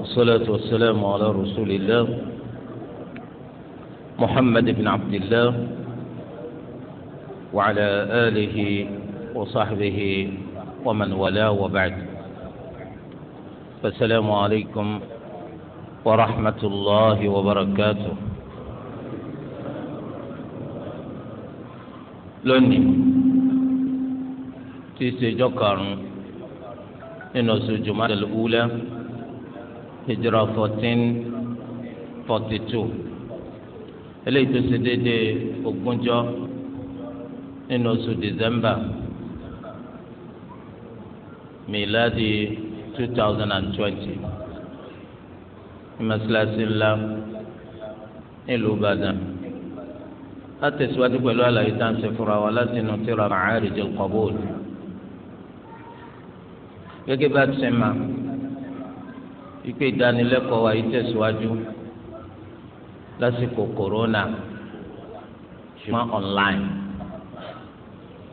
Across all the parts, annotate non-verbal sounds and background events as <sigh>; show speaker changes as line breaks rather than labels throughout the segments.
والصلاة والسلام على رسول الله محمد بن عبد الله وعلى آله وصحبه ومن والاه وبعد فالسلام عليكم ورحمة الله وبركاته لوني تيسي جوكارن إنه سجمال الأولى hijira fourteen forty two eléyìí tó ṣe déédéé ogúnjọ́ nínú oṣù december miladi two thousand and twenty ìmọ̀síláṣí ńlá nílùú ìbàdàn látẹ̀síwájú pẹ̀lú àlàyé tá à ń ṣe fúnra wa láti inú tíra Ma'arij al-Qabul gẹ́gẹ́ bá ti ṣe máa ikpe ìdánilẹ́kọ̀ọ́ wa yìí tẹ̀síwájú lásìkò kòrónà ṣùgbọ́n online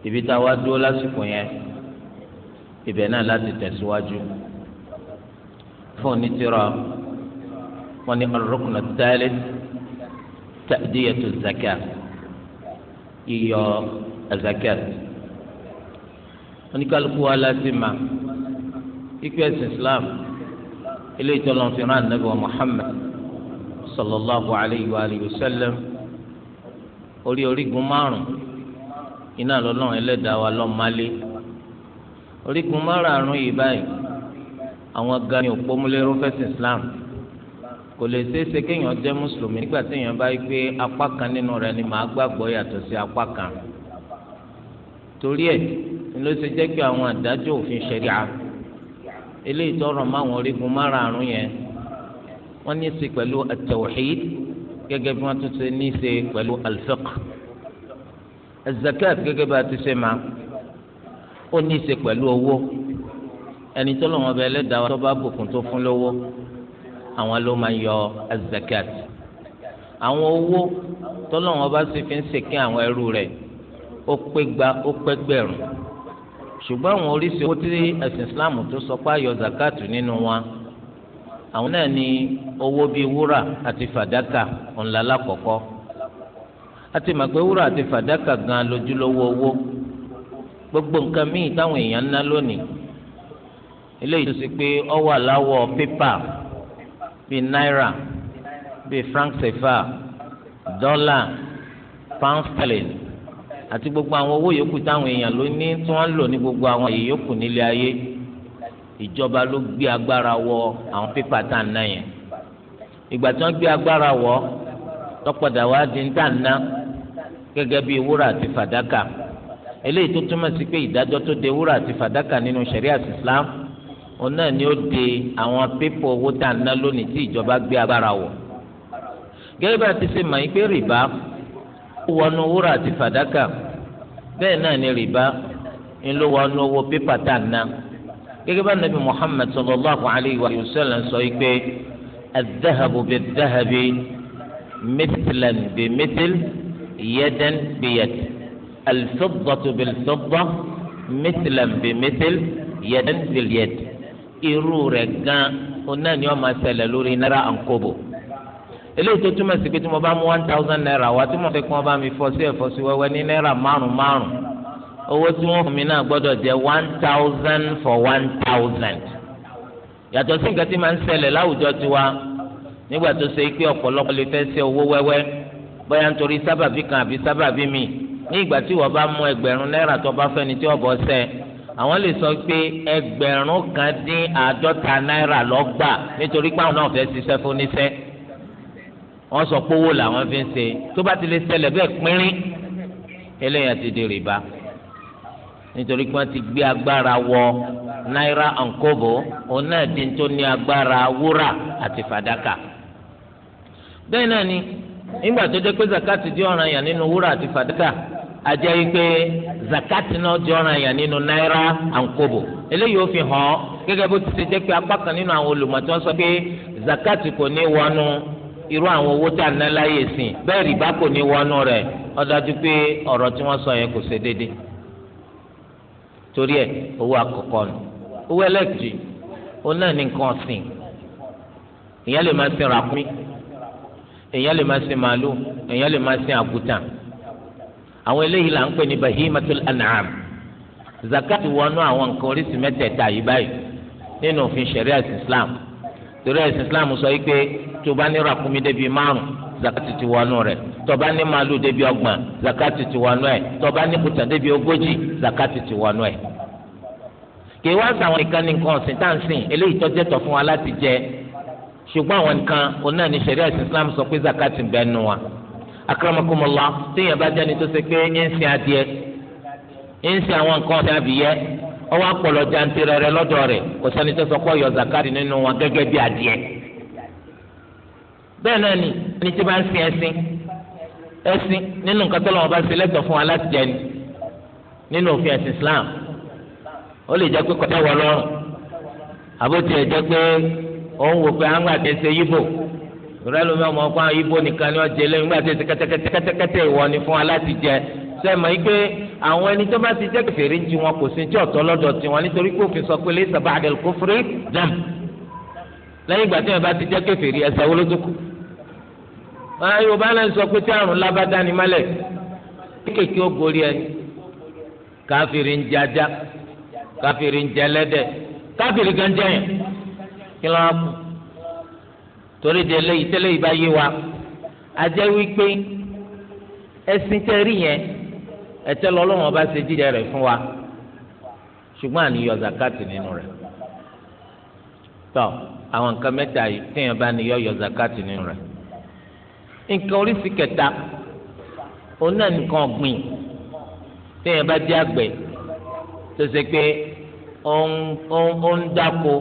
ibi tá a wá dúró lásìkò yẹn ibẹ̀ náà láti tẹ̀síwájú fún onítìrọ wọn ni al-rukn al zakat iyọ zakat oníkálukú wa láti mà ikú ẹ̀sìn Islam eléyìí tó lọ́n fi rán ànábì wa Muhammad sallallahu alayhi wa alihi wa sallam orí orígun márùn iná lọ́lọ́run ẹlẹ́dàá wa lọ́mọ́lé orígun márùn-ún yìí báyìí àwọn gan ni òpómúlérò fẹ́sìn Islam kò lè ṣeé ṣe kéèyàn jẹ́ mùsùlùmí nígbà téèyàn bá yí pé apá kan nínú rẹ̀ ni màá gbàgbọ́ yàtọ̀ sí apá kan torí ẹ̀ ló ṣe jẹ́ pé àwọn àdájọ́ òfin ṣẹ̀ríà eléyìí tọrọ máwọn orígun márààrún yẹn wọn ní í ṣe pẹ̀lú at-tawhid gẹ́gẹ́ bí wọn tún ṣe ní í ṣe pẹ̀lú al-fiqh az-zakat gẹ́gẹ́ bí a ti ṣe máa ó ní í ṣe pẹ̀lú owó ẹni tó lọ́wọ́ bẹ ẹlẹ́dàá wa tó bá bùkún tó fún lówó àwọn ló máa yọ az àwọn owó tó lọ́wọ́ bá sì fi ń ṣèké àwọn ẹrú rẹ̀ ó pé gba ṣùgbọ́n àwọn oríṣi owó tí ẹ̀sìn islam tó sọ pé ayọ̀ zakat nínú wa àwọn náà ni owó bíi wúrà àti fàdákà ọ̀nlá lákọ̀ọ́kọ́ àti màgbé wúrà àti fàdákà gan lójúlówó owó gbogbo nǹkan míì táwọn èèyàn ń ná lónìí eléyìí tó ṣe pé ó wà láwọ̀ pépà bíi náírà bíi franc sefa, dọ́là pound sterling àti gbogbo àwọn owó yòókù táwọn èèyàn ló ní tí wọ́n ń lò ní gbogbo àwọn èèyàn yòókù nílé ayé ìjọba ló gbé agbára wọ àwọn pépà tá à ń ná yẹn ìgbà tí wọ́n gbé agbára wọ tọ́pọ̀dà wá di ń tà ń ná gẹ́gẹ́ bíi wúrà àti fàdákà eléyìí tó túmọ̀ sí pé ìdájọ́ tó de wúrà àti fàdákà nínú ṣẹ̀ríà Islam òun náà ni ó de àwọn pépà owó tá à ń ná lónìí tí ìjọba gbé agbára wọ gẹ́gẹ́ bá ti ṣe mọ̀ yín pé rìbá wọnú wúrà àti fàdákà bẹ́ẹ̀ náà ni rìbá ńlọ wọnú owó pépà tá a ná gẹ́gẹ́ bá nàbí Muhammad sallallahu alayhi wa sallam sọ yìí pé adahabu bi dahabi mitlan bi mitl yadan bi yad alfiddatu bil fidda mitlan bi mitl yadan bi yad irú rẹ̀ gan-an ni wọ́n máa ṣẹlẹ̀ lórí náírà ànkóbò eléyìí tó túmọ̀ sí pé tí mo bá mú one thousand naira wá tí mo fẹ́ kí wọ́n bá mi fọ́ sí ẹ̀fọ́ sí wẹ́wẹ́ ní náírà márùn márùn owó tí wọ́n fún mi náà gbọ́dọ̀ jẹ́ one thousand for one thousand yàtọ̀ sí nǹkan tí máa ń ṣẹlẹ̀ láwùjọ tiwa nígbà tó ṣe pé ọ̀pọ̀lọpọ̀ lè fẹ́ ṣe owó wẹ́wẹ́ bóyá nítorí sábàbí kan àbí sábàbí mi ní ìgbà tí wọ́n bá mú ẹgbẹ̀rún náírà tó bá fẹ́ni tí ọ̀bọ̀ ṣẹ́ àwọn lè sọ pé ẹgbẹ̀rún kan dín àádọ́ta náírà lọ́gbà nítorí pé àwọn náà fẹ́ ṣiṣẹ́ fún níṣẹ́ wọ́n sọ pé owó làwọn fi ń ṣe tó bá ti lè ṣẹlẹ̀ bẹ́ẹ̀ pínrín eléyà ti gbé agbára wọ náírà ànkóbò òun náà di tó ní agbára wúrà àti fàdákà bẹ́ẹ̀ náà ni nígbà tó pé zakati di ọ̀ràn yàn nínú wúrà àti fàdákà zakati náà di nínú náírà eléyìí ó fi hàn bó sọ pé zakati kò ní irú àwọn owó tá a ná láyè sìn bẹ́ẹ̀ rìbá kò ní wọnú rẹ̀ ó dájú pé ọ̀rọ̀ tí wọ́n sọ yẹn kò ṣe déédéé torí ẹ̀ owó àkọ́kọ́ nù owó ẹlẹ́kìtì ó náà ní nǹkan ọ̀sìn èèyàn lè máa sin ràkúnmí èèyàn lè máa sin màálù èèyàn lè máa sin àgùtàn àwọn eléyìí là ń pè ní an'am zakat wọnú àwọn nǹkan oríṣi mẹ́tẹ̀ẹ̀ta yìí báyìí nínú òfin islam. torí ẹ̀sìn islam sọ yìí pé tó bá ní ràkúnmí débi márùn zakati ti wọnú rẹ̀ tó bá ní màálù débi ọgbọ̀n zakati ti wọnú ẹ̀ tó bá ní kùtà débi ogójì zakati ti wọnú ẹ̀. kì í wá sàwọn nìkan ní nǹkan ọ̀sìn tá à ń sìn eléyìí tó jẹ́tọ̀ fún wa láti jẹ ṣùgbọ́n àwọn nǹkan oná ní sẹ̀rí ẹ̀sìn islam sọ pé zakati ń bẹ nu wa. akramakumullah téèyàn bá jẹ́ni tó ṣe pé ń sin adìẹ ń sin àwọn nǹkan ọ̀sìn àbíyẹ́ ọwọ́ akpọ̀lọ̀ jantere rẹ lọ́dọ̀ rẹ̀ kò sẹ́ni tó sọ pé zakari nínú wọn gẹ́gẹ́ bí adìẹ. bẹ́ẹ̀ náà ni ẹni tí bá esi, sin ẹṣin ẹṣin nínú nǹkan fún wa láti jẹ nínú òfin ẹ̀sìn Islam ó lè jẹ́ pé kọ́tà wọ lọ́rùn àbótí ẹ̀ jẹ́ pé wò pé àwọn àti ẹsẹ̀ yíbò rẹ́lùmí ọmọ àwọn yíbò nìkan sẹ́mọ̀ yìí pé àwọn ẹni tó bá ti jẹ́ kèfèrí ti wọn kò sí tí ọ̀tọ́ lọ́dọ̀ ti wọn nítorí pé òfin sọ pé lè sábà àdé kófúré dàm lẹ́yìn ìgbà tí wọn bá ti jẹ́ kèfèrí ẹsẹ̀ wọ́n ló tó kù. yorùbá náà sọ pé tí àrùn lábádá ni mọ́lẹ̀ kéèké ó gorí ẹni káfíìrì ń jẹ káfíìrì ń jẹ káfíìrì gan jẹ kí ló wá torí de eléyìí tẹ́lẹ̀ yìí bá yé yẹn ẹ̀tẹ́ lọ́lọ́run ọba ṣe jíjẹ rẹ̀ fún wa ṣùgbọ́n àníyọ zakati nínú rẹ̀ tọ àwọn nǹkan mẹ́ta yìí téèyàn bá níyọ yọ zakati nínú rẹ̀ nǹkan oríṣi kẹta òun náà nǹkan ọ̀gbìn téèyàn bá jẹ́ àgbẹ̀ tó ṣe pé ó ń dáko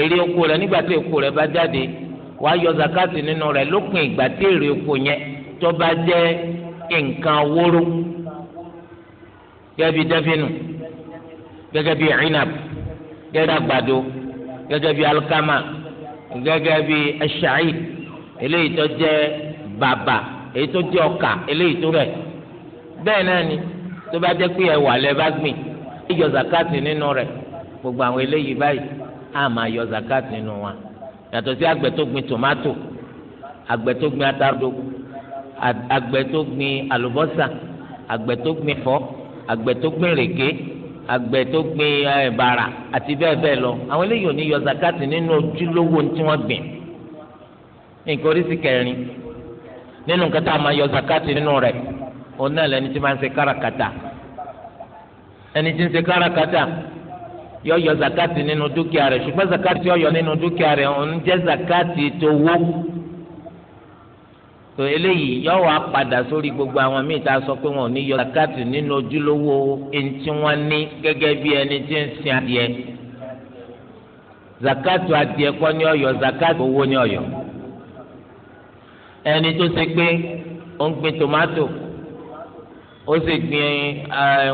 èrè oko rẹ̀ nígbà tí oko rẹ̀ bá jáde wàá yọ zakati nínú rẹ̀ lópin ìgbà tí èrè oko yẹn tó bá jẹ́ nǹkan wóró gẹ́gẹ́ bí dẹ́bínù gẹ́gẹ́ bí ìrìnàb gẹ́gẹ́ bí àgbàdo gẹ́gẹ́ bí alikama gẹ́gẹ́ bí ẹ̀ṣáì eléyìí tó jẹ́ bàbà èyí tó jẹ́ ọkà eléyìí tó rẹ̀ bẹ́ẹ̀ náà ni tó bá jẹ́ pé ẹ̀wà lẹ́ bá gbìn yíyọ zakati nínú rẹ̀ gbogbo àwọn eléyìí báyìí á máa yọ zakati nínú wa yàtọ̀ sí àgbẹ̀ tó gbìn tòmátò àgbẹ̀ tó gbìn àtàrdo àgbẹ̀ tó gbìn àlùbọ́sà àgbẹ̀ tó gbìn fọ́ àgbẹ̀ tó gbìn rèké àgbẹ̀ tó gbìn ẹ̀bàrà àti bẹ́ẹ̀ bẹ́ẹ̀ lọ àwọn eléyìí ò ní yọ zakati nínú ojúlówó tí wọ́n gbìn nǹkan oríṣi kẹrin nínú nǹkan tá a máa yọ zakati nínú rẹ̀ òun náà lẹni tí máa ń ṣe kárakátà ẹni tí ń ṣe kárakátà yọ yọ zakati nínú dúkìá rẹ̀ ṣùgbọ́n zakati yọ yọ nínú dúkìá rẹ̀ òun jẹ́ zakati tó wó tó eléyìí yọ wá padà sórí gbogbo àwọn míì tá a sọ pé wọn ò ní yọ zakati nínú ojúlówó eŋti wọn ní gẹ́gẹ́ bí ẹni tí ń sin adìẹ zakati adìẹ kọ́ ní ọyọ zakati owó ní ọyọ ẹni tó ṣe pé ó ń gbin tomato ó sì gbin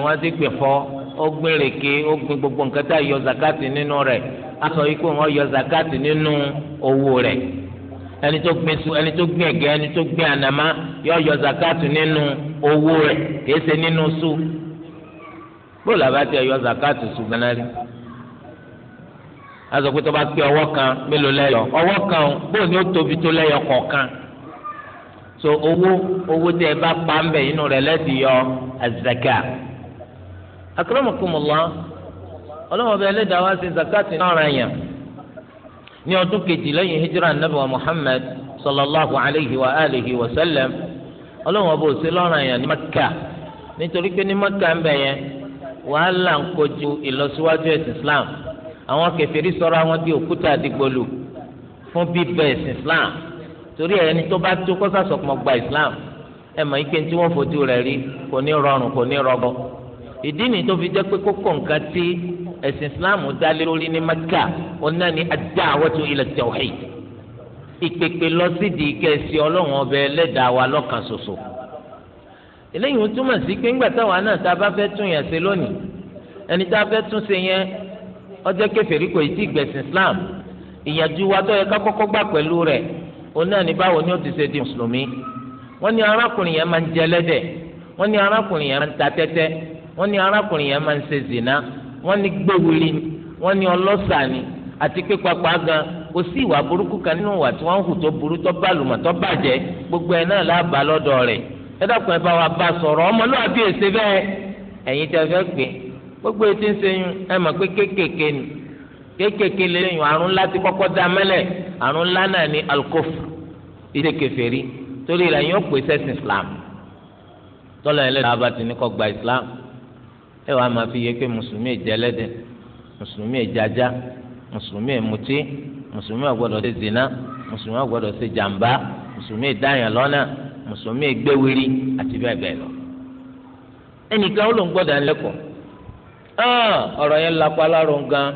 wọ́n ti gbin fọ́ ó gbin rèké ó gbin gbogbo nǹkan tá a yọ zakati nínú rẹ̀ a sọ yìí pé wọ́n yọ zakati nínú owó rẹ̀. ẹni tó gbin su ẹni tó gbin ẹ̀gẹ́ ẹni tó gbin ànàmá yọ yọ zakatu nínú owó rẹ̀ kìí ṣe nínú su bóòlù àbátí ẹ yọ zakatu su gánà rí azọ pé tó bá pé ọwọ kan mélòó lẹ́yọ ọwọ́ kan bóò ni ó tóbi tó lẹ́yọ kọ̀ọ̀kan so owó owó tẹ ẹ bá pa ń bẹ inú rẹ̀ lẹ́sìn yọ azaka akramakumullah ọlọ́wọ́ bẹ wá sí zakatu náà rẹ̀ yàn. ní ọdún kejì lẹ́yìn hijira nabi wa muhammad sallallahu alayhi wa alihi wa sallam ọlọ́run ọba òsè lọ́ràn yẹn ní maka nítorí pé ní maka ń bẹ̀ yẹn wàhálà ń kojú ìlọsíwájú ẹ̀sìn islam àwọn kèfèrí sọ̀rọ̀ àwọn di òkúta àdìgbòlù fún bíbẹ ẹ̀sìn islam torí ẹni tó bá tó kọ́sà sọ̀kùnmọ́ gba islam ẹ mọ̀ ike tí wọ́n fojú rẹ̀ rí kò ní rọrùn kò ní rọgbọ ìdí nìyí tó fi jẹ́ pé kókó nǹkan tí ẹ̀sìn islam dálé lórí ní maka ọ̀nà ni ad-da'watu ila tawhid ìpèpè lọ sídìí kẹsì ọlọ́run ọba ẹlẹ́dàá wa lọ́kan ṣoṣo eléyìí ń túmọ̀ sí pé ńgbà táwa náà tá a bá fẹ́ tún yẹn ṣe lónìí ẹni tá a fẹ́ tún ṣe yẹn ọjọ́ kèfèrí kò tí ì gbẹ̀sìn islam ìyànjú wa tó yẹ ká kọ́kọ́ gbà pẹ̀lú rẹ̀ òun náà báwo ni ó ti ṣe di mùsùlùmí wọ́n ní arákùnrin yẹn máa ń jẹ ẹlẹ́dẹ̀ wọ́n ní arákùnrin yẹn máa ń ta tẹ́tẹ́ wọ́n ní arákùnrin yẹn máa ń ṣe zina wọ́n ní gbéwìrì ni wọ́n ní ọlọ́sà ni àti pé papà gan kò sí ìwà burúkú kan nínú ìwà tí wọ́n ń hù tó burú tó bàlùmọ̀ tó bàjẹ́ gbogbo ẹ̀ náà láàbà lọ́dọ̀ rẹ̀ ẹ bá wa bá sọ̀rọ̀ ọmọlúwàbí èsè bẹ́ẹ̀ ẹ̀yin tẹ́ fẹ́ gbé gbogbo etí ń sẹ́yìn ẹ mọ̀ pé kéékèèké ni kéékèèké lè yàn àrùn ńlá ti kọ́kọ́ da mẹ́lẹ̀ àrùn ńlá náà ni alkof ìṣe kèfèrí torí ìlànà yóò pèsè Islam tọ́lá yẹn lẹ́nu abá ti ní kọ́ gba Islam ẹ wàá máa fi yẹ pé mùsùlùmí ìjẹlẹ́dẹ̀ mùsùlùmí ìjaja mùsùlùmí ìmutí mùsùlùmí ọ̀gbọ́dọ̀ ṣe zina mùsùlùmí ọ̀gbọ́dọ̀ ṣe jàmbá mùsùlùmí ìdáyàn lọ́nà mùsùlùmí ìgbéwìrì àti bẹ́ẹ̀ bẹ́ẹ̀ lọ. ẹnìkan ó ló ń gbọ́dọ̀ ẹlẹ́kọ̀ọ́ ah, ọ̀rọ̀ yẹn lakọ aláró gan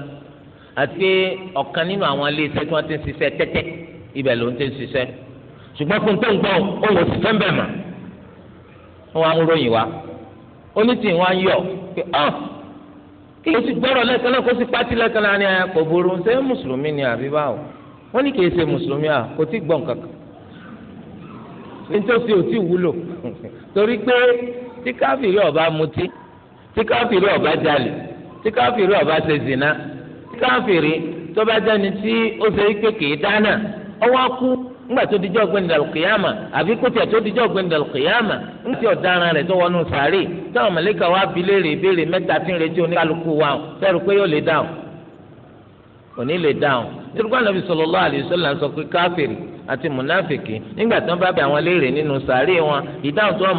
àti pé ọ̀kan nínú àwọn ilé iṣẹ́ tí wọ́n ti ń ṣiṣẹ́ tẹ́tẹ́ ibẹ̀ ló ń ti ń pé ọ́ ah, kí ló ti gbọ́rọ̀ lẹ́ẹ̀kan náà kó sì pátí lẹ́ẹ̀kan náà ni ah, kò burú ṣé mùsùlùmí ni àbí báwo wọ́n ní kìí ṣe mùsùlùmí à ah, kò tí gbọ́n kankan
nítòsí ò tí
wúlò <laughs> torí pé tí káfíìrì ọba mutí tí káfíìrì ọba jalè tí káfíìrì ọba ṣe zina tí káfíìrì tó bá jẹ́ni tí ó ṣe é pé kìí dáná ọwọ́ kú ńgbà tó dijọ́ gbẹ̀ndé alùkìyàmà àbí kó tiẹ̀ tó dijọ́ gbẹ̀ndé alùkìyàmà ńgbà tí ọ̀daràn rẹ̀ tó wọnú sàárè táwọn mẹ̀lẹ́kà wá bi léèrè ìbéèrè mẹ́ta tí ń retí oníkálukú wa sẹ́rù pé yóò lè dáhùn òní lè dáhùn nítorí Ànábì sallallahu alaihi wasallam sọ pé káfíìrì àti mùnáfìkì nígbà tí wọ́n bá bẹ àwọn léèrè nínú sàárè wọn ìdáhùn tí wọ́n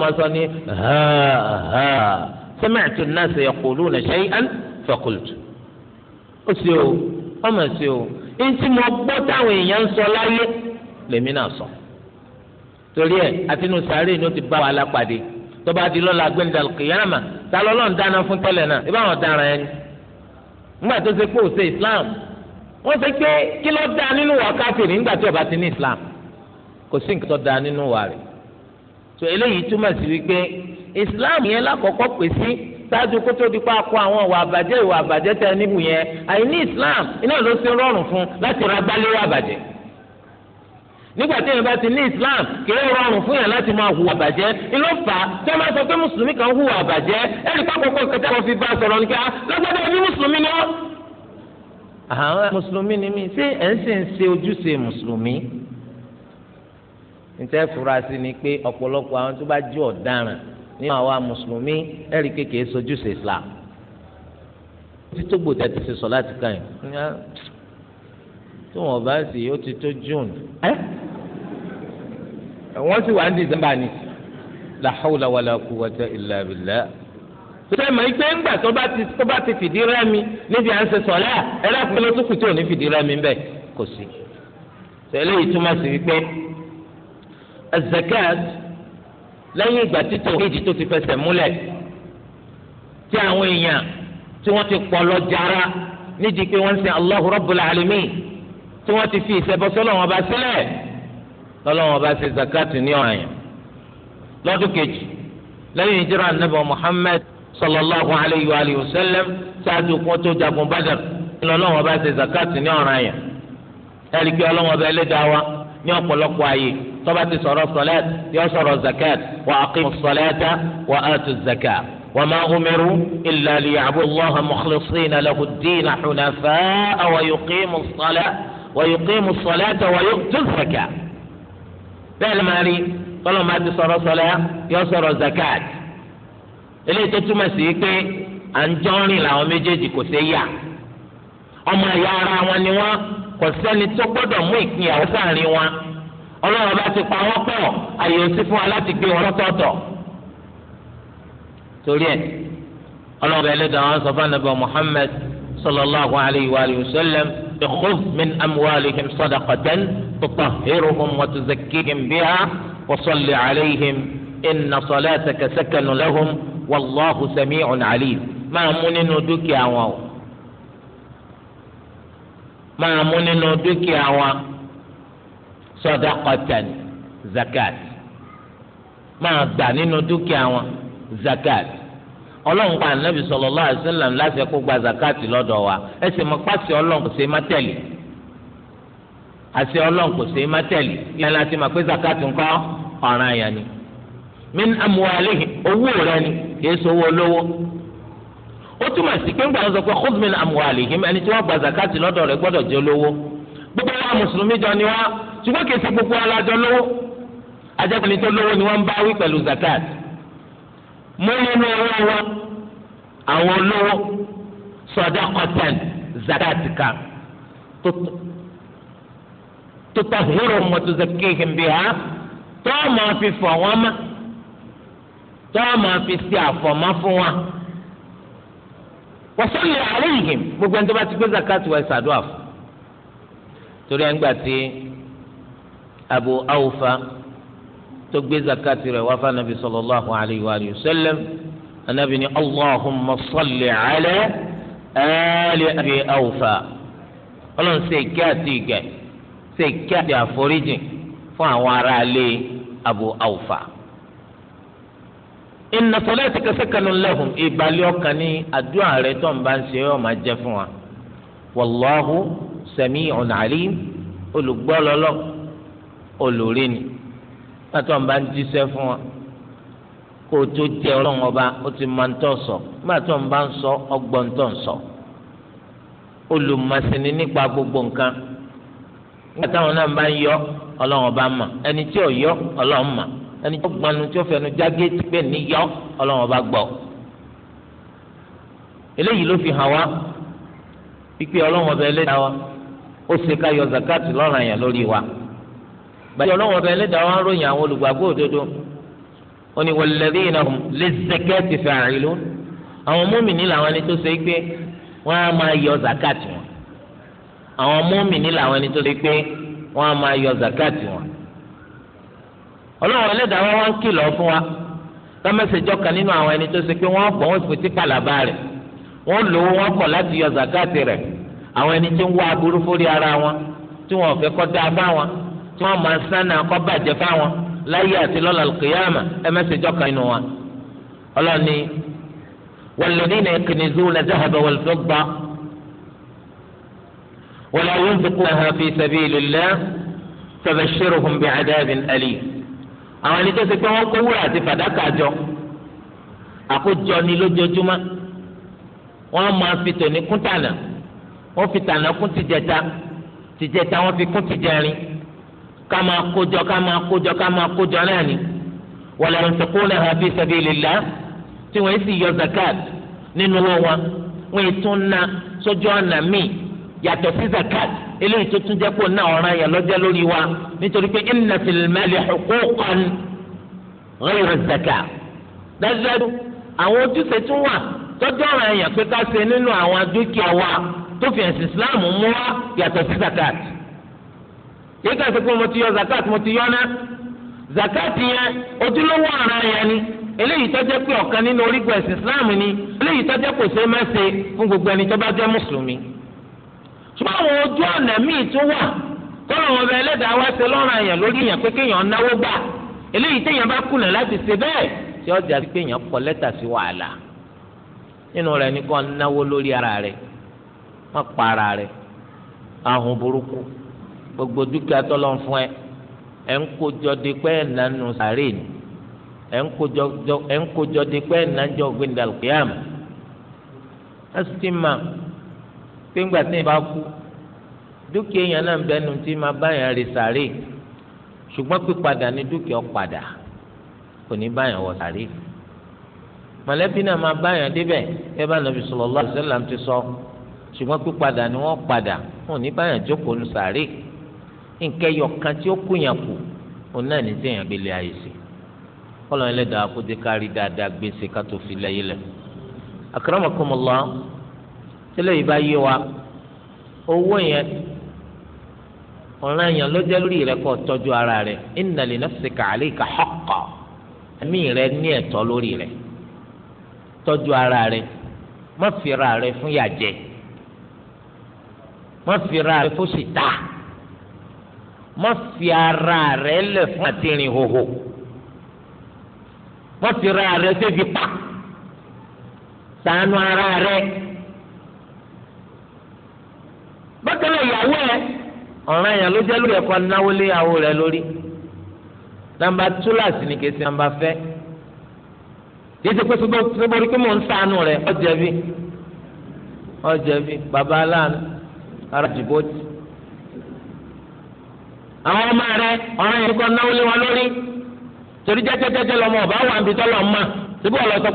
máa lèmi náà sọ torí ẹ àtinú sàárè ni ó ti bá wa lápàdé tó bá di lọ́la gbẹ̀ndàlù kìyàmà ta lọ́lọ́run dáná fún tẹ́lẹ̀ náà ibà wọn dára ẹni nígbà tó ṣe pé ó ṣe islam wọ́n ṣe pé kí ló dáa nínú wa káfíìrì nígbà tí ó bá ti ní islam kò sí nǹkan tó dáa nínú wa rẹ̀ tó eléyìí túmọ̀ sí wípé islam yẹn lákọ̀ọ́kọ́ pè sí ṣáájú kó tó di pa kó àwọn ìwà àbàjẹ́ ìwà àbàjẹ́ tẹ níbù yẹn àìní islam iná ló ṣe rọrùn fún láti ra gbálẹ́wà àbàjẹ́ nígbà tí èèyàn bá ti ní islam kìí rọrùn fún yàn láti máa hùwà bàjẹ́ ìlú fà á tí a máa sọ pé mùsùlùmí kan hùwà bàjẹ́ ẹnì pápákọ̀ kẹta kan fi bá sọ̀rọ̀ nígbà ah, lọ́gbọ́dọ̀ ní mùsùlùmí ni wọ́n. àwọn mùsùlùmí ni mí ṣé ẹ̀ ń sì ń ṣe ojúṣe mùsùlùmí. níta furasí ni pé ọ̀pọ̀lọpọ̀ àwọn tó bá jí ọ̀daràn nínú àwa mùsùlùmí ẹ̀rí kékeré islam. títí tó gbòdà ti ṣe sọ tí wọn bá sì yóò ti tó june wọn sì wà ní december ni la hawla wala quwwata illa billah sọ́dọ̀ mọ̀ ike ńgbà tó bá ti tó bá ti fìdí rẹ́mi níbi à ń ṣe sọ̀lá ẹ̀rọ àpẹẹrẹ tó kù tí ò ní fìdí rẹ́mi ń bẹ̀ kò sí. tẹ́lẹ̀ yìí túmọ̀ sí wípé zakat lẹ́yìn ìgbà títọ̀ kéjì tó ti fẹsẹ̀ múlẹ̀ tí àwọn èèyàn tí wọ́n ti pọ̀ lọ jara nídìí pé wọ́n ń sin Allahu Rabbul Alamin tí wọ́n ti fi ìṣẹbọ sọ́lọ́wọ́n bá sílẹ̀ lọ́lọ́wọ́n bá ṣe zakatu ní ọ̀ranyàn lọ́dún kejì lẹ́yìn ìjírà nàbà Muhammad sallallahu alayhi wa alihi wa sallam ṣáájú kún tó jagun Badr lọ́lọ́wọ́n bá ṣe zakatu ní ọ̀ranyàn ẹ̀rí pé ọlọ́wọ́n bá ẹlẹ́dàá wa ní ọ̀pọ̀lọpọ̀ ààyè tó ti sọ̀rọ̀ sọ̀lẹ́t yóò sọ̀rọ̀ zakat wa aqimu sọ̀lẹ́ta wa atu zakat. وما أمروا إلا ليعبدوا الله مخلصين له الدين حنفاء ويقيموا الصلاة ويقيم الصلاة ويؤتي الزكاة bẹ́ẹ̀ ló máa rí tọ́lọ́ máa ti sọ̀rọ̀ sọ̀lá yọ sọ̀rọ̀ zakat eléyìí tó túmọ̀ sí pé à ń jọ́rìn làwọn méjèèjì kò ṣe yà ọmọ ìyá ara wọn ni wọn kò sẹ́ni tó gbọ́dọ̀ mú ìpínyàwó sáàrin wọn ọlọ́run bá ti pa wọ́n pọ̀ àyè òsì fún wa láti gbé wọn lọ́tọ̀ọ̀tọ̀ torí ẹ̀ ọlọ́run bá ẹlẹ́dàá wọn sọ fún anabi Muhammad صلى الله عليه وآله وسلم خذ من أموالهم صدقة تطهرهم وتزكيهم بها وصل عليهم إن صلاتك سكن لهم والله سميع عليم ما من ندك يا واو ما من ندك يا صدقة زكاة ما دعني ندك يا زكاة ọlọ́run pa ànábì sallallahu alaihi wasallam láti ẹ̀kọ́ gba zakati lọ́dọ̀ wa ẹsẹ̀ mọ́ pàṣẹ ọlọ́run kò ṣe é má tẹ̀lé àṣẹ ọlọ́run kò ṣe é má tẹ̀lé ìyẹn láti mọ̀ pé zakati ńkọ́ ọ̀ràn àyàn ni min amwalihim owó rẹ ni kì í sowó olówó ó túmọ̀ sí pé ńgbà sọ pé khudh ẹni tí wọ́n gba zakati lọ́dọ̀ rẹ gbọ́dọ̀ jẹ́ olówó gbogbo wa mùsùlùmí jọ ni wa ṣùgbọ́n kì í mú nínú owó àwọn olówó sọdá kọtẹn zakati kan tó tọ hírò mọtò zakéhìn bí ha tó máa fi fọ wọn mọ́ tó máa fi ṣe àfọmọ́ fún gbogbo ẹni tó bá ti gbé zakati wọ́n ṣàdúrà fún torí ẹ̀ ń gbà Abu tó gbé zakati rẹ̀ wá fún anabi sallallahu alayhi wa sallam anabi ni allahumma salli ala ali abi awfa ọlọ́run ṣe ìkẹ́ àti ìgẹ̀ ṣe ìkẹ́ àti àforíjì fún àwọn aráalé abu awfa inna salati kasakanu lahum ìbàlẹ̀ ọkàn ní àdúrà rẹ̀ tó ń bá ń ṣe ọ́ máa jẹ́ fún wa wallahu sami'un alim olùgbọ́lọ́lọ́ olùrí ni pàtó àwọn bá ń jíṣẹ́ fún wọn kó o tó jẹ ọlọ́run ọba ó ti máa ń tọ̀ sọ nígbà tó ń bá ń sọ ọgbọ́n ń tọ̀ ń sọ olùmọ̀sìnì nípa gbogbo nǹkan nígbà táwọn náà bá ń yọ ọlọ́run ọba mà ẹni tí ò yọ ọlọ́run mà ẹni tí ó gbanu tí ó fẹnu jágé tí pé ní yọ ọlọ́run ọba gbọ́ eléyìí ló fi hàn wá pípé ọlọ́run ọba ẹlẹ́dàá wa ó ṣe ká yọ zakat lọ́ranyàn lórí wa bàtí ọlọ́wọ́n ọba ẹlẹ́dàá wọn ròyìn àwọn olùgbàgbọ́ òdodo ó ní walladhina hum lizzakati fa'ilun àwọn mùmínì làwọn ẹni tó ṣe é pé wọ́n á máa yọ zakati wọn àwọn mùmínì làwọn ẹni tó ṣe é pé wọ́n á máa yọ zakati wọn. ọlọ́wọ́n ẹlẹ́dàá wọn wá ń kìlọ̀ fún wa tọ́mẹ́sẹ̀jọ́ kan nínú àwọn ẹni tó ṣe pé wọ́n bọ̀ wọ́n sì ti pàlàbà rẹ̀ wọ́n lò ó wọ́n kọ̀ láti yọ zakati rẹ̀ àwọn ẹni tí ń wá aburú fórí ara wọn tí wọ́n fẹ́ kọ́ dáa bá wọn tí wọ́n máa sánà kọ́ bàjẹ́ fáwọn láyé àti lọ́la kìyàmà ẹ mẹ́sẹ̀jọ́ kan nínú wa. ọlọ́ni والذين يكنزون الذهب والفضة ولا ينفقونها في سبيل الله فبشرهم بعذاب أليم àwọn ẹni tó ṣe pé wọ́n kó wúrà àti fàdákà jọ àkójọ ni lójoojúmọ́ wọ́n máa fi tòní kún tànà wọ́n fi tànà kún tìjẹta tìjẹta wọ́n fi kún tìjẹrin Kama máa kama ká kama kójọ ká máa kójọ náà ni wala yunfiqunaha fi sabilillah tí wọ́n sì yọ zakat nínú owó wọn wọ́n tún ná sójú ọ̀nà míì yàtọ̀ zakat eléyìí tó tún jẹ́ kó ná ọ̀ràn yẹn lọ́jọ́ lórí wa nítorí pé inna fil mali huquqan ghayra zakat dájúdájú àwọn ojúṣe tún wà tọ́jú ọ̀ràn yẹn pé ká ṣe nínú àwọn dúkìá wa tó fi ẹ̀sìn islam mú wa yàtọ̀ sí zakat. kìí kà sí pé mo ti yọ zakat mo ti yọ ná zakat yẹn ojúlówó ọ̀ràn yẹn ni eléyìí tó jẹ́ pé ọ̀kan nínú orígun ẹ̀sìn islam ni eléyìí tó jẹ́ kò ṣe é fún gbogbo ẹni tó bá jẹ́ mùsùlùmí. ṣùgbọ́n àwọn ojú ọ̀nà míì wà ẹlẹ́dàá wá ṣe lọ́rùn àyàn lórí èèyàn pé kéèyàn náwó gbà eléyìí téèyàn bá kùnà láti ṣe bẹ́ẹ̀ tí sí kọ lẹ́tà sí wàhálà nínú rẹ̀ ní kọ́ náwó ara rẹ̀ wọ́n pa ara rẹ̀ ahùn gbogbo dúkìá tọ́lọ́ ń fún ẹ ẹ̀ ń kójọ di pé ẹ̀ nánu sàárè ni ẹ̀ ń kójọ di pé ẹ̀ nájọ gbẹndàlùkìyàm ẹ̀ sì ti mà pé ńgbà tí ẹ̀ bá kú dúkìá yẹn náà ń bẹnu tí ma bá yẹn rí sàárè ṣùgbọ́n pípadà ní dúkìá padà kò ní bá yẹn wọ sàárè mọ̀lẹ́bí náà máa bá yẹn débẹ̀ ẹ bá nàbì sallallahu alaihi wasallam ti sọ ṣùgbọ́n pípadà ni wọ́n padà wọn ò ní bá yẹn jókòó ní sàárè. nǹkan ẹyọkan tí ó kúnyàn kù òun ní sèyàn abẹlé ayé sí kọlọ ẹlẹdàá akóde kárí dáadáa gbèsè kátó fi lẹ yìí bá yé wa owó yẹn ọ̀ràn yẹn ló jẹ́ lórí rẹ kó tọ́jú ara rẹ inna li nafsika alayka haqqa ẹ̀mí má fi ara rẹ̀ lẹ̀ fún àtìrìn hòhò má fi ara rẹ̀ sébi pa ṣàánú ara rẹ̀
bákan náà ìyàwó ẹ
ọ̀ràn yẹn ló jẹ́ lórí ẹ̀kọ́ náwó lé ìyàwó rẹ̀ lórí nàmbà túláàsì ni kèsì nàmbà fẹ́ yìí ti pé sọ́bọ̀rí pé mò ń ṣàánú rẹ̀ ọ̀jẹ̀bi ọ̀jẹ̀bi bàbá aláàánú ará jìbọ́tì. àwọn ọmọ rẹ ọ̀ràn yẹn kọ́ náwó lé wọn lórí torí jẹ́jẹ́jẹ́jẹ́ lọmọ ọba wà níbi tọ́lọ̀ ọmọ síbí ọ̀lọ́ ma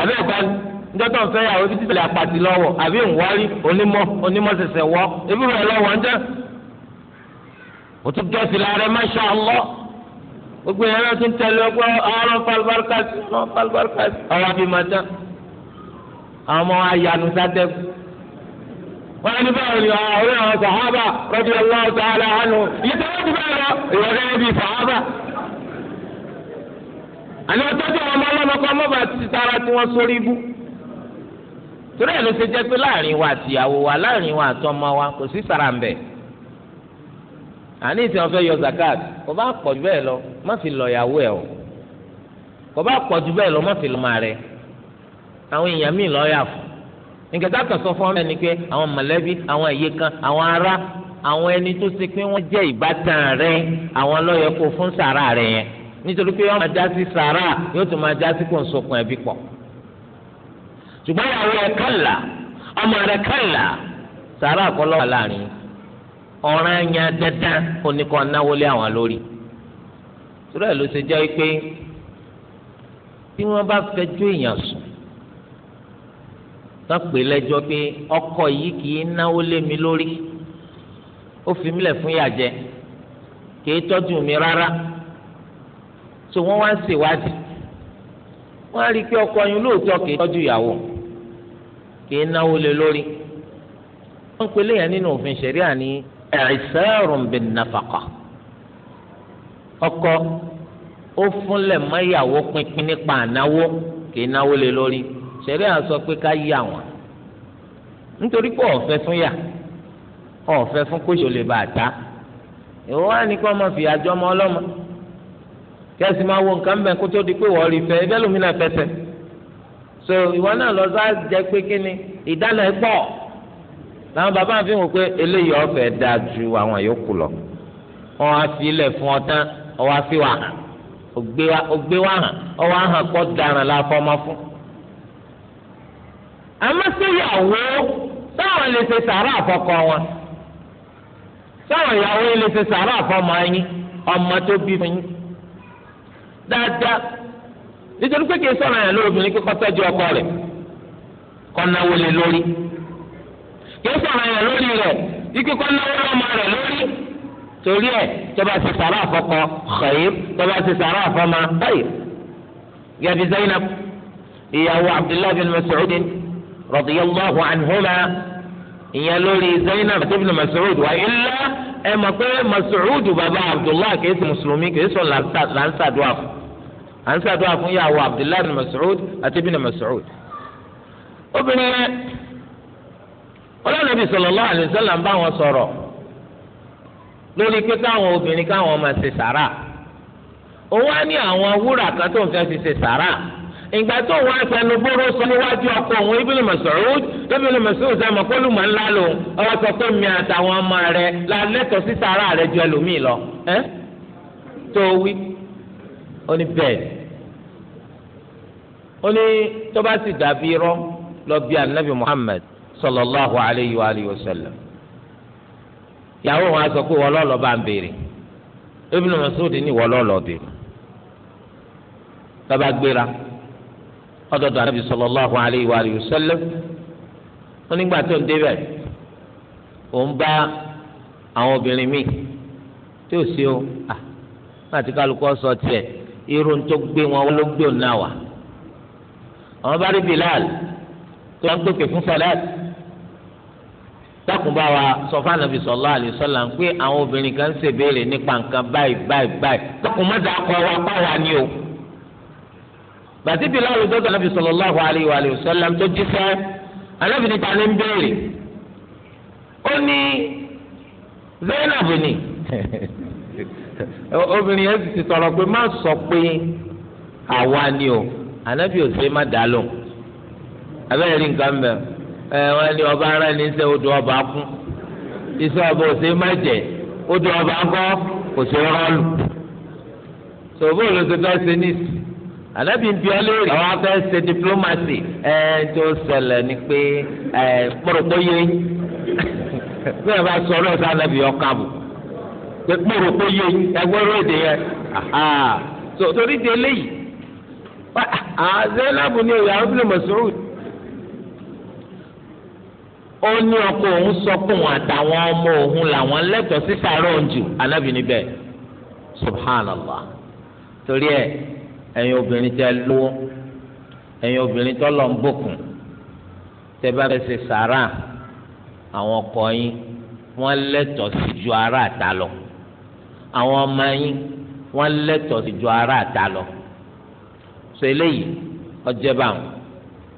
àbẹ́ ẹ̀kọ́ njọ́tọ̀ fẹ́ yà òbí àpàtì lọ́wọ́ àbí ìwárí onímọ̀ onímọ̀ sẹ̀sẹ̀ wọ́ wọ́n á ní báwo ni ọ̀rẹ́ àwọn sàhábà radiyallahu ta'ala anhu yìí tó ti bẹ́ẹ̀ lọ ìrọ̀lẹ́ bíi sàhábà. àní wọ́n tọ́jú àwọn ọmọ ọlọ́mọ kan mọ́ba ti tara tí wọ́n sórí ibú. torí ẹ̀ ló ṣe jẹ́ pé láàrin wa àtìyàwó wa láàrin wa àtọmọ wa kò sí sàràǹbẹ̀. àní ìsìn ọ̀fẹ́ yọ zakat kò bá pọ̀ jù bẹ́ẹ̀ lọ má fi lọ ìyàwó ẹ̀ o kò bá pọ̀ jù bẹ́ẹ̀ lọ má fi lọ nkẹta kan sọ fún ọmọ ẹni pé àwọn mọ̀lẹ́bí àwọn ẹyẹ kan àwọn ará àwọn ẹni tó ṣe pé wọ́n jẹ́ ìbátan rẹ̀ àwọn ló yẹ kó fún sàrà rẹ̀ yẹn nítorí pé wọ́n máa já sí sàrà yóò tún máa já sí kó n sokun ẹbí pọ̀ ṣùgbọ́n ìyàwó ẹ kànlá ọmọ rẹ kànlá sàrà àkọlọ wà láàrin ọ̀ràn ẹ̀yà dandan oníkan náwó lé àwọn lórí sùrẹ́ ló ṣe jẹ́ pé tí wọ́n bá fẹjọ́ èèyàn sùn kan pè lẹ́jọ́ pé ọkọ yìí kì í náwó lé mi lórí ó fi mílẹ̀ fún yàjẹ kì í tọ́jú mi rárá so wọ́n wá ń ṣèwádìí wọ́n á rí i pé ọkọ yín lóòótọ́ kì í tọ́jú ìyàwó kì í náwó lé lórí wọ́n pè léyìn nínú òfin ṣẹ̀ríà ní ẹ̀ẹ́sẹ̀rùn bin nafaqa ọkọ ó fúnlẹ̀ mọ́ ìyàwó pinpin nípa ànáwó kì í náwó lé lórí. ṣẹ̀rí à ń sọ pé ká yà wọ́n nítorí pé ọ̀fẹ́ fún yà ọ̀fẹ́ fún kóṣù lè bá a ta ìwọ wá ní kí wọ́n fi àjọ ọmọ ọlọ́mọ kẹ́sì máa wo nǹkan bẹ́ẹ̀ kó tó di pé wọ́n rí fẹ́ ibẹ̀ lómi náà fẹsẹ̀ so ìwọ náà lọ sá jẹ pé kí ni ìdáná ẹ pọ̀ làwọn bàbá mi fi hàn pé eléyìí ọ̀fẹ́ dáa ju àwọn yòókù lọ wọ́n á fi ilẹ̀ fún ọ tán ọwọ́ á fi wà hàn ògbé wà hàn ọwọ́ á hàn kọ́ daràn la fọ́ fún àmọ́ síyàwó táwọn lè ṣe sàrà àfọkọ wọn táwọn ìyàwó lè ṣe sàrà àfọmọ yín ọmọ tó bí fún yín dáadáa nítorí pé kìí sọ̀rọ̀ yẹn lóbìnrin kíkọ́ tọ́jú ọkọ rẹ̀ kọ́ náwó lé lórí kìí sọ̀rọ̀ yẹn lórí rẹ̀ kíkọ́ náwó lọ́mọ rẹ̀ lórí torí ẹ̀ tọ́ba ṣe sàrà àfọkọ khayr tọ́ba ṣe sàrà àfọmọ khayr gẹ́gẹ́ bí Zainab ìyàwó Abdullahi bin Mas'ud radiyallahu anhuma ìyẹn lórí Zainab àti ibn Mas'ud wa illa ẹ mọ̀ pé Mas'ud bàbá Abdullahi kìí ṣe mùsùlùmí kìí sọ làǹṣàdúrà fún làǹṣàdúrà fún yàwó Abdullahi ibn Mas'ud àti ibn Mas'ud. obìnrin yẹn ọlọ́nàbí sallallahu alaihi wasallam ń bá wọn sọ̀rọ̀ lórí pé káwọn obìnrin káwọn máa ṣe sàrà òun á ní àwọn wúrà kan tó ń fẹ́ fi ṣe sàrà ìgbà tó wọn ẹsẹ̀nu bóró sọ níwájú ọkọ òun ibùdó Mas'ud ibùdó Mas'ud sàmà kó lùmọ̀ ńlá lò ọwọ́ sọ pé mi àtàwọn ọmọ rẹ la lẹ́tọ̀ọ́ sí sàárà rẹ ju ẹlòmíì lọ ẹ́ tó wí ó ní bẹ́ẹ̀ ó ní tó bá sì dàbí irọ́ lọ bí anabi Muhammad sallallahu alayhi wa alihi wa sallam yàwó wọn sọ pé wọ́n lọ́ọ́ bá ń béèrè ibùdó Mas'ud ní wọ́n lọ́ọ́ lọ́ọ́ béèrè lọ́ba gbéra ọdọdọ anabi sallallahu alayhi wa alihi wa sallam wọn nígbà tó ń débẹ̀ òun bá àwọn obìnrin míì tí ò sí o àti kálukọ sọ tiẹ̀ irun tó gbé wọn ló gbé òun náà wà àwọn bá rí Bilal tó ń gbókè fún salat dákùnbá wa sọ fún anabi sallallahu alayhi wa sallam pé àwọn obìnrin kan ń ṣèbéèrè nípa nǹkan báyìí báyìí báyìí dákùnmọ́dà kọ́ wa pàwọn ni o bàtí Bilal dọ́dọ̀ anabi sallallahu alayhi wa sallam tó jíṣẹ́ anabi ní ta ni ń béèrè ó ní Zainab ni <laughs> obìnrin yẹn ti tọrọ pé má sọ pé àwa ni o anabi ò sè má dá lò abẹ́rẹ́ rí nǹkan bẹ́ẹ̀ ẹ wọ́n ní ọba ara ẹni sẹ́ odò ọba kún iṣẹ́ ọba ò sè má jẹ odò ọba kọ́ kò sè rọ́ọ̀lù sọ̀bọ́ọ̀lù tó tọ́ sí nísì ànábì ń bi ọ léèrè àwọn afẹ́ ṣe diplomacy ẹ tó ṣẹlẹ̀ ni pé ẹ kpọ̀rọ̀kpọ̀ yé bí ẹ bá sọ ọ lọ́sọ̀ ànábì ọkàbù pé kpọ̀rọ̀kpọ̀ yé ẹgbẹ́rún èdè yẹn so torí di eléyìí Zainabu ni ìyàwó bí Mas'ud ó ní ọkọ òun sọ pé òun àtàwọn ọmọ òun làwọn lẹ́tọ̀ọ́ sí sàárọ̀ ọ̀njù ànábì níbẹ̀ subhanallah torí ẹ ẹ̀yin obìnrin tẹ́ lówó ẹ̀yin obìnrin tó lọ ń bòkùn tẹ́ bá fẹ́ ṣe sàárà àwọn ọkọ yín wọ́n lẹ́tọ̀ọ́ sí ju ará àta lọ àwọn ọmọ yín wọ́n lẹ́tọ̀ọ́ sí ju ará àta lọ sọ eléyìí ọjẹ bá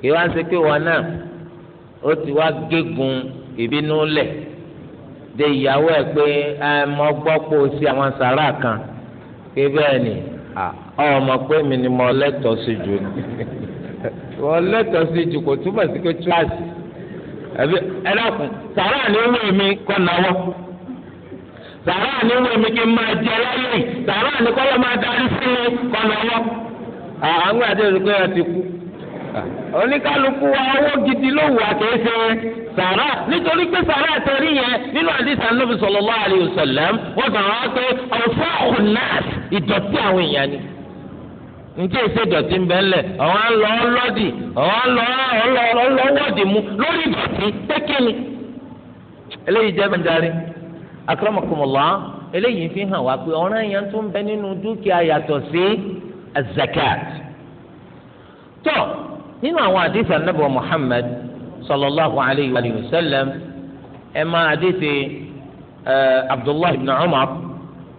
kí wọ́n ṣe pé wọn náà ó ti wá gégùn ìbínú lẹ̀ de ìyàwó ẹ̀ pé ẹ mọ gbọ́ pé o ṣe àwọn sàárà kan pé bẹ́ẹ̀ ni Ọ ọmọ pé mi ni mo lẹ́tọ̀ọ́ sí jù ni wọ́n sí kò túmọ̀ sí pé tíwáàsì ẹbí ẹlẹ́kùn sàrà ni ó wọ̀ kọ́ náwọ́ sàrà ni ó wọ̀ kí n máa jẹ lẹ́yìn sàrà ni kọ́lọ́ máa darí sí mi kọ́ àwọn ti kú oníkálukú wa owó gidi ló wù àkẹ́sẹ́ sàrà nítorí pé sàrà yẹn nínú àdìsàn wọ́n wá pé ọ̀fọ́ ìdọ̀tí àwọn èèyàn ni njẹ́ ìṣe ìdọ̀tí ń bẹ ńlẹ̀ àwọn á lọ ọlọ́dì àwọn á lọ ọlọ́wọ́dì mu lórí ìdọ̀tí pékìní. eléyìí jẹ́ bẹ́ńdarí akramakumullah eléyìí fi hàn wá pé ọ̀ràn yẹn tó ń bẹ nínú dúkìá yàtọ̀ sí zakat. tọ́ nínú àwọn àdìsí anábọ̀ Muhammad sallallahu alayhi wa sallam ẹ̀ máa àdìsí eh, Abdullahi ibn Umar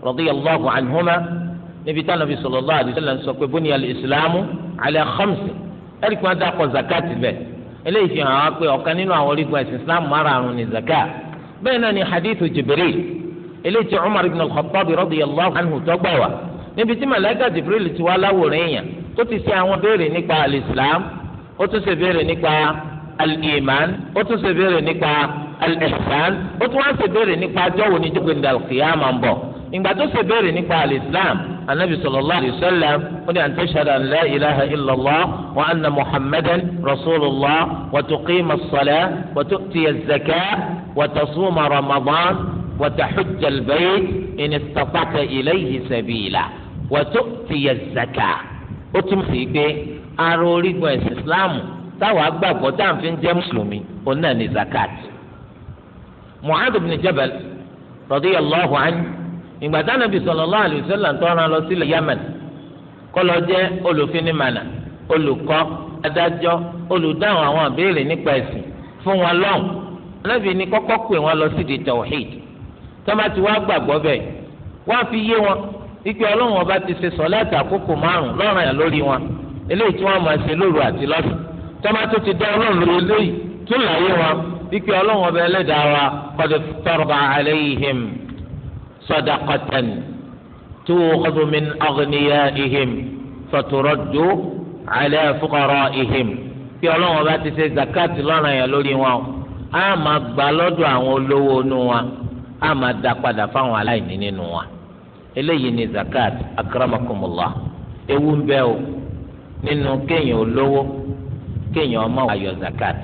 radiyallahu anhuma níbi tí anabi sallallahu alaihi wasallam sọ pé bóni alìsílámù ala khamsi ẹni kí wọn dá kọ zakati bẹ eléyìí fi hàn wá pé ọ̀kan nínú àwọn orígun ẹ̀sìn islam márààrún ni zaka bẹ́ẹ̀ náà ni hadithu jibril eléyìí tí umar ibn al-khattab radiyallahu anhu tọgbà wá níbi tí malaika jibril ti wá láwòrán èèyàn tó ti ṣe àwọn béèrè nípa alìsílám ó tún ṣe béèrè nípa alìmán ó tún ṣe béèrè nípa alìsán ó tún wá ṣe béèrè nípa ajọ́wò ní ìgbà tó ṣe béèrè nípa alìsílám anabi sallallahu alayhi wa sallam ó ní an tashhadu an la ilaha illallah wa anna muhammadan rasulullah wa tuqima as-salah wa tu'ti az-zakah wa tasuma ramadan wa tahujja al-bayt in istata'ta ilayhi sabila wa tu'ti az-zakah ó tún fi gbé ara orígun ẹ̀sìn islam táwa gbàgbọ́ tá jẹ́ mùsùlùmí òun ní zakat mu'adh ibn jabal radiyallahu anhu. ìgbà tí Ànábì sallallahu alaihi wasallam tó rán lọ sílẹ̀ yamani. kọlọ jẹ olùfinimànà olùkọ́ adájọ́ olùdáhùn àwọn àbéèrè nípa ẹ̀sìn fún wọn lọ́hùn Ànábì ní kọ́kọ́ pè wọn lọ sídìí tawhid tọ́ba wá gbàgbọ́ bẹ́ẹ̀ wá fi yé wọn ikú ọlọ́run ọba ti ṣe àkókò márùn lọ́ràn yàn lórí wọn eléyìí tí wọ́n máa ṣe lóru àti lọ́sùn ti dá ọlọ́run صدقة تؤخذ من أغنيائهم فترد على فقرائهم kí ọlọ́run ọba ti ṣe zakat lọ́nà yẹn lórí wọn a máa gbà lọ́dọ̀ àwọn olówó inú a máa dá padà fáwọn aláìní ni zakat o kéèyàn olówó kéèyàn zakat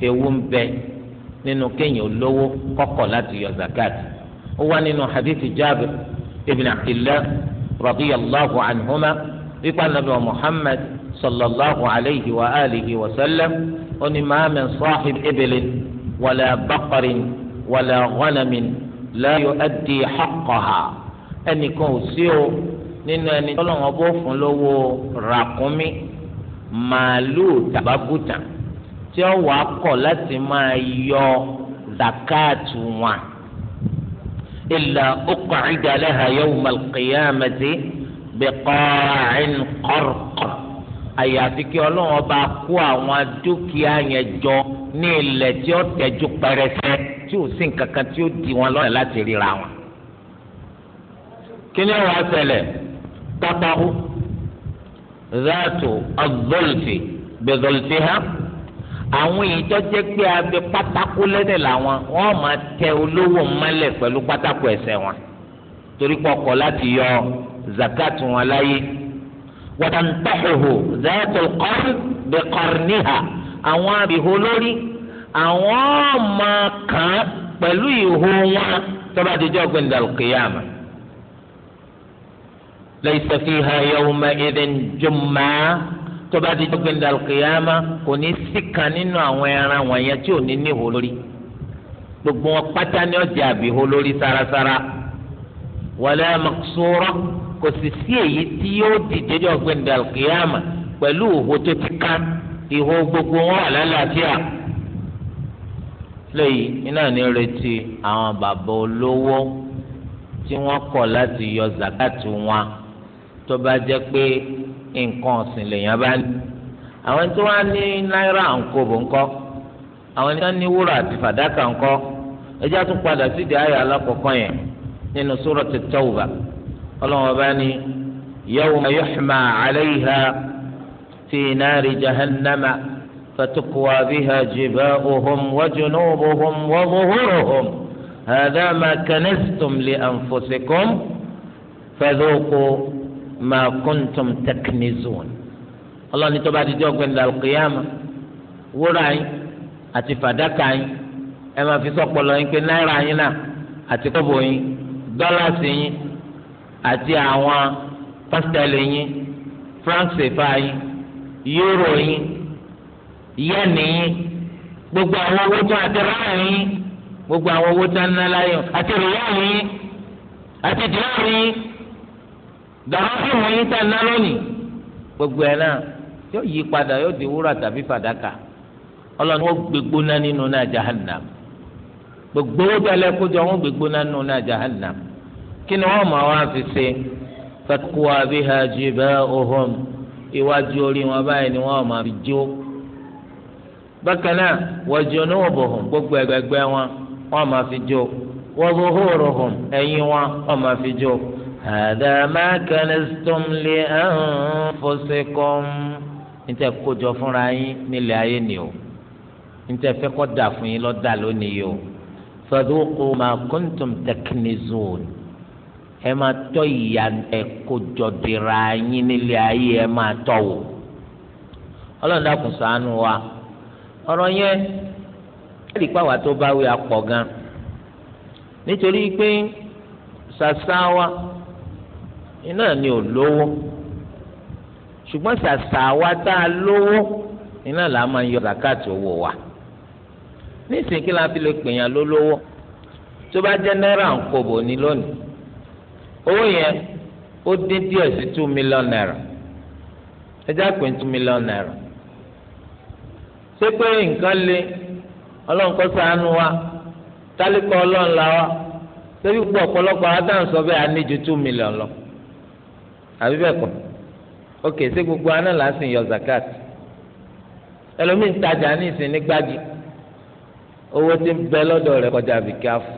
kéèyàn olówó zakat ó wá nínú hadithi Jabir ibn Abdillah radiyallahu anhuma wípé anabi wa Muhammad sallallahu alayhi wa alihi wa sallam ó ní ma min sahib ibilin wala baqarin wala ghanamin la yu'addi haqqaha ẹnìkan ò sí o nínú ẹni tọ́lọ́wọ́n bó fún lówó ràkúnmí màálù tàbábùtà tí ó wàá kọ̀ láti máa yọ zakatu wọn إلا أقعد لها يوم القيامة بقاع قرق àyàfi kí ọlọ́run ọba kó àwọn dúkìá yẹn jọ ní ilẹ̀ tí ó tẹ́jú pẹrẹsẹ tí ò sí nǹkan kan tí ó di wọn lọ́nà láti ríra wọn. kí ni wàá ṣẹlẹ̀ pátákó zaatu azolfi bezolfiha. àwọn èyí tó jẹ́ pé abẹ pátákó lẹ́dẹ̀ làwọn wọ́n máa tẹ olówó mọ́lẹ̀ pátákó wọn torí pọkọ láti yọ zakat wọn láyé wọ́tàntàhùhù zayatul qarn bi àwọn abìhó lórí àwọn máa kàn án ìhó wọn tó bá tó bá di gbẹ̀ndà kìyàmá kò ní sí kan nínú àwọn ẹran wọ̀nyẹn tí ò ní níhò lórí gbogbo wọn pátá ni ọjà àbíhò lórí sarasara wala maksura kò sì sí èyí tí yóò dìde jọ gbẹ̀ndà kìyàmá pẹ̀lú òhò tó ti ká ìhò gbogbo wọn wà lálàáfíà lẹ́yìn iná ní retí àwọn bàbá olówó tí wọ́n kọ̀ láti yọ zakati wọn tó jẹ́ pé nǹkan ọ̀sìn lèèyàn bá ní àwọn tí wọ́n á ní náírà ńkọ́bọ̀ ńkọ́ àwọn tí wọ́n ní wúrà àti fàdákà ńkọ́ ẹjẹ́ tún padà sí ìdí ayé alákọ̀ọ́kọ́ yẹn nínú Suratu Tawba ọlọ́wọ́n bá ní yawma yuhma alayha fi nari jahannama fatukwa biha jiba'uhum wa junubuhum wa zuhuruhum hadha ma kanastum li anfusikum fadhuqu. ma kuntum taknizun ọlọ́ni tó bá di jọ́ gbẹ̀ndà al yín àti fàdákà yín ẹ máa fi sọ́pọ̀lọ́ yín pé náírà yín náà àti kọ́bọ̀ yín dọ́làsì yín àti àwọn pásítẹ́lì yín yín yúrò yín gbogbo àwọn owó tó àti gbogbo àwọn owó
tó ń ná láyọ̀
àti yín dàrọ́fíìmù yín tẹ̀ ná lónìí gbogbo ẹ̀ náà yóò yí padà yóò di wúrà tàbí fàdákà ọlọ́ni wọ́n na nínú náà jahannam gbogbo owó tẹ̀lé kójọ wọ́n gbégbóná nínú náà jahannam kí ni wọ́n mọ̀ fi ṣe fẹ́kúwa iwájú orí wọn báyìí ni máa fi jó gbogbo ẹgbẹgbẹ wọn máa fi jó hóró wọn هذا ما كنزتم لأنفسكم انت كوجو فراي نيلي ايي ني او انت فẹ́ kó dà fún yín ló dà lónìí yìí o فذوقوا ما كنتم تكنزون ẹ máa tọ́ ìyà ẹ kójọ dira yín ọlọ́run dákun ṣàánú wa ọ̀rọ̀ yẹn ẹ̀rí pàwá tó bá wí apọ̀ gan nítorí pé ṣàṣà wa iná ni ò lówó ṣùgbọ́n ṣàṣà wa tá a lówó iná là á máa yọ zakat owó wa nísìnyí kí la fi lè pèèyàn lólówó tó bá jẹ́ náírà ń kọ́bọ̀ ní lónìí owó yẹn ó dín díẹ̀ sí two million naira ẹ já pé two million naira ṣé pé nǹkan le ọlọ́run kọ́ ṣàánú wa tálíkọ́ ọlọ́run la wa ṣé bí gbogbo ọ̀pọ̀lọpọ̀ adáhùn sọ bẹ́ẹ̀ á ní ju two million lọ àbí bẹ́ẹ̀ kọ́ ok ṣé gbogbo aná là ń sìn yọ zakat ẹlòmíín tajà ní ìsìn ní gbági owó tí ń bẹ lọ́dọ̀ rẹ̀ kọjá bìkáfù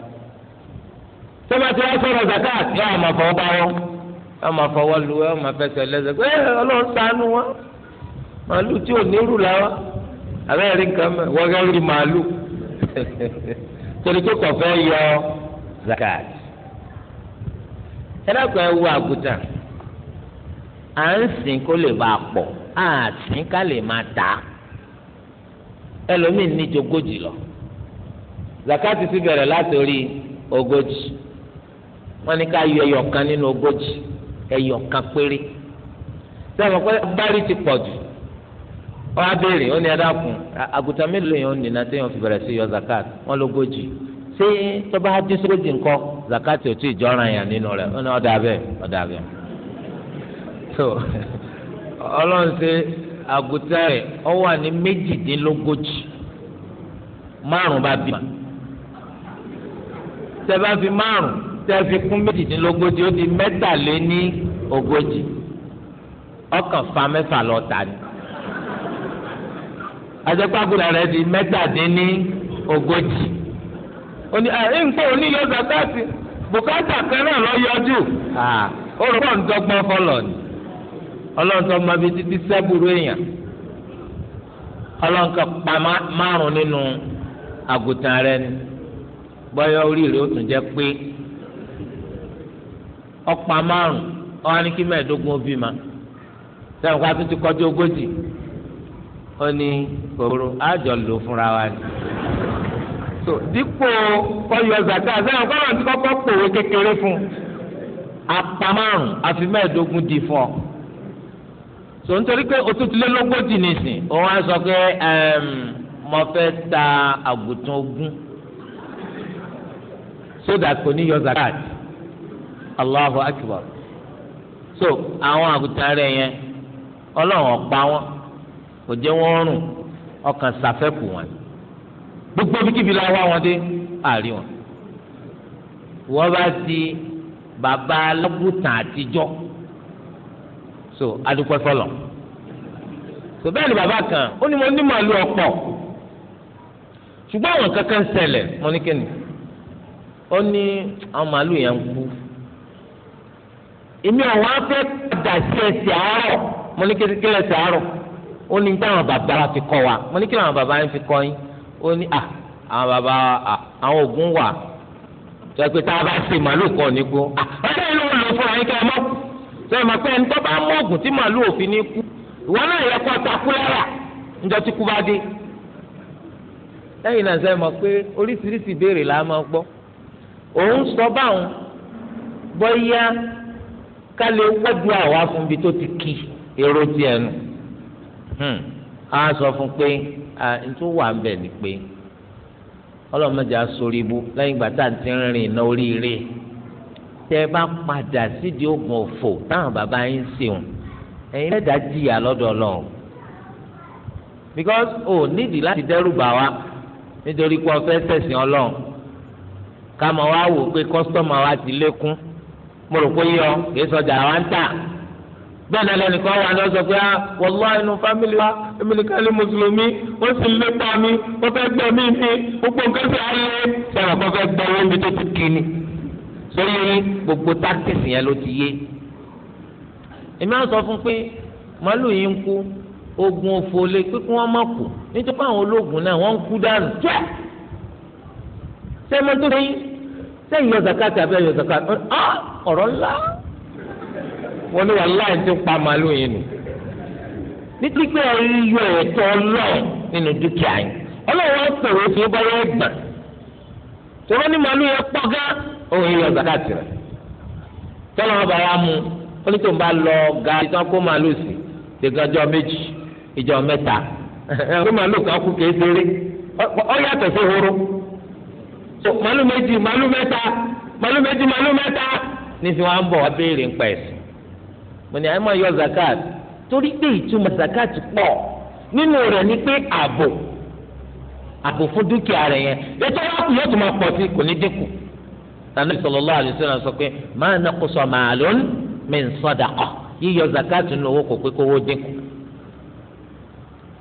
tọ́ba tí wọ́n sọ̀rọ̀ zakat yọ àmọ̀ fọwọ́ bá wọn yọ àmọ̀ fọwọ́ lu ẹ ọmọ fẹsẹ̀ lẹ́sẹ̀ pé eh, ọlọ́run ṣàánú wọn màálù tí ò ní rù láwa
abẹ́rẹ́ nǹkan mẹ́ wọ́n gẹ́gẹ́ rí màálù
<laughs> torí pé kò fẹ́ yọ zakat ẹ dákun ẹ wo àgùntàn à ń sìn kó lè bá a pọ̀ à sìn ká lè máa dà á ẹlòmíín ní jogójì lọ zakati ti bẹ̀rẹ̀ látòrí ogójì wọ́n ní ká yọ ẹyọkan nínú ogójì ẹyọkan péré sẹ́wọ̀n pé agbárí ti pọ̀ jù wọ́n á béèrè ó ní adákùn àgùntàn mélòó yẹn ó nìyẹn téèyàn fi bẹ̀rẹ̀ sí yọ zakat wọ́n lógójì ṣé tọ́ba á dín sógójì ńkọ́ zakati ò tí ì jọ́ra yàn nínú rẹ̀ ó ní ọ̀dà bẹ́ẹ̀ ọ̀dà bẹ́ẹ̀. so ọlọ́run ṣe àgùtà rẹ̀ ọ wà ní méjìdínlógójì márùn bá bímọ bá fi márùn tẹ fi kún méjìdínlógójì ó di mẹ́tàléní ogójì ọkàn fa mẹ́fà lọ tà ní di mẹ́tàdínní ogójì ní ẹ nkpọ oníyọ zakati bùkátà kan náà lọ yọjú ó rọ pọ̀ ń dọ́gbọ́n fọlọ́ ni. ọlọ́run tó máa fi títí sẹ́bùrú èèyàn ọlọ́run kan pa márùn nínú àgùntàn rẹ ni bọ́yọ̀ orí rẹ ó tún jẹ́ pé ọ̀pá márùn ọ̀hán ní kí mẹ́ẹ̀ẹ́dógún ó bí ma sẹ́wọ̀n ká tún ti kọjú ogójì ó ní kòkòrò àjọ lò fúnra wa ni so dípò kọyọ zaka sẹ́wọ̀n kọ́nà tí kọ́kọ́ pòwe kékeré fún apá márùn àfi mẹ́ẹ̀ẹ́dógún di fún ọ tó nítorí pé o tún ti lé lógójì nìsín òun á sọ pé mo fẹ́ ta àgùntàn ogún sódà kò ní yọ zakat Allahu akbar so àwọn àgùntàn rẹ̀ yẹn Ọlọ́run ọ̀pá wọn kò jẹ́ wọ́n rùn ọkàn sàfẹ́kù wọn gbogbo bíkíbi la wá wọn dé àárín wọn wọ́n bá ti bàbá alágùntàn àtijọ́ so adúpẹ́ fọlọ́ so bẹ́ẹ̀ ni bàbá kan ó ní mo ní màálù ọ̀pọ̀ ṣùgbọ́n àwọn kankan ṣẹlẹ̀ mo ní ó ní àwọn màálù yẹn ń kú èmi àwọn afẹ́ padà sí ẹsẹ̀ àárọ̀ mo ní kíni ẹsẹ̀ ó ní táwọn bàbá wa fi kọ́ wa mo ní kíni àwọn bàbá yẹn fi kọ́ yín ó ní à àwọn bàbá àwọn ògùn wà tó ẹ pé tá a bá ṣe màálù kọ́ ní gbó à
ọ̀dọ́ ìlú wọn lò fún wa ẹ mọ́
sọ ma pé ẹni tó bá mú oògùn tí màálù òfin ní kú ìwọ náà yẹ kó takú lára níjọ́ tí kú bá dé. lẹ́yìn náà sọ ma pé oríṣiríṣi ìbéèrè la máa gbọ́ òun sọ báwọn bọ́yá ká lè wọ́dù àwa fún ibi tó ti kí èrò tiẹ̀ nù. Hmm. a sọ fún pé nítorí wà ń ni pé ọlọ́mọdé asorí ibu lẹ́yìn ìgbà tá à ń ti rìnrìn iná oríire tẹ́ ẹ bá padà sídìí oògùn òfò táwọn bàbá yín ṣeun ẹ̀yin lẹ́dà jìyà lọ́dọ̀ Ọlọ́run because o nídìí láti dẹ́rù bà wá nítorí pé ọfẹ́ ṣẹ̀sìn Ọlọ́run ká mọ̀ wá wò pé kọ́sítọ́mù wa ti lékún
mo rò pé yọ kì
í sọjà wa ń tà bẹ́ẹ̀ náà lẹ́nìkan wà ní ọ̀sọ̀ pé a ah, wọ́lọ́ inú fámìlì wa emìlíkàlì mùsùlùmí wọ́n sì lépa mi wọ́n fẹ́ gbẹ̀mí mi gbogbo nǹkan sì á lé sọ̀rọ̀ kọ́ fẹ́ gbọ́ owó mi tó ti kí ni bóyá gbogbo tactics yẹn ló ti yé èmi á sọ fún pé màálù yìí ń kú ogun òfò lè pé kí wọ́n má kú nítorí pé àwọn ológun náà wọ́n ń kú dànù tó ẹ̀ sẹ́yìn tó sẹ́yìn sẹ́yìn yọ zakat àbí ẹ̀yọ zakat ọ̀rọ̀ ńlá
wọ́n ní wàhálà ẹ̀ ti pa màálù
yìí nù nítorí pé ẹ̀ yọ ẹ̀tọ́ ọlọ́ọ̀ nínú dúkìá yìí ọlọ́wọ́ pẹ̀lú fún bọ́lá ẹ̀gbà tó wọ́n ní màálù yẹn pọ̀ gan-an. nwee yọ zakati rẹ̀ tọ́lọ́ ọba ya mú onítò ń bá lọ ga ìtàn kó màálù sí ìgbàjọ méjì ìjọ mẹ́ta kó màálù kan kú kéé ọ yàtọ̀ sí horo màálù méjì màálù mẹ́ta màálù méjì mẹ́ta ní fi wọn bọ̀ wá béèrè ń mo ní àyè máa yọ zakat torí pé ìtumọ̀ zakat pọ̀ ni pé ààbò ààbò fún dúkìá rẹ̀ yẹn ètò yóò tún máa pọ̀ sí kò tani sallallahu alaihi wasallam sọ pé ma naqsa ma'lun min sadaqa yíyọ zakatu ní owó kò pé kówó dínkù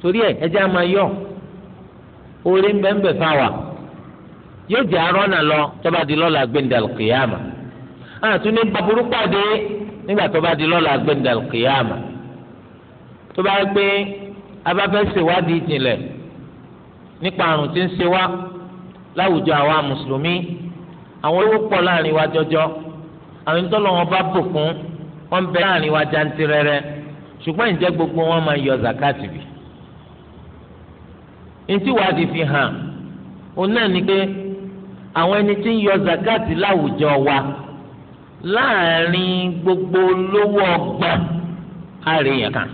torí ẹ ẹjẹ àmà yọ orí ń bẹ ń bẹ fáwà yóò jẹ arọ́nà lọ tọ́ba di lọ́la gbẹ̀ndàl kìyàmà àtúndé baburú pàdé nígbà tọ́ba di lọ́la gbẹ̀ndàl kìyàmà tọ́ba gbé abáfẹ́ ṣèwádìí ìjìnlẹ̀ nípa àrùn tí ń ṣe láwùjọ àwa mùsùlùmí àwọn olówó pọ̀ láàrin wa jọjọ àwọn ìtọ́lọ̀ wọn bá bùkún wọn bẹ láàrin wa jantirẹrẹ ṣùgbọ́n ǹjẹ́ gbogbo wọn máa yọ zakati bi ntí wàá di fi hàn òun náà ni pé àwọn ẹni tí ń yọ zakati láwùjọ wa láàrin gbogbo olówó ọgbọ̀n àríyàn kan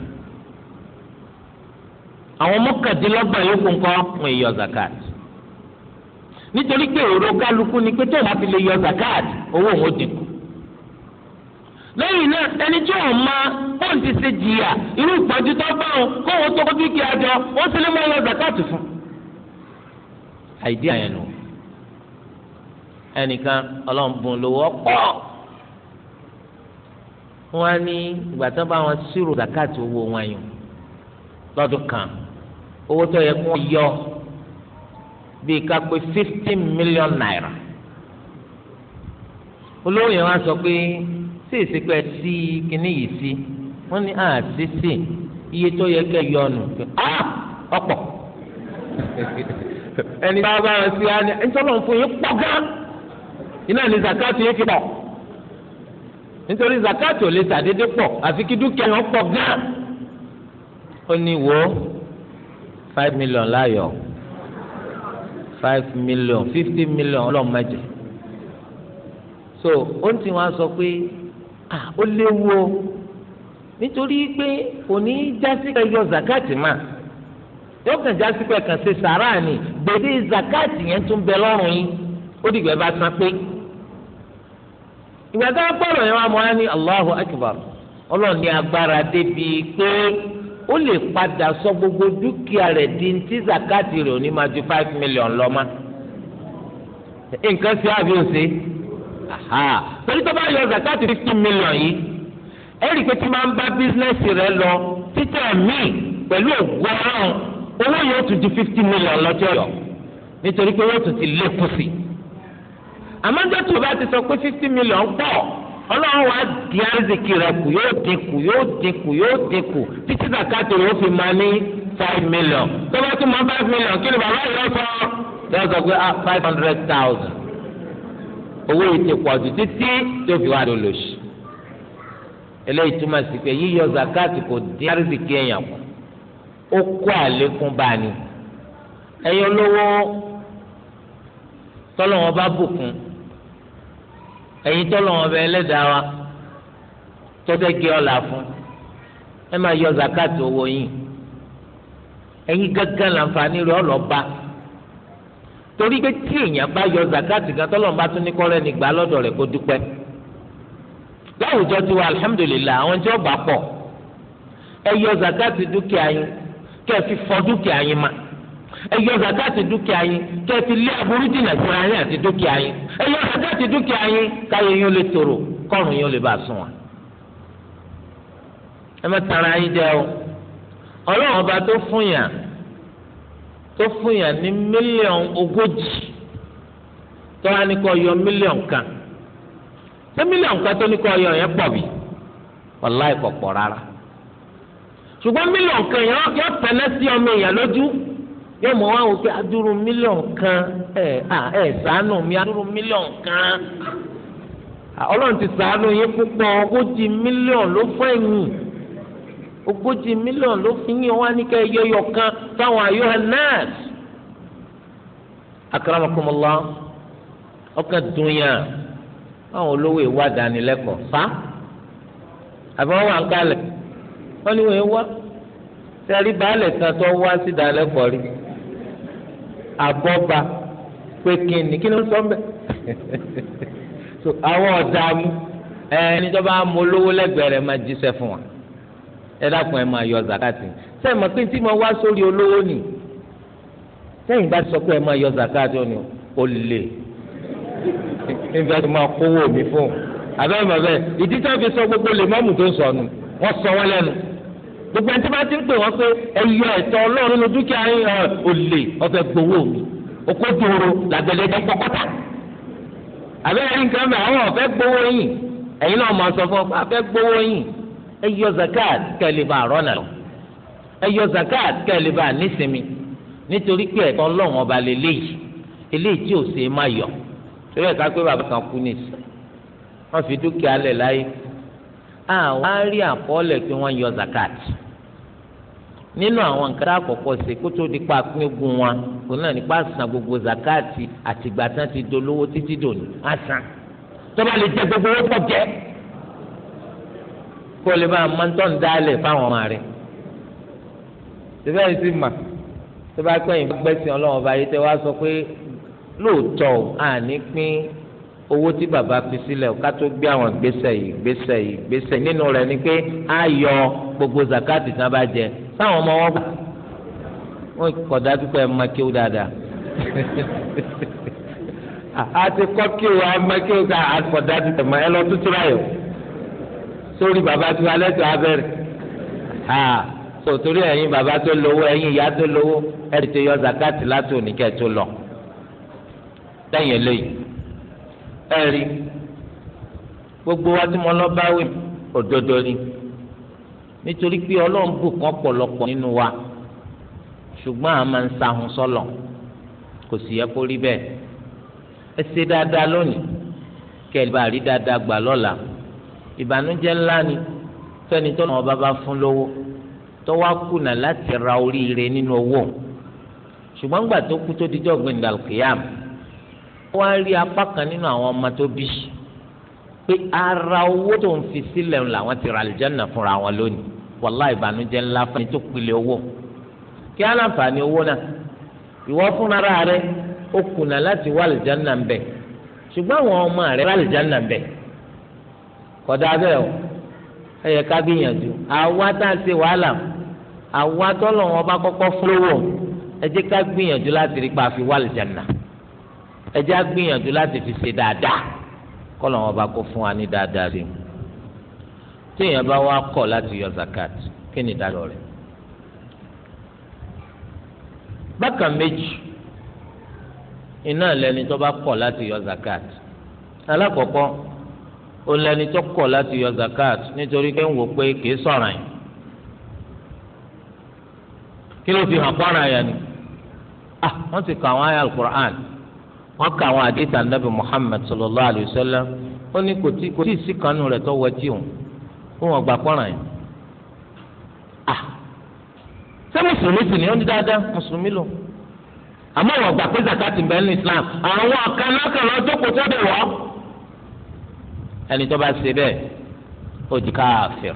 àwọn mọ́kàndínlọ́gbọ̀n yòókù ńkọ́ wọn yọ zakati nítorí pé èrò kálukú ni pé tóun bá fi lè yọ zakat owó òun dínkù lẹ́yìn náà ẹni tí òun máa bóun ti ṣe jìyà irú ìpọ́njú tó bá òun kóun tó kó dúkìá jọ ó sì lè máa yọ zakat fún un. àìdí àyẹn ẹnìkan ọlọ́nbùn lówó ọ̀pọ̀ wọn ní ìgbà tó bá wọn ṣírò zakat owó wọn yùn lọ́dún kan owó tó yẹ kó yọ bíi ká pé fifteen million naira olówó yẹn wá sọ pé sí ìsìnkú ẹ sí kíní yìí sí wọn ní àti ah, sí iye tó yẹ kẹ yọ ọnù ah, ọ̀pọ̀ <laughs> ẹni bá bá wọn sí wa ni ẹni tọ́lọ̀ ń fún yín pọ̀ gan iná ní zakatu yín fi pọ̀ nítorí zakatu lè sàdédé pọ̀ àfi kí dúkìá yẹn pọ̀ gan ó ní wo five million láyọ̀ five million fifty million ọlọ́run má so ó ti wọn sọ pé ó léwu o nítorí pé kò ní í jásí pé yọ zakati mà yóò kàn jásí pé kàn ṣe sàrà ni gbèdé zakati yẹn tún bẹ lọ́rùn yín ó dìgbà bá san pé ìgbà Allahu ọlọ́run ní agbára débi pé. ó lè padà sọ gbogbo dúkìá rẹ̀ di ti zakati rẹ̀ òní máa ju five million lọ ma nǹkan sí àbí òsè torí tó bá yọ zakati fifty million yìí ẹ̀rí pé tí máa ń bá bísínẹ́sì rẹ̀ lọ títẹ̀ míì pẹ̀lú ògùn ọlọ́run owó yóò tún ju fifty million lọ́jọ́ yọ nítorí pé yóò tún ti lékún sí i àmọ́ ń dẹ́tù bá ti sọ pé fifty million pọ̀ ọlọ́run wa di arzikì rẹ kù yóò dínkù yóò dínkù yóò dínkù títí zakato yóò fi máa ní five million tó bá tún máa five million kí ni bàbá yìí lọ sọ
yóò
sọ pé ah, five hundred thousand owó yìí ti pọ̀ jù títí tó fi wá lò lòsì eléyìí túmọ̀ sí pé yíyọ zakato kò di arzikì èèyàn kù ó kó àlékún bá a ní ẹ̀yọ́ lówó tọ́lọ́wọ́n bá bùkún ẹ̀yin tó lọ́wọ́ bẹ ẹlẹ́dàá wa tó fẹ́ gé ọ̀là fún ẹ máa yọ zakat owó yín ẹ̀yin gángan làǹfààní rẹ̀ ọlọ́ba torí pé tí èèyàn bá yọ zakat gan tọ́lọ́run bá tún ní kọ́rẹ́ ní gbà lọ́dọ̀ rẹ̀ kó dúpẹ́ láwùjọ ti wa alihamudulilayi àwọn tí ó gbà pọ̀ ẹ yọ zakat dúkìá yín kẹ́ ẹ fi fọ́ dúkìá yín máa ẹ yọ zakati dúkìá yín kẹfì lé aburú jìnnà síra yín àti dúkìá yín ẹ yọ zakati dúkìá yín káyé yín ó lè tòrò kọrùn yín ó lè bá a sùn wọn. ẹ má tara yín jẹ o ọlọ́run ọba tó fún yàn tó fún yàn ní mílíọ̀nù ogójì tó wá ní kó yọ mílíọ̀nù kan ṣé mílíọ̀nù kan tó ní kó yọ yẹn pọ̀ bí wàláì kọ̀ pọ̀ rárá ṣùgbọ́n mílíọ̀nù kan yẹn wọ́n kí wọ́n sí ọmọ èèyàn yóò mọ wáwo pé adúrú mílíọ̀nù kan ẹ̀ ẹ̀ ṣàánú mi adúrú mílíọ̀nù kan ọlọ́run ti ṣàánú yín púpọ̀ ogójì mílíọ̀nù ló fún ẹ̀yìn ogójì ló fún yín wá ní kẹ́ kan táwọn ẹ náà ọkàn àwọn olówó fa wà wọ́n wá tó wá sí àbọ̀ba pé kí ni kí ló ń sọ ń bẹ̀. so àwọn ọ̀dààmú ẹni tó bá mú olówó lẹ́gbẹ̀ẹ́ rẹ̀ máa jíṣẹ́ fún wa ẹ dákun ẹ máa yọ zakati sẹ́yìn mọ̀ pé tí mo wá sórí olówó nì sẹ́yìn bá sọ pé ẹ máa yọ zakati ó ní o lè nígbà tó máa kówó mi fún un àbẹ́rẹ́ mọ̀ bẹ́ẹ̀ ìdí tó fi sọ gbogbo lè mọ́mù tó ń sọnù wọ́n sọ wọ́n lẹ́nu gbogbo ẹni tí bá ti ń pè wọ́n pé ẹyọ ẹ̀tọ́ ọlọ́run ní dúkìá yín ọ̀ olè ọ̀fẹ́ gbowó mi okó dòrò làgbẹ̀lẹ̀dẹ̀ pọ̀pọ̀tà àbẹ́rẹ́ nǹkan mẹ́ àwọn ọ̀fẹ́ gbowó yín ẹ̀yin náà máa sọ fún ọ pé àfẹ́ gbowó yín ẹyọ zakat kẹ́lẹ́ bá rọ́nà lọ ẹyọ zakat kẹ́lẹ́ bá nísinmi nítorí pé ẹ̀tọ́ ọlọ́run ọba lélẹ́yìí eléyìí tí ò ṣe é má yọ torí ẹ̀ka pé bàbá kan kú nìsí wọ́n fi dúkìá lẹ̀ láyé àwọn á rí àkọọ́lẹ̀ pé wọ́n yọ zakat nínú àwọn nǹkan tá a kọ́kọ́ ṣe kó tó di pa pínpín wọn kò náà nípa san gbogbo zakat àtìgbà tán ti dolówó títí dòní á san tó bá lè jẹ gbogbo owó pọ̀ jẹ́ kó lè bá máa ń tọ́ ń dálẹ̀ fáwọn ọmọ rẹ̀ síbẹ̀ mà tó pẹ́yìn gbẹ́sìn ọlọ́run yìí tẹ́ wá sọ pé lóòótọ́ àní pín owó tí bàbá fi sílẹ̀ ká tó gbé àwọn gbèsè yìí gbèsè yìí gbèsè nínú rẹ̀ ni pé á yọ gbogbo zakati tí wọ́n bá jẹ sáwọn ọmọ wọn wọn kọ̀ dájú pé ẹ máa kéwú dáadáa àti <laughs> kọ́ kéwú ẹ máa kéwú ká àkọ̀ dájú pé ẹ lọ tútù ráyò sórí bàbá tí wọ́n alẹ́ tó abẹ́rẹ́ sòtúrí ẹ̀yin bàbá tó lówó ẹ̀yin ìyá tó lówó ẹ̀ ti yọ zakati látò ní tó lọ lẹ́yìn eléyìí ẹ̀rí gbogbo wa tí mo lọ bá wí òdodo ni nítorí pé ọlọ́run bù kán pọ̀lọpọ̀ nínú wa ṣùgbọ́n a máa ń sahun sọ́lọ̀ kò sì yẹ kó rí bẹ́ẹ̀ ẹ ṣe dáadáa lónìí kẹlẹ́ bá rí dáadáa gbà lọ́la ìbànújẹ́ ńlá ni fẹ́ni tó náà bá bá fún lówó tó kùnà láti ra oríire nínú owó ṣùgbọ́n gbà tó kú tó dijọ́ gbẹ̀ndàlùkìyàmù wọ́n á rí apá kan nínú àwọn ọmọ tó bí pé ara owó tó ń fi sílẹ̀ ń làwọn ti ra àlìjáná fúnra wọn lónìí wàlá ìbànújẹ́ ńlá fún ẹni tó pilẹ̀ owó kí aláǹfààní owó náà ìwọ fúnra rẹ ó kùnà láti wá àlìjáná bẹ ṣùgbọ́n àwọn ọmọ rẹ rà àlìjáná bẹ kódà bẹ́ẹ̀ o ẹ yẹ ká gbìyànjú àwa tá a ṣe wàhálà àwa tọ́lọ̀ wọn bá kọ́kọ́ fúlówó ẹ jẹ́ ká gbìyànjú láti rí pa àfi wà àlìjáná ẹ jẹ́ á gbìyànjú láti fi ṣe dáadáa kọ́lọ̀ wọn bá kó fún wa ní dáadáa rí tí èèyàn bá wá kọ̀ láti yọ zakat kí ni ìdájọ́ rẹ̀ bákan méjì iná lẹni tó bá kọ̀ láti yọ zakat alákọ̀ọ́kọ́ ó lẹni tó kọ̀ láti yọ zakat nítorí pé ń wò pé kìí sọ̀ràn yìí kí ló fi hàn kọ́ra yẹn ni ah wọ́n ti kọ àwọn ayé alukur'an wọn kà àwọn àdìsí anabi muhammed sallallahu alayhi wa sallam ó ní kò tí kò tí sí kanu rẹ̀ tó wọ etí òun ó wọn gbà kọ́ràn yìí à ah! ṣé mùsùlùmí sì ni ó ní dáadáa mùsùlùmí lò àmọ́ wọn gbà pé zakati ń ní islam àwọn akanákan lọ jókòó tó dé wọ́ ẹni tó bá ṣe bẹ́ẹ̀ ó di káfíìr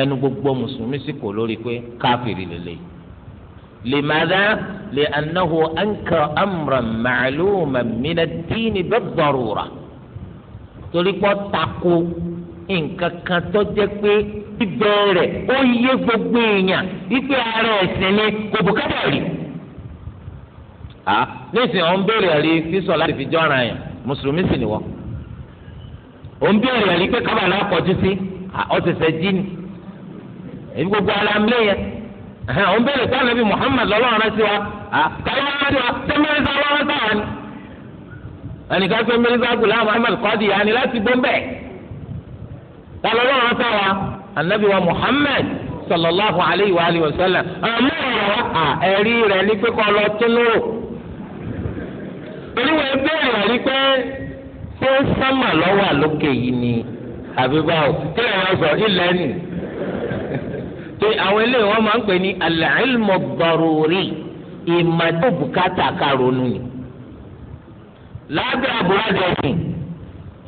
ẹnu gbogbo mùsùlùmí sì kò lórí pé káfíìr lélẹ́yìí لماذا؟ لأنه أنكر أمرا معلوما من الدين بالضرورة torípọ̀ tako nǹkan kan tó jẹ́ pé bíbẹ̀rẹ̀ ó yé gbogbo èèyàn wípé ara ẹ̀sìn ni kò bùkátà rí. a ah, nísìnyí ò ń béèrè rí sísọ láti fi jọ́ra yẹn mùsùlùmí sì ni wọ́n. ò ń béèrè rí pé kábàlà kọjú sí ọ̀sẹ̀sẹ̀ ah, jí ni èyí gbogbo ara ń lé yẹn ẹ̀hẹ́n àwọn béèrè sí ànábì Muhammad lọ́lọ́run rẹ̀ sí wa kàlọ́run rẹ̀ sí wa ṣé mẹ́rìndà lọ́rọ̀ sí wa ni. ẹnìkan pé mẹ́rìndà Ghulam Ahmad Qadiani láti gbọ́nbẹ̀ kàlọ́run rẹ̀ sí wa ànábì wa Muhammad sallallahu alayhi wa alihi wa sallam
àmọ́
ẹ̀rí rẹ̀ ní pé kọ́ lọ tínú rò.
oníwọ̀ ẹgbẹ́ rẹ̀ rí
pé ṣé sánmà lọ́wọ́ àlókè yìí ni àbí báwo kí lè wọ́n sọ ilẹ̀ nìyí tó àwọn eléyìí wọ́n máa ń pè ní al-ilmu daruri ìmọ̀ tó bùkátà karonu ni lábẹ́ àbúrájọ sìn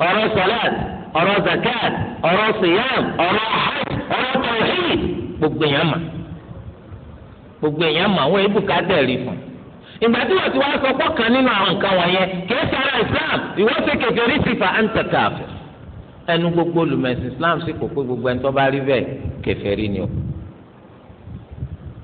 ọ̀rọ̀ sọ̀láàt ọ̀rọ̀ zakat ọ̀rọ̀ siyam ọ̀rọ̀ hajj ọ̀rọ̀ tawhid gbogbo èèyàn mà gbogbo èèyàn mà wọ́n ebùkátà rí fún un ìgbà tí wọ́n ti wá sọ pọ́ kan nínú àwọn nǹkan wọ̀nyẹn kì í sara islam ìwọ́n ṣe kékeré sí fa anta kafir ẹnu gbogbo olùmẹ̀sìn islam sì kò pé gbogbo ẹni tó bá rí bẹ́ẹ̀ kèfèrí ni o.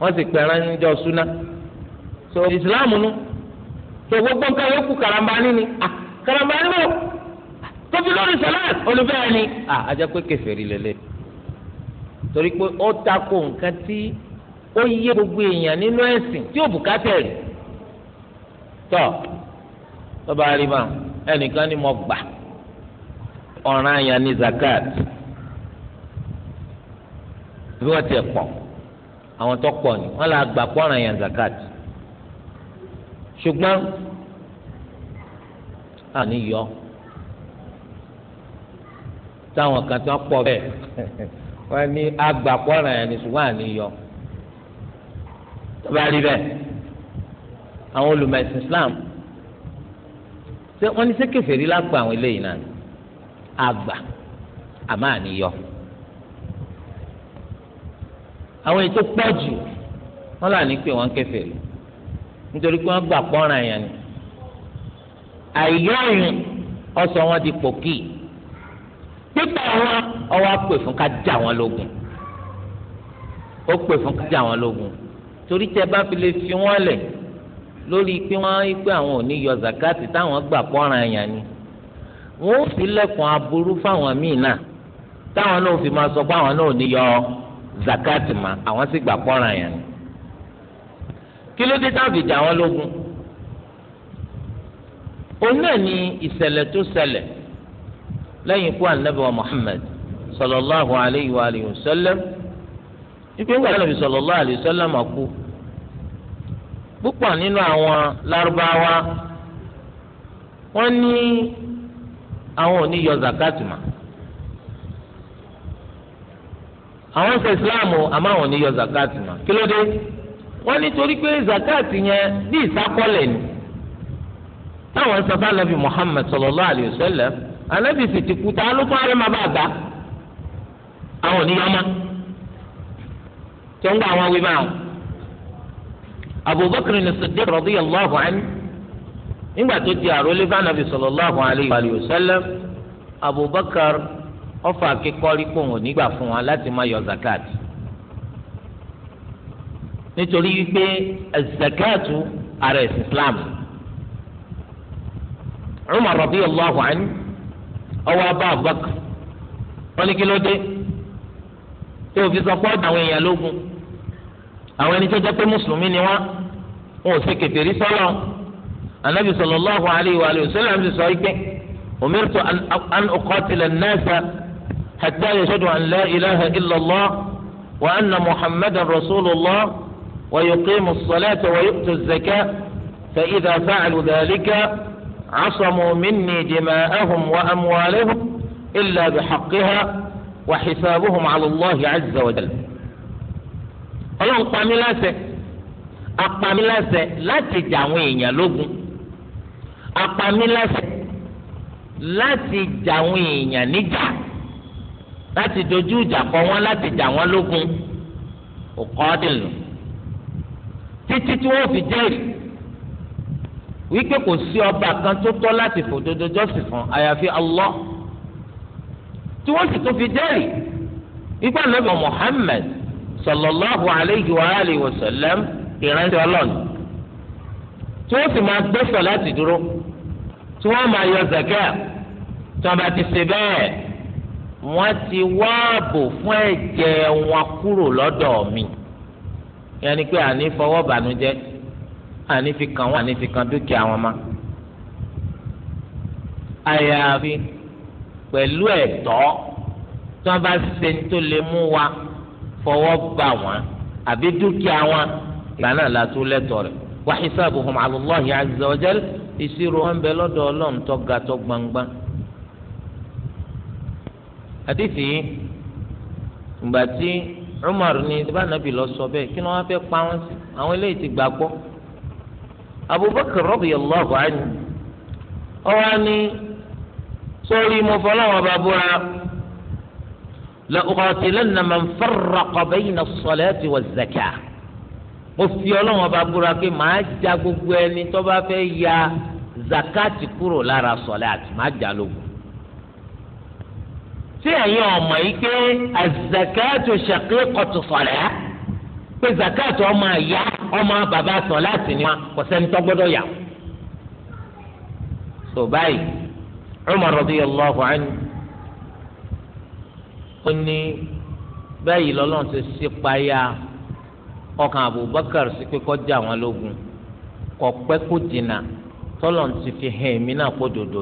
wọ́n sì pẹ̀rẹ́ níjọ́ súná so islam nu so gbogbo nǹkan yóò kú karamba níní ah karamba níní o lórí sọláàt olùbẹ́ẹ̀ ah ajá pé kẹfẹ́rì lélẹ̀ torí pé ó takò nǹkan tí ó yé gbogbo èèyàn nínú ẹ̀sìn tí ò bùkátẹ̀ rí tọ́ tọ́ba àríwá ẹnìkan ni mo gbà ọ̀ràn àyàn ní zakat bí wọ́n ti pọ̀. àwọn tó pọ̀ ni wọ́n là gbà pọ́nrán yàn zakat ṣùgbọ́n àní yọ táwọn kan tó pọ̀ bẹ́ẹ̀ <laughs> wọ́n ní àgbà pọ́nrán yàn ni ṣùgbọ́n àní yọ tó bá rí bẹ́ẹ̀ àwọn olùmọ̀ẹ̀sìn Islam wọ́n ní ṣé kèfèrí lápò àwọn eléyìí náà àgbà àmọ́ àníyọ àwọn ètò pọ̀ jù wọ́n là ní pé wọ́n kẹfẹ́ lọ nítorí pé wọ́n gbà pọ́nrán yẹn ni àìyọ́rin ọ̀sọ̀ wọn di pòkì
pípa wọn
ọwọ́ pè fún ká jà wọn lógun ó pè fún ká jà wọn lógun torí tẹ bá fi lè fi wọn lẹ̀ lórí pé wọ́n pé àwọn ò ní yọ zakati táwọn gbà pọ́nrán yẹn ni wọ́n ó fi lẹ́kùn aburú fáwọn míì náà táwọn náà fi máa sọ pé àwọn náà ò ní yọ ọ zakati ma àwọn sì gbà kọ́ran yẹn ni kí ló dé táwọn fi jà wọn lógun òun náà ni ìṣẹ̀lẹ̀ tó ṣẹlẹ̀ lẹ́yìn ikú anabi wa Muhammad sallallahu alayhi wa alayhi wa sallam ìgbéǹgbà anabi sallallahu alayhi wa sallam àkú púpọ̀ nínú àwọn lárúbáwá wọ́n ní àwọn ò zakati ma. àwọn ń sọ islam o àmọ́ àwọn ò ní yọ zakat mọ́ kí ló dé wọ́n nítorí pé zakat yẹn bí ìsákọ́lẹ̀ ni táwọn sọ fún anabi muhammed sallallahu alayhi wa sallam anabi sì ti kú tá a ló fún arẹ́mà bá gbà àwọn ò ní yọmọ tó ń gbà àwọn wí báwọn abubakar ni siddiq radiyallahu anhu nígbà tó di àròlé fún anabi sallallahu alayhi wa abubakar ọfà akẹkọọrí pòun ò nígbà fún wọn láti má yọ zakat nítorí wípé zakatu ara ẹ̀sìn islam Umar radiyallahu anhu ọwọ abá Abubakar wọn ní kí ló dé tí òfin sọ pé àwọn èèyàn lógun àwọn ẹni tó jẹ́ pé mùsùlùmí ni wọn wọn ò ṣe kèfèrí sọlọ anabi sallallahu alayhi wa sallam ti sọ wípé umirtu an uqatila an-nasa. حتى يشهدوا أن لا إله إلا الله وأن محمدا رسول الله ويقيموا الصلاة ويؤتوا الزكاة فإذا فعلوا ذلك عصموا مني دماءهم وأموالهم إلا بحقها وحسابهم على الله عز وجل ọlọ́run pa mí láṣẹ apa mí láṣẹ láti jà àwọn èèyàn lógun apa mí láṣẹ láti jà àwọn èèyàn níjà. láti dojú ìjà kọ wọn láti jà wọn lógun òkọ́dìn lò títí tí wọ́n fi jẹ́rìí wípé kò sí ọba kan tó tọ́ láti fòdodo jọ́sìn fún àyàfi Allah tí wọ́n sì tó fi jẹ́rìí wípé ànábì Muhammad sallallahu alayhi wa alihi wa sallam ìránṣẹ́ ọlọ́ọ̀nù tí wọ́n sì máa gbé sọ láti dúró tí wọ́n máa yọ zakat tí wọ́n bá ti ṣe bẹ́ẹ̀ wọ́n ti wá ààbò fún ẹ̀jẹ̀ wọn kúrò lọ́dọ̀ mi yẹn ni pé àní fọwọ́ bànújẹ́ àní fi kàn wọ́n àní fi kàn dúkìá wọn ma àyàfi pẹ̀lú ẹ̀tọ́ tí wọ́n bá ṣe tó lè mú wa fọwọ́ bà wọ́n àbí dúkìá wọn ìgbà náà la tó lẹ́tọ̀ọ́ rẹ̀ wa hisabuhum ala Allahi ìṣirò wọn bẹ lọ́dọ̀ Ọlọ́run tó ga tó gbangban àdìsí ìgbà tí Umar ní ìdíbà nàbì lọ sọ bẹ́ẹ̀ kí ni wọ́n fẹ́ pa wọ́n sí àwọn eléyìí ti gbàgbọ́ Abubakar radiyallahu anhu ọwọ́ ni sórí mo fọlọ́wọ́n bá búra la'uqatilanna man farraqa bayna as-salati waz-zakah mo fi ọlọ́wọ́n bá búra pé màá ja gbogbo ẹni tó fẹ́ ya zakati kúrò lára sọ̀lẹ́ àti màá ja lógun tí ẹ̀yin ọmọ yìí pé azakatu shaqiqatu salah pé zakaatu ọmọ àyà ọmọ bàbá sàn láti ní wa kò ya. gbọ́dọ̀ yà. tó báyìí allah radiyallahu anhu ó ní báyìí lọ́lọ́run ti ṣípayá ọkàn Abubakar sí pé kọjá àwọn lógun kò pẹ́ kó tọ́lọ́run ti fi hàn èmi náà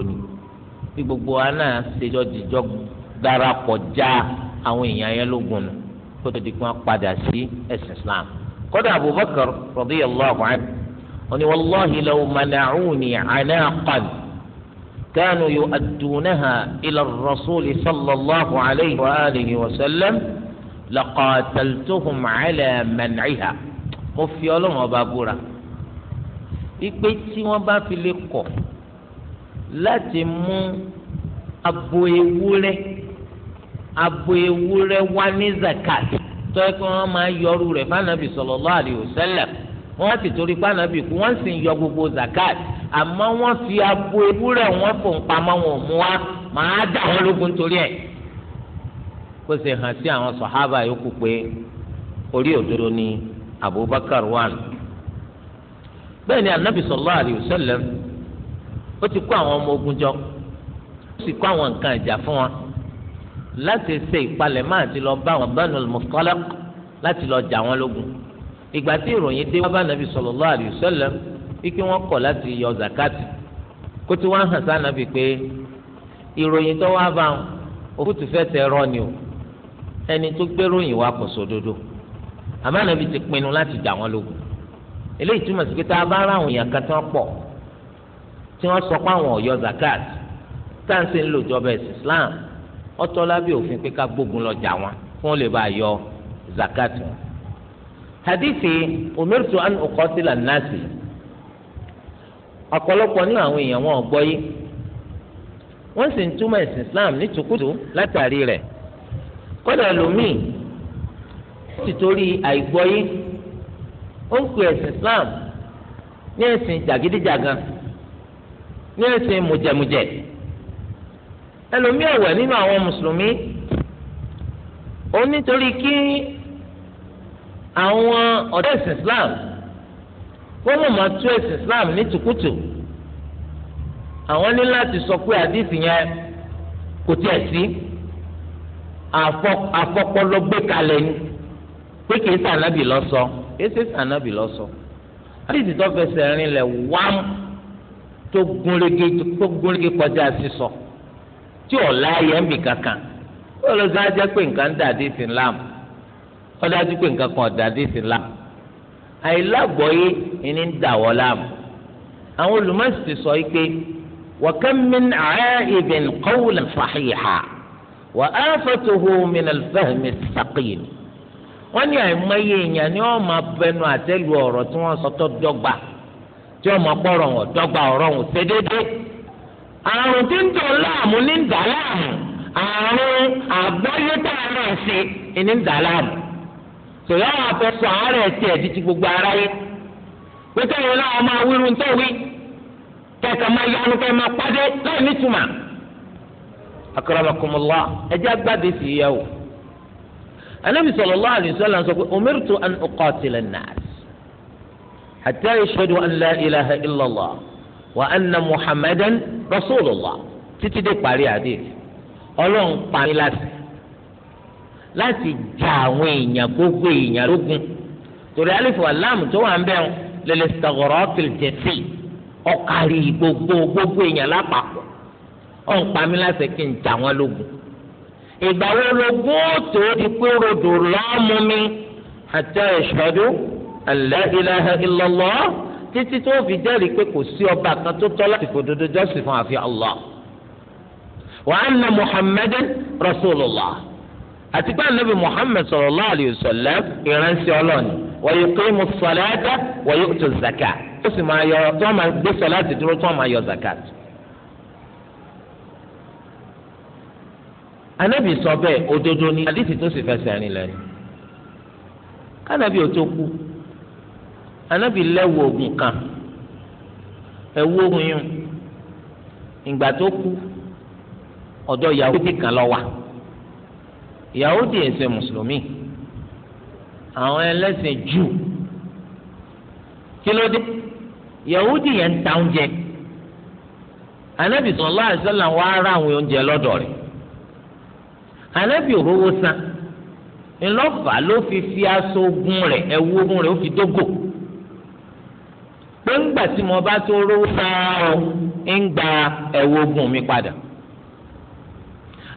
ni bí gbogbo wa náà ṣèjọ́ darapọ̀ já àwọn èèyàn yẹn lógun nù kó tó di kí wọ́n padà sí ẹ̀sìn Islam kódà Abubakar radiyallahu anhu wọn ni wàlláhi law mana'uni anaqan كانوا يؤدونها إلى الرسول صلى الله عليه وآله وسلم لقاتلتهم على منعها mo fi ọlọ́run ọba búra ipe tí wọ́n bá fi lè kọ̀ láti mú abo ewúrẹ́ abo ewúrẹ́ wá ní zakat tó kí wọ́n máa yọrù rẹ̀ fànàbì sallallahu alaihi wasallam wọ́n ti torí fànàbì kú wọ́n sì ń yọ gbogbo zakat àmọ́ wọ́n fi abo ewúrẹ́ wọn fò pamọ́ wọn mú wa màá dà wọ́n lógun torí ẹ̀ kó ṣe hàn sí àwọn sọ̀hábà yòókù pé orí òdodo ni Abubakar wan bẹ́ẹ̀ ni anabi sallallahu alaihi wasallam ó ti kó àwọn ọmọ ogun jọ ó sì kó àwọn nǹkan ìjà fún wọn láti ṣe ìpalẹ̀ máa ti lọ bá wọn Banul Mustaliq láti lọ jà wọn lógun ìgbà tí ìròyìn dé wọn bá nàbì sallallahu alaihi wasallam ike wọn kọ̀ láti yọ zakati kó tí wọn hàn sáà pé ìròyìn tó wá bá wọn òfútù fẹ́ tẹ ẹrọ ni o ẹni tó gbéròyìn wa kò sódodo àmọ́ nàbì ti pinnu láti jà wọn lógun eléyìí túmọ̀ sí pé tá a bá rà àwọn èèyàn kan tí wọ́n pọ̀ tí wọ́n sọ pé àwọn ò yọ zakati táǹsì ń lò jọba ẹ̀sìn Islam ọtọ́ lábẹ́ òfin pé ká gbógun lọ jà wọn fún lè bá yọ zakat wọn. hadithi umirtu an uqatila nasi ọ̀pọ̀lọpọ̀ nínú àwọn èèyàn wọn ò gbọ́ yé sì ń túmọ̀ ẹ̀sìn islam ní tukutu látàrí rẹ̀ kọ́dà lómìn ó sì torí àìgbọ́yé ó ń pè ẹ̀sìn islam ní ẹ̀sìn jàgídíjàgan ní ẹ̀sìn mùjẹ̀mùjẹ̀ ẹlòmíì ọ̀wẹ̀ nínú àwọn mùsùlùmí ó nítorí kí àwọn ọ̀dọ́ ẹ̀sìn Islam wọ́n mọ̀ máa tú ẹ̀sìn Islam ní tùkùtù àwọn ní láti sọ pé àdìsí yẹn kò tiẹ̀ sí àfọpọlọ gbé kalẹ̀ ni pé kìí sànàbì lọ sọ kìí sì sànàbì lọ sọ àdìsí tó fẹsẹ̀ rinlẹ̀ wám tó gúnrégé kọjá sísọ. So tí ò láàyè ń bì kankan ó lọ sí ajẹ́ pé nǹkan dà dé sí lam ó dájú pé nǹkan kan dà dé sí lam àìlágbọ́yé ìní ń dà wọ́ lam àwọn olùmọ̀sí sọ yìí pé wa kam min aa'ibin qawlan sahiha wa aafatuhu min al-fahmi as-saqim wọ́n ní àìmọye èèyàn ni wọ́n máa bẹnu àtẹ́lu ọ̀rọ̀ tí wọ́n sọ tó dọ́gba tí wọ́n máa pọ̀rọ̀ wọn dọ́gba ọ̀rọ̀ wọn ṣe déédéé àrùn tí ń dùn láàmú ní ń dà láàmú àrùn àgbáyé tá a náà ṣe ní ń dà láàmú tòyá wà fẹ́ sọ àárẹ̀ tiẹ̀ di ti gbogbo ara yé pété yìí náà máa wíru tó wí kẹkẹ máa yanu kẹ máa pàdé láì nítumà akramakumullah ẹjẹ agbáde sì yẹ o anabi sallallahu alaihi wasallam sọ pé umirtu an uqatila an-nas hatta yashhadu an la ilaha wa anna muhammadan rasulullah títí dé parí àdéhùn ọlọ́run pani láti láti ja àwọn èèyàn gbogbo èèyàn lógun torí alifu alam tó wà ń bẹ̀ wọn lẹ́lẹ́ sọ̀rọ̀ kìlìtẹ́sì ọ̀kárí gbogbo gbogbo èèyàn lápapọ̀ ọ̀n pami láti kí n ja wọn lógun ìgbà wo lógun ó tó di pé rodò lọ́ọ́ mú mi àti ẹ̀ṣọ́dún an la ilaha illallah títí tó fi jẹ́rìí pé kò sí ọba kan tó tọ́ láti fòdodo jọ́sìn fún àfi Allah wa anna muhammadan rasulullah àti pé anabi muhammad sallallahu alayhi wa sallam ìránṣẹ́ ọlọ́ọ̀ni wa yuqimu salata wa yu'tu zakat tó sì máa yọ tó máa gbé sọláàtì dúró tó máa yọ zakat. anabi sọ bẹ́ẹ̀ òdodo ni àdìsí tó sì fẹsẹ̀ rìn lẹ́nu kánabi ò tó kú anabi lẹ́wọ̀ oògùn kan ẹ̀wọ̀ oògùn yìí ìgbà tó kú ọ̀dọ̀ yahudi kan lọ wà yahudi ẹ̀sẹ̀ mùsùlùmí àwọn ẹlẹ́sìn jù kí ló dé yahudi yẹn ń ta oúnjẹ anabi sọlá àṣẹlá wa ara àwọn oúnjẹ lọ́dọ̀ rẹ̀ anabi òróró san ńlọ́fà ló fi fi aṣọ ogun rẹ̀ ẹ̀wọ̀ ogun rẹ̀ ó fi dógò pé ńgbà tí mo bá tó rówó sáárọ̀ ń gba ẹ̀wọ̀ ogun mi padà.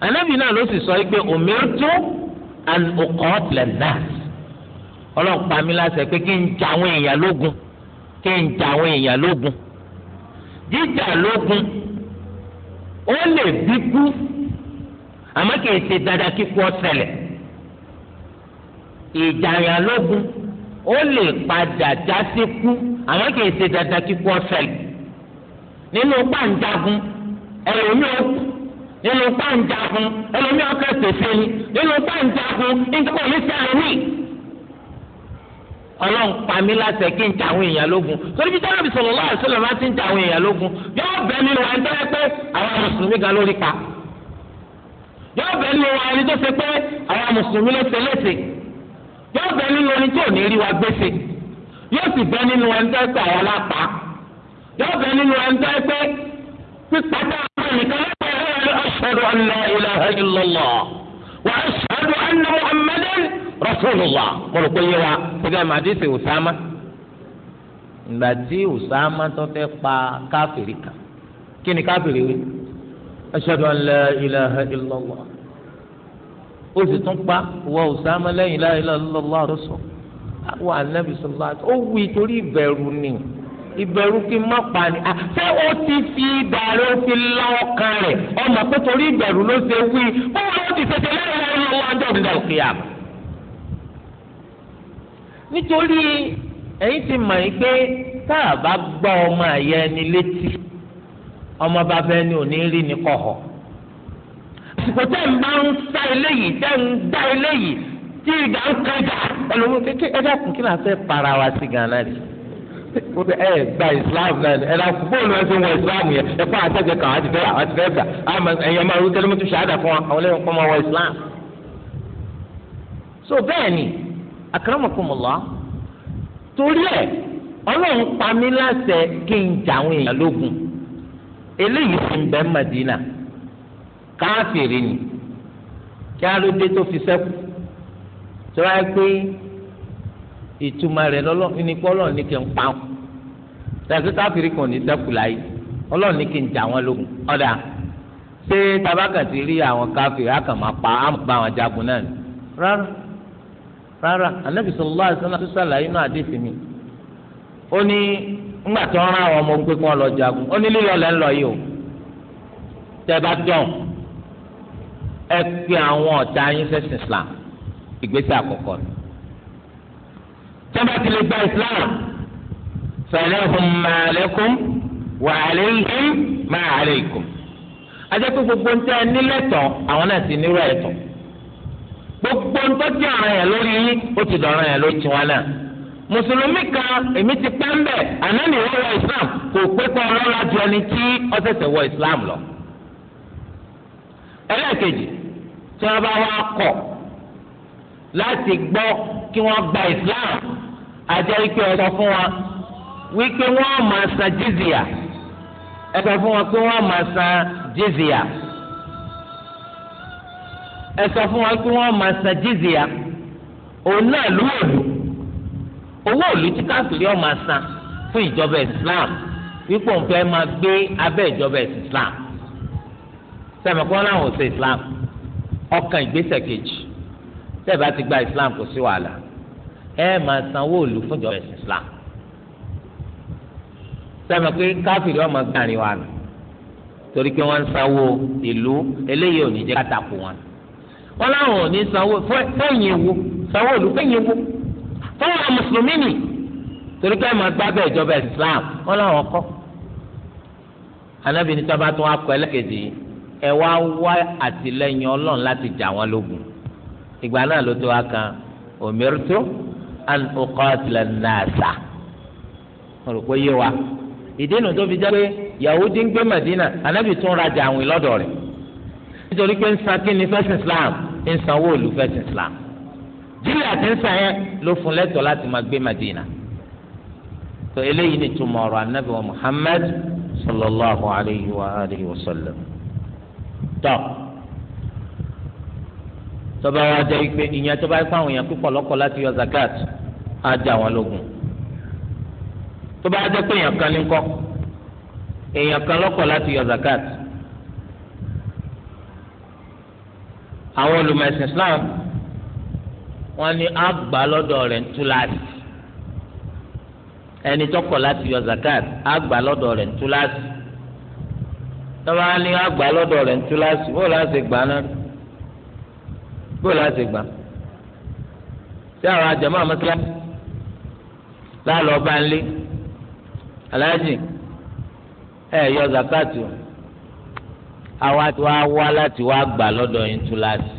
ànábì náà ló sì sọ pé umirtu an uqatila nas ọlọ́pàá mi láṣẹ pé kí n jà àwọn èèyàn lógun kí n jà àwọn èèyàn lógun jíjà lógun ó lè bí àmọ́ kì í ṣe dandan kíkú ọ̀sẹ̀lẹ̀ ìjà yàn lógun ó lè padà já sí kú àmọ́ kì í ṣe dandan kíkú ọ̀sẹ̀lẹ̀ nínú pàǹjagun ẹlòmíràn nínú pàǹjagun ẹlòmíràn kẹsẹ̀ sẹ́yìn nínú pàǹjagun nígbà mi sẹ́yìn mi. ọlọ́run pa mí láṣẹ kí n jàwọn èèyàn lógun torí bí sábà bisọ̀rọ̀ lọ́wọ́ àti sọ̀rọ̀ máa ti ń jàwọn èèyàn lógun yóò bẹ́ nínú wa ń tẹ́lẹ̀ pé àwọn mùsùlùmí gan lórí pa yóò bẹ́ nínú wa ẹni tó ṣe pé àwọn mùsùlùmí ló ṣe léṣe
yóò bẹ nínú ẹni tí ò ní rí wa gbèsè yóò sì bẹ nínú ẹni tó ẹsẹ àwọn alápá yóò bẹ nínú ẹni tó ẹsẹ pípadà àwọn nìkan lọ́wọ́ ẹ̀rọ
ẹ̀rọ ashhadu an la ilaha illallah wa ashhadu anna muhammadan
rasulullah kọ́lù pé yé wa ṣẹ́gẹ́ màdí sí Usama ìgbà tí Usama tó fẹ́ pa káfìrí kan kí ni káfìrí wí ashhadu an la ilaha ó sì tún pa wọ Usama lẹ́yìn la ilaha illallah àtọ́sọ wọ anabi sọlá ó wí torí ìbẹ̀rù ni ìbẹ̀rù kí n má pa ni ṣé ó ti fi ìdàrú fi lá ọkàn rẹ̀ ọmọ pé torí ìbẹ̀rù ló ṣe wí báwo ló ti ṣẹṣẹ lẹ́yìn la ilaha illallah àjọ̀dúnlá òkè yà. nítorí ẹ̀yin ti mọ̀ yín pé tá a bá gbọ́ ọmọ àyẹ ẹni létí ọmọ bàbá ẹni ò ní rí ni kọ̀họ̀ àsìkò tẹ́ ń bá ń sa eléyìí tẹ́ ń dá eléyìí tí ìgbà ń kájà ẹlòmíràn kékeré ẹ dákun kí lásán para wa sí rí ẹ gba islam náà ẹ la bóòlù ẹ ya islam yẹ kan àti fẹ́ àti gbà máa ṣáàdà fún islam. so bẹ́ẹ̀ ni akramakumullah torí ẹ̀ ọlọ́run pa mí láṣẹ kí n jà àwọn èèyàn lógun Madina. káfìrí ni kí á ló dé tó fi sẹ́kù tó wáyé pé ìtumọ̀ rẹ̀ lọ́lọ́fin ni pé ọlọ́run ní kí n pa ọ́ tẹ̀sí káfìrí kan ní sẹ́kù láyé ọlọ́run ní kí n jà wọ́n lógun ọ̀dà ṣé tabaka ti rí àwọn káfìrí àkàn máa pa á bá àwọn jagun náà ni rárá rárá anabi sallallahu alaihi wasallam tó sàlàyé náà àdé sí mi ó ní ńgbà tó ń rán àwọn ọmọ ogun kí wọ́n lọ jagun ó ní lílọ lẹ́ yìí o tẹ́ bá dán ẹ pe àwọn ọ̀tá yín sẹ́sìn islam ìgbésẹ̀ àkọ́kọ́ ni.
tẹ́lẹ̀ lè gba islam
sọ̀rọ̀hùn màálẹ́kùn wàhálẹ́yìn màálẹ́kùn. ajẹ́pẹ́ gbogbo ń tẹ́ ẹ nílẹ̀tọ̀ àwọn náà ti nírọ̀ ẹ̀tọ́. gbogbo ń tọ́jú ọ̀ràn yẹn lórí yín ó ti dọ̀ràn yẹn lórí tiwọn náà. mùsùlùmí kan èmi ti pẹ́ ń bẹ̀ àná nìwọ́ wọ islam kò pé kọ́ ọlọ́lá ju ẹni tí ó ẹlẹ́ẹ̀kejì tí wọ́n bá wá kọ̀ láti gbọ́ kí wọ́n gba islam àjẹ́ ike ọ̀sọ̀ fún wa wípé wọ́n máa san jizya ẹ sọ fún wa pé wọ́n máa san jizya ẹ sọ fún wa pé wọ́n máa san jizya òun náà ló wò lù owó òlù tí káfíìrì ọ̀ máa san fún ìjọba islam wípé òun fẹ́ máa gbé abẹ́ ìjọba islam sẹ́mi kọ́ láwọn ò ṣe islam. islam ọkàn ìgbésẹ̀ kejì tẹ́ẹ̀bá ti gba islam kò sí wàhálà ẹ máa sanwó òòlù fún ìjọba islam sẹ́mi pé káfíìrì ọmọ gbàrin wa nù torí pé wọ́n ń sanwó ìlú eléyìí ò ní jẹ́ kátàkù wọn wọn láwọn ò ní sanwó fẹ́yìn ewu sanwó òòlù fẹ́yìn ewu fọwọ́ mùsùlùmí nì torí pé ọmọ gbàgbé ìjọba islam wọn láwọn kọ́ anábìíní sábà tún wá kọ́ ẹlẹ́kẹ̀dì yìí ẹ wá wá àtìlẹ́yìn Ọlọ́run láti jà wọn lógun ìgbà náà ló tó wá kan umirtu an uqatila nasa wọn rò pé yé wa ìdí nu tó fi jẹ́ pé Yahudi ń gbé Madina Ànábì tún rajà àwìn lọ́dọ̀ rẹ̀ nítorí pé ń kí ni fẹ́sìn Islam ń sanwó òlu fẹ́sìn Islam
jíríà ti ń san yẹn
ló fún lẹ́tọ̀ọ́ láti máa gbé Madina tó eléyìí ni túmọ̀ ọ̀rọ̀ Ànábì wa Muhammad sallallahu alayhi wa alihi wa sallam tọ́ tọ́ba wa jẹ́ ipe ìyẹn tó bá yẹ fáwọn èèyàn púpọ̀ lọ́kọ̀ láti yọ zakat á já wọn lógun tó bá jẹ́ pé èèyàn kan ní kọ́ èèyàn kan lọ́kọ̀ láti yọ zakat
àwọn olùmọ̀ẹ̀sìn
Islam wọ́n ní àgbà lọ́dọ̀ rẹ̀ ń tú láti ẹni tọkọ̀ láti yọ zakat àgbà lọ́dọ̀ rẹ̀ ń tú láti. tọ́ba ní àgbà lọ́dọ̀ rẹ̀ ń tú láti bó láti gbà náà bó láti gbà sí àwọn la àmọ́síláṣí láàlọ́ ọba ńlé aláàjì ẹ yọ zakatu àwa tí wàá wá láti wá gbà lọ́dọ̀ yín tú láti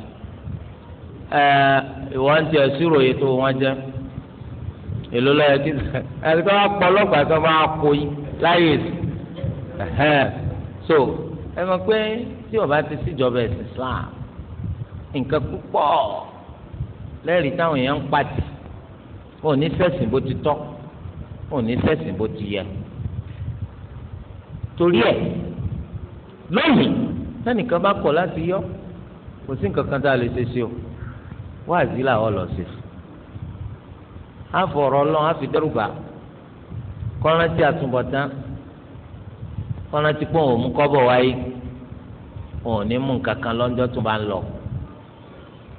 ẹ ìwọ ń yìí tó wọ́n jẹ́ èló kí <laughs> so ẹ mọ̀ pé tí ó bá ti síjọba ẹ̀sìn Islam nǹkan púpọ̀ lẹ́rìí táwọn èèyàn ń pàtì wọn ò ní ṣẹ̀sìn bó ti tọ́ wọn ò ní ṣẹ̀sìn bó ti yẹ torí ẹ̀ lónìí sẹ́nìkan bá kọ̀ láti yọ kò sí nǹkan kan tá a lè ṣe sí o wáàzí làwọn lọ sí àfọ̀rọ̀ ọlọ́run àfi dẹ́rùbà kọ́rántì àtúbọ̀tán kọ́nà tí pọ́n òun kọ́bọ̀ wáyé òun ní mú kankan lọ́jọ́ tó bá ń lọ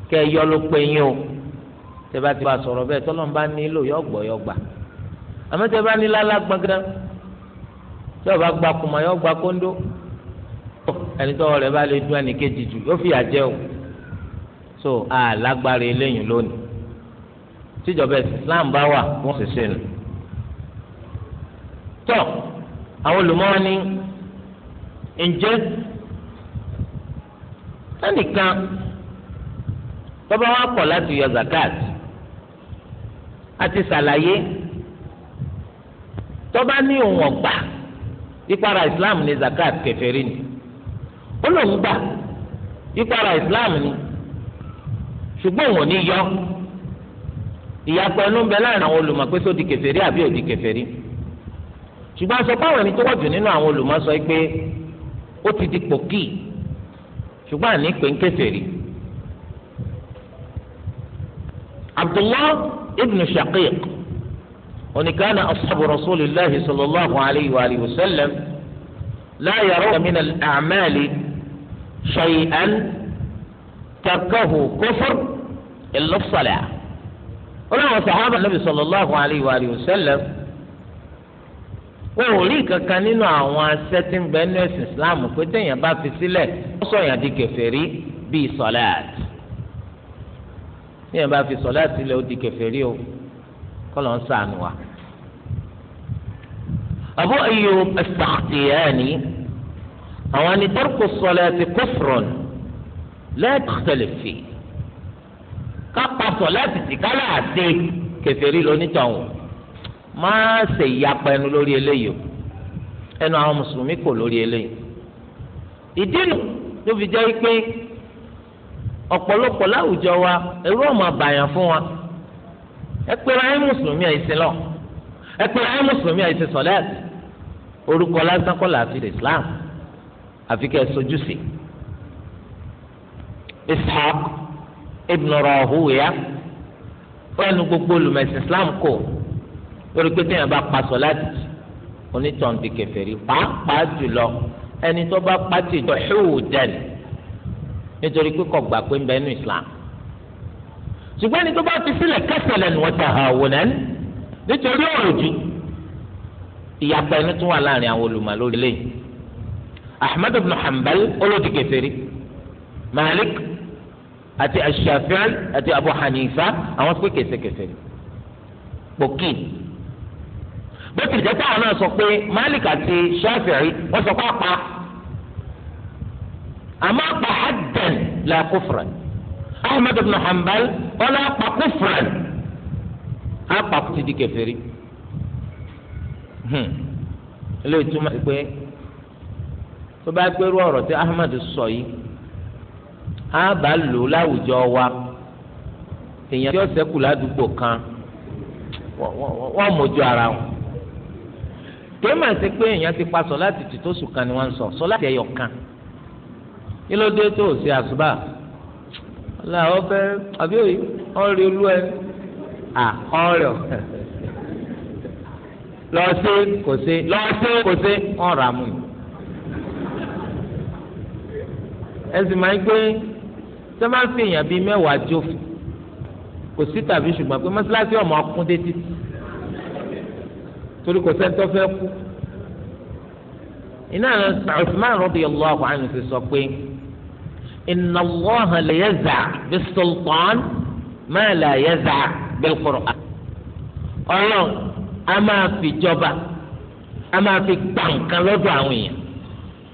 kẹ́ ẹ yọ ló pé yín o tẹ́ bá ti bá sọ̀rọ̀ bẹ́ẹ̀ tọ́lọ́n bá nílò yọ gbọ́ yọ gbà àmọ́ tẹ́ bá ní lálá tí ọba gba kùmà yọ gba kóńdó ẹni tọ́wọ́ rẹ̀ bá lè dún ẹnì kejì jù yóò fìyà jẹ o so alágbára eléyìí lónìí tíjọba Islam bá wà wọ́n sì ṣe àwọn olùmọ́ni ǹjẹ́ ẹnìkan tọ́ba wa kọ̀ láti yọ zakat àti sàlàyé tọ́ba ní òun ọ̀gbà ìpara islam ní zakat kèfèrí ni ó lóun gbà ìpara islam ni ṣùgbọ́n òun ò ní yọ ìyàpọ̀ ẹnu ń bẹ láàrin àwọn olùmọ̀ pé sódì kèfèrí àbí òdì kèfèrí ṣùgbọ́n sọ pé àwọn ẹni tó wọ́jù nínú àwọn olùmọ̀sọ pé ó ti di pòkì ṣùgbọ́n àní pé ń kèfèrí. Abdullah ibn Shaqiq oníkanna ashabu rasulillahi sallallahu alayhi wa alihi wa sallam la yarawna min al-a'mali shay'an tarkahu kufr illa as ó láwọn sàhábà nàbì sallallahu alayhi wa alihi o ò rí kankan nínú àwọn asẹ́tìǹgbẹ́ ní ẹ̀sìn islam pé téèyàn bá fi sílẹ̀ ó sọ̀yàn di kèfèrí bíi sọ̀láàtì téèyàn bá fi sọ̀láàtì sílẹ̀ ó di kèfèrí o kọ́ ló ń sànù wa. Abu Ayyub as àwọn ni tarku sọ̀láàtì kufrun la takhtalif fi kápá sọ̀láàtì tìkálà àti kèfèrí lónítọ̀hún máa ṣe ìyapa ẹnu lórí eléyìí o ẹnu àwọn mùsùlùmí kò lórí eléyìí ìdínú ló fi jẹ́ pé ọ̀pọ̀lọpọ̀ láwùjọ wa ẹ̀rú ọ̀mọ̀ àbàyàn fún wa ẹ pera ẹ mùsùlùmí àìsí lọ ẹ pera ẹ mùsùlùmí àìsí sọlẹ́ẹ̀tì orúkọ lásán kọ́ làá Islam àfi kẹ́ ẹ sojú sí Ishaq ibn Rahuya ó ẹnu gbogbo olùmẹ̀sìn Islam kò lórí pé téèyàn bá pa sọ̀láàtì onítàn di kèfèrí pàápàá jùlọ ẹni tó bá pàtì tọ̀húdàn nítorí pé kò gbà pé ń bẹ nínú Islam ṣùgbọ́n ẹni tó bá fi sílẹ̀ kẹsẹ̀lẹ̀ ni wọ́n tahawunan nítorí òròjú ìyàpọ̀ ẹni tún wà láàrin àwọn olùmọ̀ lórí lẹ́yìn Ahmad ibn Hanbal olódì kèfèrí Malik àti Ash-Shafi'i àti Abu Hanifa àwọn pé kèsèkèsè pòkì bó ti jẹ́ táwọn náà sọ pé Malik àti Shafi'i wọ́n sọ pé apá àmọ́ apá haddan la kufran Ahmad ibn Hanbal wọ́n lọ apá kufran apá ti di kèfèrí hmm. ilé ìtumọ̀ pé tó bá gbérú ọ̀rọ̀ tí Ahmad sọ yìí á bá lò láwùjọ wa èèyàn tí ó ṣẹ́kù ládùúgbò kan wọ́n mójú ara wọn kìí mà sí pé èèyàn ti pa sọláàtì tì tó sùn kan ni wọ́n ń sọ sọláàtì ẹ̀yọ̀ kan kí ló dé tó ṣe àṣùbà làwọn fẹ́ àbí òye ọ̀rẹ́ olú ẹ à ọ̀rẹ́ lọ sí kò sí lọ sí kò sí ọ̀rọ̀ àmú ni ẹ sì máa ń gbé sọ ma ń fi èèyàn bíi mẹ́wàá jófin kò sí tàbí ṣùgbọ́n pé mọ́ṣáláṣí ọmọ ọkùn dé títí torí kò sẹ́ńtọ́ fẹ́ kú iná Uthman radiyallahu anhu ti sọ pé inna Allaha la yaza' bis-sultan ma la yaza' bil-Qur'an ọlọ́run a máa fi jọba a máa fi gbà nǹkan lọ́dọ̀ àwọn èèyàn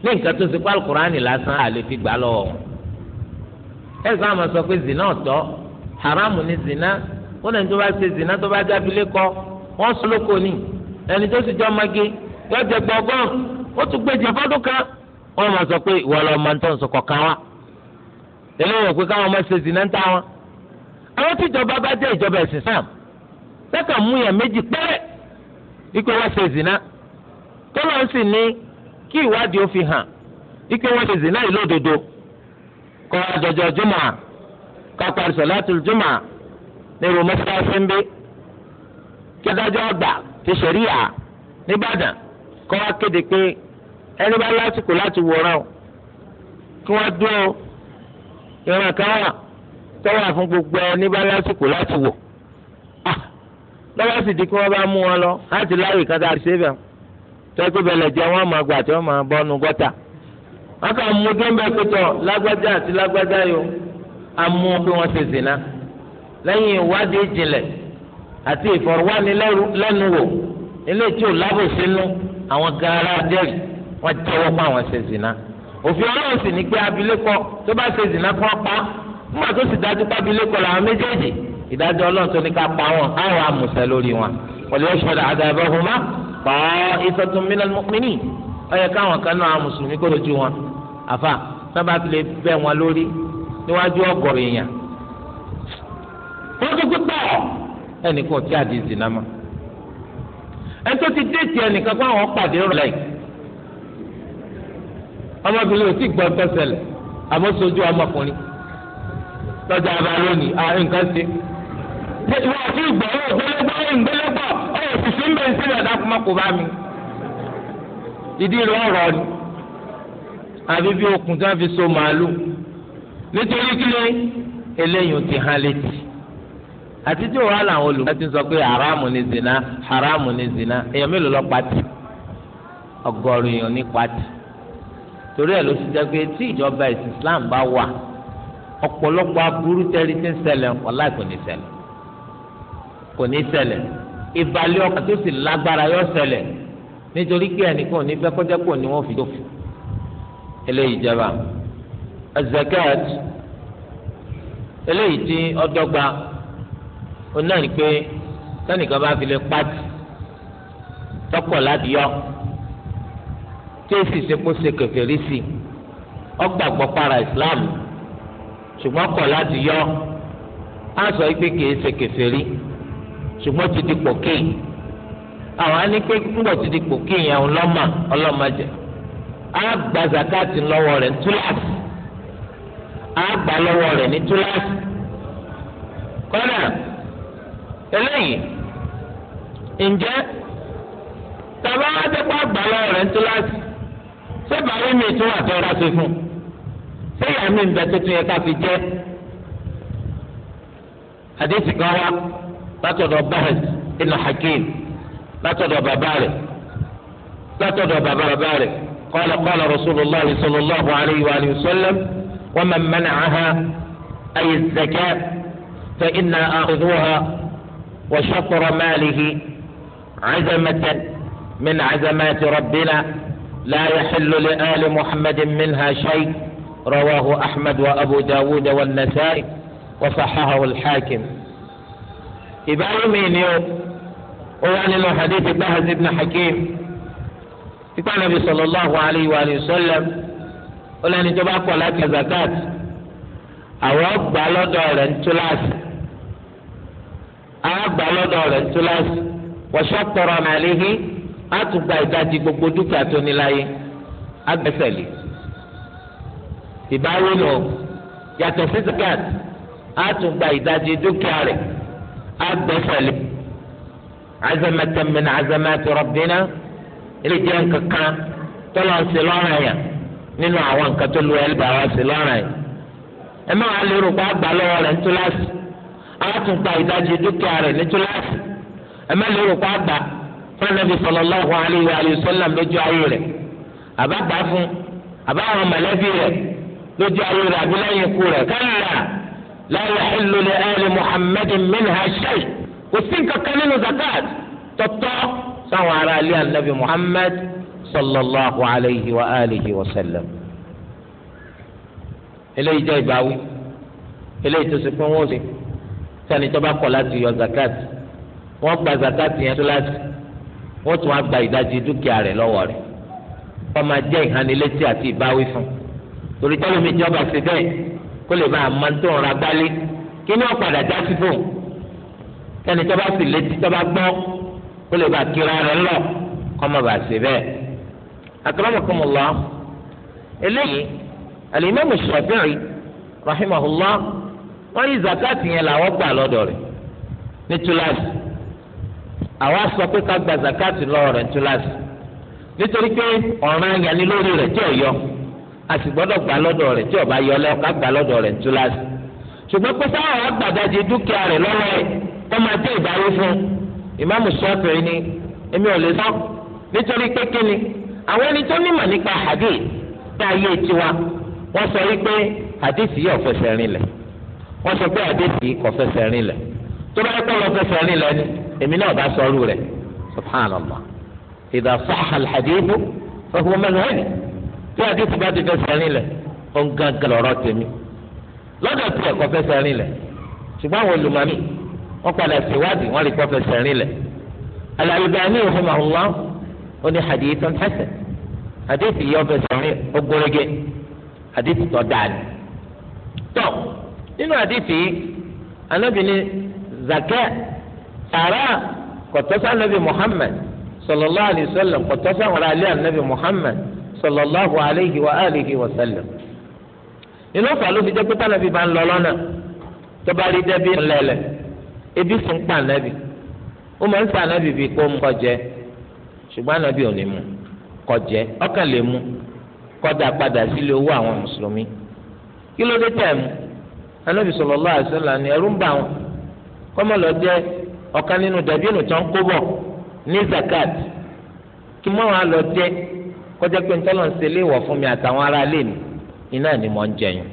ní nǹkan tó ṣe pálí kùránì lásán àlè fi gbà lọ́wọ́ wọn. àmọ́ sọ pé zina ọ̀tọ̀ haramu ni zina ó lẹ́yìn tó bá ṣe zina tó bá jábílẹ̀ kọ́ wọ́n sọ lóko ní. ẹni tó sì jọ magi yóò jẹ gbọgán ó tún gbé jẹ fọdún kan wọn máa sọ pé lọ máa ń tọ́ nsọkọ kan wa eléyìí káwọn máa ṣe ń ta wọn. àwọn tíjọba bá jẹ́ ìjọba ẹ̀sìn Islam lẹ́kàn mú yàn méjì pẹ́rẹ́ wípé wọ́n ṣe zìnnà tó kí ìwádìí ó fi hàn wípé wọ́n ṣe zìnnà yìí lódodo ti ṣẹ̀ríà nìbàdàn kọ́ wá kéde pé ẹni bá lásìkò láti wòran o kí wọ́n dúró ìran kan wà tọ́wọ́ fún gbogbo ẹni bá lásìkò láti wò lọ́wọ́ ah! sì di kí wọ́n bá mú wọn lọ láti láàyè kan tá a ṣe bẹ̀rù tọ́jú bẹ̀lẹ̀ jẹ́ wọ́n máa gbà tí wọ́n máa bọ́nu gọ́tà wọ́n kà mú dẹ́mbẹ́ pẹ̀tọ̀ lágbájá àti lágbájá yòó amú pé wọ́n ṣe zìnà lẹ́yìn ìwádìí ìjìnlẹ̀ àti ìfọ̀rọ̀wánilẹ́nuwò eléyìí tí ò lábòsínú àwọn gaara dẹ́rì wọ́n jẹ́wọ́ pé àwọn ṣe zina òfin ọlọ́run sì ní pé abilékọ tó bá ṣe zina kọ́ pa nígbà tó sì dájú pé abilékọ làwọn méjèèjì ìdájọ́ ọlọ́run tó ní ká pa wọn àwọn amùsẹ̀ lórí wọn wọ́n lè ṣọ́dọ̀ àdàbọ̀hùnmá pa ìtọ́tún mílíọ̀nù ọyẹ káwọn kan náà mùsùlùmí kó lójú wọn àfa sábà fi lè bẹ wọn lórí níwájú ọgọrọ èèyàn. wọ́n tó gbé pọ̀ ẹnìkan tí àdìí zina ma
ẹni tó ti déètì ẹnìkan kó àwọn pàdé rọlẹ̀
ọmọbìnrin ò tí gbọ́ tọ́sẹ̀lẹ̀ àmọ́ sojú ọmọkùnrin lọ́jà ara lónìí à nǹkan ṣe wọ́n àti ìgbọ̀ ọ̀rọ̀ gbẹ́lẹ́gbẹ́ ìgbẹ́lẹ́gbọ̀ ọ̀rọ̀ òṣìṣẹ́ ń bẹ̀ ń sílẹ̀ dákúmọ́ kò bá mi dídí rẹ̀ ọ̀rọ̀ ni àbí bí okùn tí wọ́n fi so màálù nítorí kí ni eléyìí ti hàn létí àti tí na làwọn olùkọ́ ti sọ pé haramu ni zina haramu ni zina èèyàn mélòó pati ọgọ́rùn èèyàn ní pati torí ẹ̀ ló ti ìjọba Islam bá wà ọ̀pọ̀lọpọ̀ aburú tẹ́rí ti ń kò ní sẹlẹ̀ kò ní ìbàlẹ̀ ọkàn tó sì lágbára yọ nítorí pé ọdọgba ó náà ní pé sẹ́nìkan bá fi lè pàtì tọkọ̀ láti yọ tí ó sì sepò se kèfèrí sí ọgbàgbọ́ para Islam ṣùgbọ́n kọ̀ láti yọ á sọ pé kìí ṣe kèfèrí ṣùgbọ́n ti di pòkì àwọn á ní pé ńgbọ̀ ti di pòkì yẹn ọlọ́mà ọlọ́màjẹ á gba zakati lọ́wọ́ rẹ̀ ní á gbà lọ́wọ́ rẹ̀ ní túláàsì kọ́nà.
eléyìí ǹjẹ́ tàbá wá dé
pa gbàlọ́ rẹ̀ ń túláàsì ṣé bàbá mi tún wà tó ra sí fún ṣé ìyá mi ń bẹ tuntun yẹn ká fi jẹ́ àdéhùn kan wá látọ̀dọ̀ bahas ibn hakim látọ̀dọ̀ bàbá rẹ̀ látọ̀dọ̀ bàbá bàbá rẹ̀ qala qala rasulillah sallallahu alayhi wa sallam wa man mana'aha ay az-zakat fa inna a'khudhuha. وشطر ماله عزمة من عزمات ربنا لا يحل لآل محمد منها شيء رواه أحمد وأبو داود والنسائي وصححه الحاكم من يوم وعن حديث بهز بن حكيم كتاب النبي صلى الله عليه وآله وسلم قل أن تبقى لك زكاة أو أبقى لك àgbà lọ́dọ̀ rẹ̀ túláàsì wọṣọ tọrọ màlẹhìn àtúgbà ìdajì gbogbo dúkìá tó ní láyé agbẹsẹlẹ ìbáwí nù yàtọ̀ sí zakat àtúgbà ìdajì dúkìá rẹ̀ agbẹsẹlẹ azamatan azamati rabbina ilé jẹ́ nkankan tọ́lọ̀ ń ṣe lọ́rùn àyà nínú àwọn nǹkan tó lu ẹlẹ́bàá ẹ má wàá lérò pé àgbà lọ́wọ́ rẹ̀ ń àtúntà ìdajì dúkìá rẹ̀ ní túláàsì ẹ̀mẹ́lẹ́ rò pa àgbà fúnàbí sallallahu alayhi wa sallam lójú ayé rẹ̀ àbágbà fún àbáwọn mọ̀lẹ́bí rẹ̀ lójú ayé rẹ̀ àbílẹ̀yìn ikú rẹ̀ kálá la yahillu li ali muhammadin minha shay kò sí kankan nínú zakat tọ́tọ́ sáwọn ará ilé anabi muhammad sallallahu alayhi wa alihi wa sallam eléyìí jẹ́ ìbáwí eléyìí tó sì pé wọ́n ó sè sani tó bá kọ̀ láti yọ zakat wọ́n gba zakat yẹn tó láti wọ́n tún wá gba ìdajì dúkìá rẹ̀ lọ́wọ́ rẹ̀ wọ́n máa jẹ́ ìhánilétí àti ìbáwí fún torí tọ́lómi jọba ṣe bẹ́ẹ̀ kó lè máa máa tó ń ra gbálé kí ni wọ́n padà já sí fún sani tó bá sì létí tó bá gbọ́ kó lè bá kíra rẹ̀ lọ kọ́ má bàa ṣe bẹ́ẹ̀. akramakumullah eléyìí al-imam Shafi'i wọ́n ní zakati yẹn làwọn gbà lọ́dọ̀ rẹ̀ ní túláàsì àwa sọ pé ká gba zakati lọ́wọ́ rẹ̀ ní túláàsì nítorí pé ọ̀ràn yanni lórí rẹ̀ tí ò yọ a sì gbọ́dọ̀ gbà lọ́dọ̀ rẹ̀ tí ò bá yọ lẹ́wọ́ ká gbà lọ́dọ̀ rẹ̀ ní túláàsì ṣùgbọ́n pé sáwọn agbàdájì dúkìá rẹ̀ lọ́wọ́ rẹ̀ kọ́ máa dé ìbáwí fún ìmáàmù sọ́ọ̀tì ni èmi ò lè sọ nítorí pé kíni àwọn ẹni tó nímọ̀ nípa hadith tá a yé tiwa wọ́n sọ wípé hadith yìí fẹsẹ̀ rinlẹ̀ wọ́n sọ pé àdéhìí kò fẹsẹ̀ rìn lẹ̀ tó bá yẹ kó lọ fẹsẹ̀ rìn lẹ̀ èmi náà bá sọ ọ́rù rẹ̀ subhanallah ìdá sahal hadithu fahuwa madhhabi tí àdéhìí bá ti fẹsẹ̀ rìn lẹ̀ ó ń gángan lọ́rọ́ tèmi lọ́dọ̀ tí ẹ̀kọ́ fẹsẹ̀ rìn lẹ̀ ṣùgbọ́n àwọn olùmọ̀mí wọ́n padà ṣèwádìí wọ́n lè kọ́ fẹsẹ̀ rìn lẹ̀ al nínú àdìsí anabi ni zakẹ sàrà kọtọsà anabi muhammed sallallahu alayhi wa sallam alẹ sallallahu alayhi wa alayhi wa sallam nínú ọfà ló fi jẹ pé tànàbí bá ń lọ lọ́nà rí ebi fún pa anabi ó máa anabi bíi kó ń kọjẹ ṣùgbọ́n ò kọjẹ ọkàn lè padà sílé owó àwọn mùsùlùmí kí ló dé tẹ̀ anábì sallallahu alaihi wasallam ni ẹ̀rù ń bà wọn kọ́mọ́ lọ jẹ́ ọ̀kan nínú dàbínù tó ń kó bọ̀ ní zakat kí mọ́ wọn lọ jẹ́ kọjá pé ntọ́lọ̀ ń ṣe léèwọ̀ fún mi àtàwọn ará ilé mi iná ni mò ń jẹyìn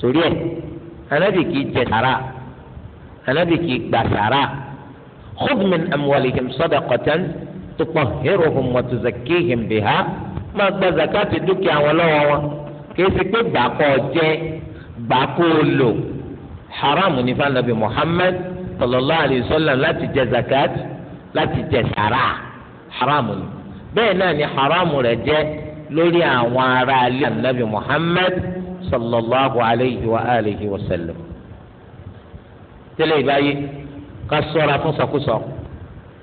torí ẹ̀ anábì kì í jẹ sàrà anábì kì í gbà sàrà khudh min amwalihim sadaqatan tutahhiruhum wa tuzakkihim biha máa gba zakat dúkìá wọn lọ́wọ́ wọn kì í ṣe pé gbàkọ́ jẹ́ gbà kó o lò haram ní fanabi muhammed sallallahu alayhi wa sallam láti jẹ zakat láti jẹ sàrà haram ni bẹ́ẹ̀ náà ni haram rẹ̀ jẹ́ lórí àwọn ará ilé anabi muhammed sallallahu alayhi wa alihi wa sallam tẹ́lẹ̀ ìbáyé ká ṣọ́ra fún sọkúsọ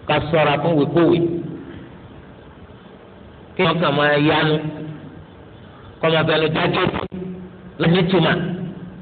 ká ṣọ́ra fún wíkúwì kí wọn kà máa yánu kọ́ máa bẹnu jáde lọ́nìtúmọ̀.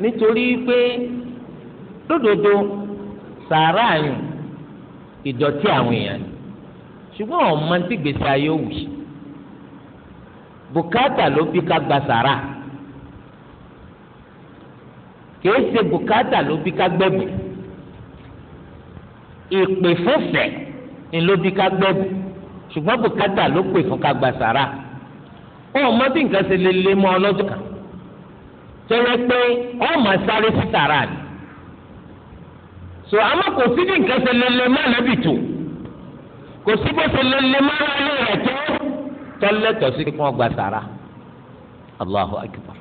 nítorí pé lódodo sàárà yùn ìdọ̀tí àwọn èèyàn ni ṣùgbọ́n ọmọ tí gbèsè ayé wù sí bùkátà ló bí ká gba sàárà kìí ṣe bùkátà ló bí ká gbẹ̀bù ìpè fúnfẹ̀ ni ló bí ká gbẹ̀bù ṣùgbọ́n bùkátà ló pè fún ká gba sàárà ọmọ tí nǹkan ṣe lè lé mọ́ ọ lọ́jọ́ kan tẹ́lẹ̀ pé ma sáré sí ni so àmọ́ kò sí bí nǹkan ṣe lele má lẹ́bi tó kò sí bó ṣe lele má lẹ́bi rẹ̀ tó Allahu Akbar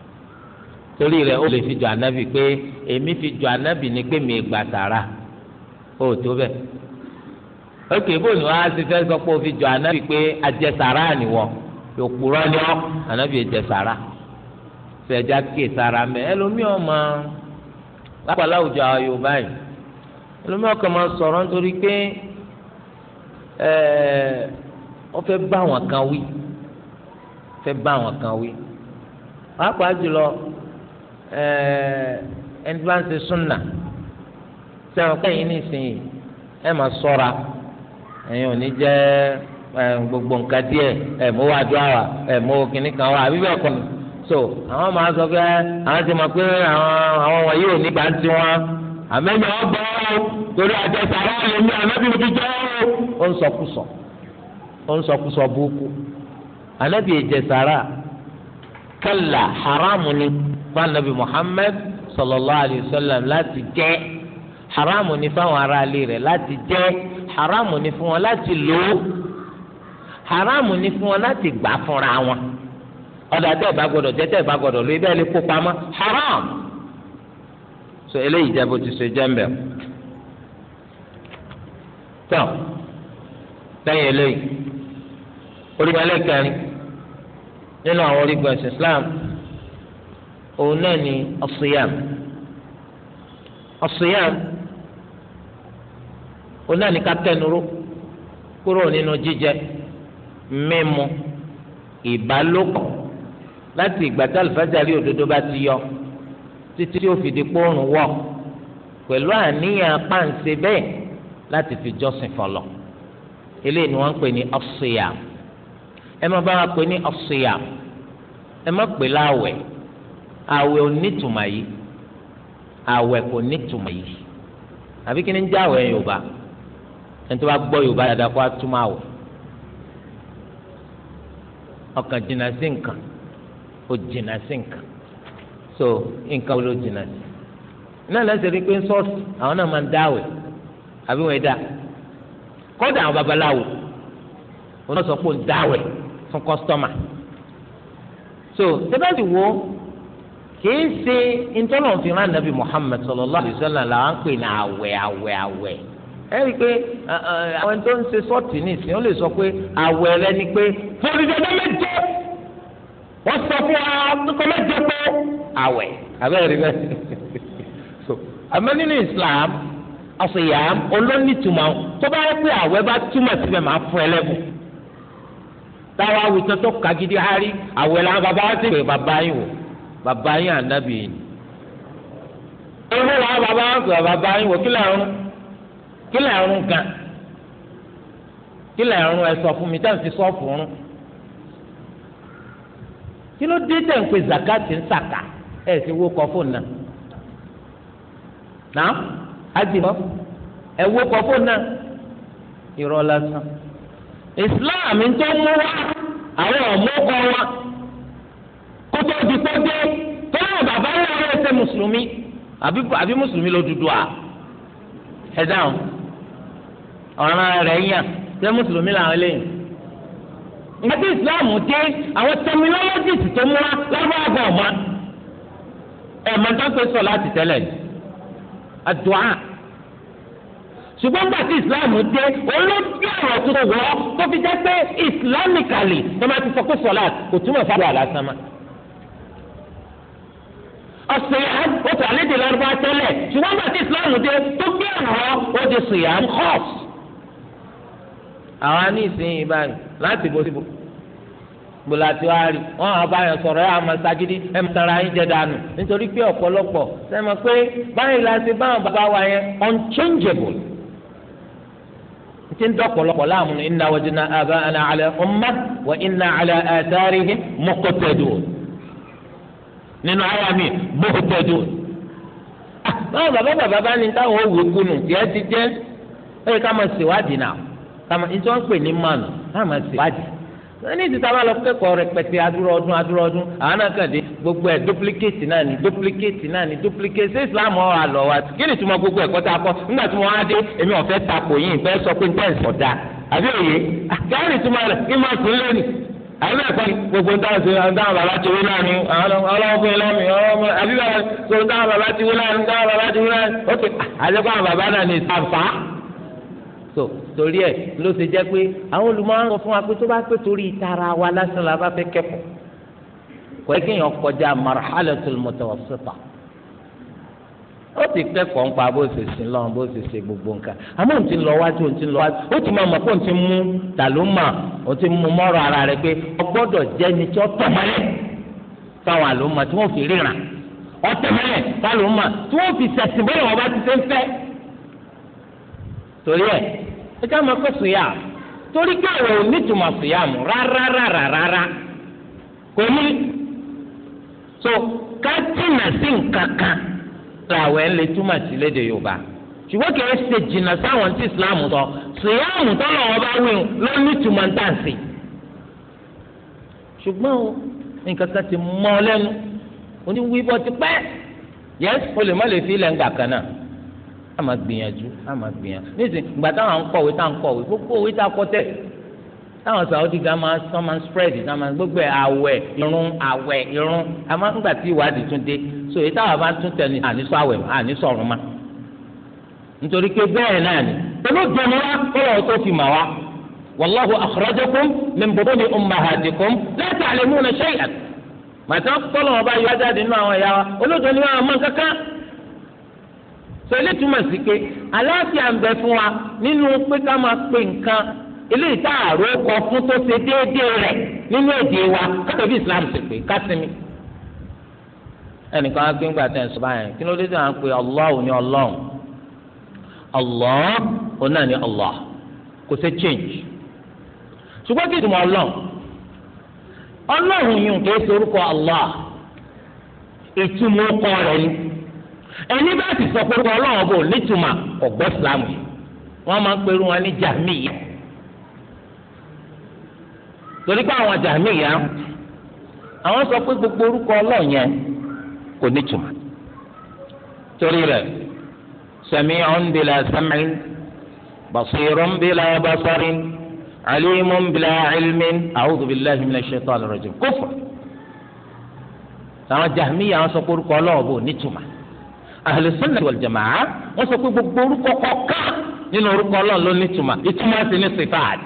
torí rẹ̀ o lè fi jọ anabi pé èmi fi jọ anabi ni pé mi gba sara o tó bẹ́ẹ̀ ok bóun ni wàá ti sọ pé fi jọ anabi pé ni yòókù sẹ̀dá kè sára mẹ́ ẹlòmíì ọmọ lápàlá àwùjọ àwọn yorùbá yìí ẹlòmíì ọkọ̀ máa sọ̀rọ̀ nítorí pé wọ́n fẹ́ bá àwọn kan wí fẹ́ bá àwọn kan wí pàápàá jùlọ ẹni tí wọ́n ń ṣe súnà sẹ́wọ̀n kẹ́yìn nísìnyí ẹ máa sọ́ra ẹ̀yin ò ní jẹ́ gbogbo nǹkan díẹ̀ ẹ̀ mọ́wájú àwà ẹ̀ mọ́wó kìnnìkan wà àbí bẹ́ẹ̀ kọ́ ni so àwọn máa sọ pé àwọn ti mọ̀ pé àwọn àwọn wọ̀nyí ò ní gbà ń tiwọn àmẹ́yìn ọgbọ́
torí àjẹsára lè ní ànábì mi ti jẹ́
ó ń sọkúsọ ó ń sọkúsọ búkú ànábì ìjẹsára kalla haramu ni fanabi Muhammad sallallahu alayhi wa sallam láti jẹ haramu ni fáwọn aráalé rẹ̀ láti jẹ haramu ni fún wọn láti lò ó haramu ni fún wọn láti gbà fúnra wọn. Ọdụ tẹ́ ẹ̀ bá gbọ́dọ̀ jẹ́ tẹ́ ẹ̀ bá gbọ́dọ̀ lóye lè haram so eléyìí jẹ́ bó ti ṣe jẹ́ mbẹ́ tán lẹ́yìn eléyìí orígun ẹlẹ́kẹ̀rin nínú àwọn Islam òun náà ni as-siyam òun náà ni ká kúrò nínú láti ìgbà tí alifájàrí òdodo bá ti yọ títí tí ó fi di kóòrùn wọ̀ pẹ̀lú àníyàn páǹsẹ bẹ́ẹ̀ láti fi jọ́sìn fọlọ eléyìí ni wọ́n ń pè ní as-siyam ẹ má bá wa pè ní as-siyam ẹ má pè láwẹ̀ àwẹ̀ ò yìí àwẹ̀ kò nítumọ̀ yìí àbí kí ni ń jẹ́ yorùbá ẹni tó bá gbọ́ yorùbá dáadáa kó a túmọ̀ àwẹ̀ ọkàn jìnnà sí nǹkan ó jìnnà sí nǹkan so nǹkan wo ló jìnnà sí náà lẹ́sẹ̀ rí pé sọ́ọ̀sì àwọn náà máa ń dáwẹ̀ àbí wọ́n dá kọ́dà àwọn babaláwo wọn náà sọ pé ó ń dáwẹ̀ fún kọ́sítọ́mà so tẹ́bẹ́ẹ̀tì wo kìí ṣe ntọ́lọ́nfin nàbì Muhammad sallallahu alaihi wasallam là ń pè ní àwẹ̀ àwẹ̀ àwẹ̀ ẹ rí i pé àwọn tó ń ṣe sọ́ọ̀tì nìsín ó lè sọ pé àwẹ̀ rẹ ni pé fọ́nrìdẹ́dẹ́ méje wọ́n sọ fún wa kókó mẹ́jọ pé àwẹ̀ abẹ́rẹ́ bẹ́ẹ̀ so àmọ́ nínú Islam àṣeyà olónìtumọ̀ tó bá yẹ pé àwẹ̀ bá túmọ̀ síbẹ̀ máa fún ẹ lẹ́bùn táwa awùsọ tó ka gidi hari àwẹ̀ la bàbá wa ti pè bàbá yín wò bàbá yín ànábì yín olúwa bàbá wa pè bàbá yín wò kílẹ̀ ọ̀run kílẹ̀ ọ̀run gan kílẹ̀ ọ̀run ẹ fún mi táwọn ti sọ fún un kí ló dé tẹ̀ ń pe zakati ń sàkà ẹ̀ sì wó kọ fóònù náà náà àjìmọ́ ẹ̀ wó kọ fóònù náà irọ́ lásán Islam tó mú wá àwọn ọ̀mọ́kọ wa kó tó di pé dé tó yàn bàbá ńlá rẹ̀ ṣe mùsùlùmí àbí mùsùlùmí ló dúdú à ẹ̀ dáhùn ọ̀ràn rẹ̀ yàn ṣé mùsùlùmí làwọn eléyìí nígbà tí islam dé àwọn terminologies tó mú wa lọ́wọ́ àgbà ọ̀ma ẹ̀ máa dá pé sọ láti tẹ́lẹ̀ ni àdúà ṣùgbọ́n nígbà tí islam dé olóògbé ọ̀rọ̀ tó wọ́ tó fi jẹ́ pé islamically tó máa ti sọ pé sọlá kò túmọ̀ fáwọn àlásán máa
ọ̀sìyàn ó tà lédè lọ́rùbá tẹ́lẹ̀ ṣùgbọ́n bàtí ìsìláàmù dé tó gbé ọ̀rọ̀
ó di sìyàn kọ́ọ̀s. àwa ní ìsinyìí báyìí láti bó síbò gbola tí wàá wọn àwọn sagidi tara yín jẹ dànù nítorí pé ọ̀pọ̀lọpọ̀ pé báyìí la ṣe báwọn bàbá wa yẹn unchangeable ti ń dọ̀pọ̀lọpọ̀ láàmú ní ala umma wa inna ala atharihim muqtadun nínú ara mi muqtadun. Ah, báwọn bàbá bàbá bá ní táwọn ò kunu tiẹ́ ti jẹ́ ẹ̀ ká máa ṣèwádìí náà ká máa ní ti sábà lọ kẹ́kọ̀ọ́ rẹpẹtẹ ọdụn ọdún ọdụn a àwọn náà gbogbo ẹ duplicate náà ni duplicate náà ni duplicate ṣé islam ọ̀ àlọ́ wa kí ni gbogbo ẹ tá a kọ́ nígbà tí mo wá dé èmi ọ̀fẹ́ takò yín ìfẹ́ sọ pé níta ẹ̀sọ̀ àbí òye ah, kí ni kí máa lónìí àbí gbogbo bàbá ti wí náà ni so torí ẹ ló ṣe jẹ́ pé àwọn olùmọ̀ràn sọ fún wa pé tó bá pé torí ìtara wa lásán la bá fẹ́ kẹ́kọ̀ọ́ kò yẹ kéèyàn kọjá marhalatul mutawassita ó ti kẹ́kọ̀ọ́ nípa bó ṣe sin lọ́wọ́ bó ṣe ṣe gbogbo nǹkan àmọ́ òun ti lọ wájú òun ti lọ wájú ó ti máa mọ̀ pé òun ti mú tàlómà òun ti mú mọ́rọ̀ ara rẹ pé ọgbọ́dọ̀ jẹ́ ni tí ó tọ̀mọ́lẹ̀ fáwọn àlómà tí wọ́n fi ríran ọtẹ̀mọ́lẹ̀ fáwọn àlómà tí wọ́n fi ṣẹ̀sìn bóyá wọ́n bá ti ṣe ń fẹ́. torí ẹ̀ ẹ ká máa pẹ́ sùyà torí pé àwọn ò ní ìtumọ̀ sùyà mu rárá rárá rárá kò ní. so ká jìnnà sí nǹkan kan làwọn ẹ̀ ń lè túmọ̀ sí léde Yorùbá ṣùgbọ́n kì í ṣe jìnnà sáwọn tí Islam sọ sùyà mu tọ́lọ̀ wọn bá wí ló ní ṣùgbọ́n o nǹkan kan ti mọ́ ọ lẹ́nu oníwíbọ̀ ti pẹ́ yẹ́sì o má lè fi ilẹ̀ ń gbà kan náà àmà gbìyànjú àmà gbìyànjú nísìnyí ìgbà táwọn ń kọ̀wé táwọn ń kọ̀wé gbogbo òwe tá a kọ tẹ̀ táwọn Saudi gan máa sọ máa spread náà máa gbogbo àwẹ̀ irun àwẹ̀ irun àmọ́ ńgbà tí ìwádìí tún dé so èyí táwọn bá tún tẹ̀ ní àníṣọ àwẹ̀ àníṣọ ọ̀run ma nítorí pé bẹ́ẹ̀ náà ni pẹ̀lú ìjọba wa kọ́lọ̀ tó fi mà wá wàláhu akhrajakum min butuni ummahatikum la ta'lamuna shay'an màtá kọ́lọ̀ wọn bá yọ ajáde nínú àwọn ìyá wa olóòtú ni wọn máa kankan tẹ̀lé túmọ̀ sí pé aláàfíà ń bẹ fún wa nínú pé ká máa pe nǹkan eléyìí tá àrò kọ fún tó ṣe déédéé rẹ̀ nínú èdè wa kátó bí Islam ṣe pé kásìmí. ẹnìkan á gbé ńgbà tẹ̀ ń sọ báyìí kí ló dé tí wọ́n á ní náà ní kò ṣe change ṣùgbọ́n kí yìí ẹni bá ti sọ pé ọlọ́run bò nítumà ọ̀gbẹ́ ìsìlámù yìí wọ́n máa ń perú wọn ní jàmíyà torí pé àwọn jàmíyà àwọn sọ pé gbogbo orúkọ ọlọ́run yẹn kò nítumà torí rẹ̀ sami'un bila sam'in basirun bila basarin alimun bila ilmin a'udhu billahi minash shaitanir rajim kufr àwọn jàmíyà sọ pé orúkọ bò nítumà ahlu sunnah wal jamaa'ah wọ́n sọ pé gbogbo orúkọ kọ̀ọ̀kan nínú orúkọ ọlọ́run ló ní ìtumọ̀ ìtumọ̀ sì ní sifat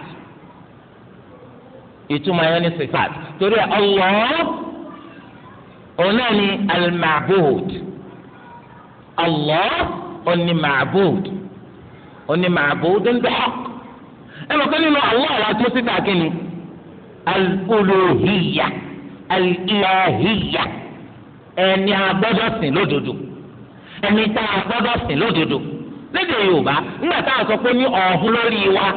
ìtumọ̀ yẹn ní sifat torí Allah òun náà ní al-ma'bud Allah òun ní ma'bud òun ní ma'budun ẹ mọ̀ pé nínú Allah àwọn àti mọ́sífà kínní al-uluhiyya ẹni agbọ́dọ̀ sìn lódodo. ẹni tá a gbọ́dọ̀ sìn lódodo lédè yorùbá nígbà a sọ pé ní ọ̀hún lórí wa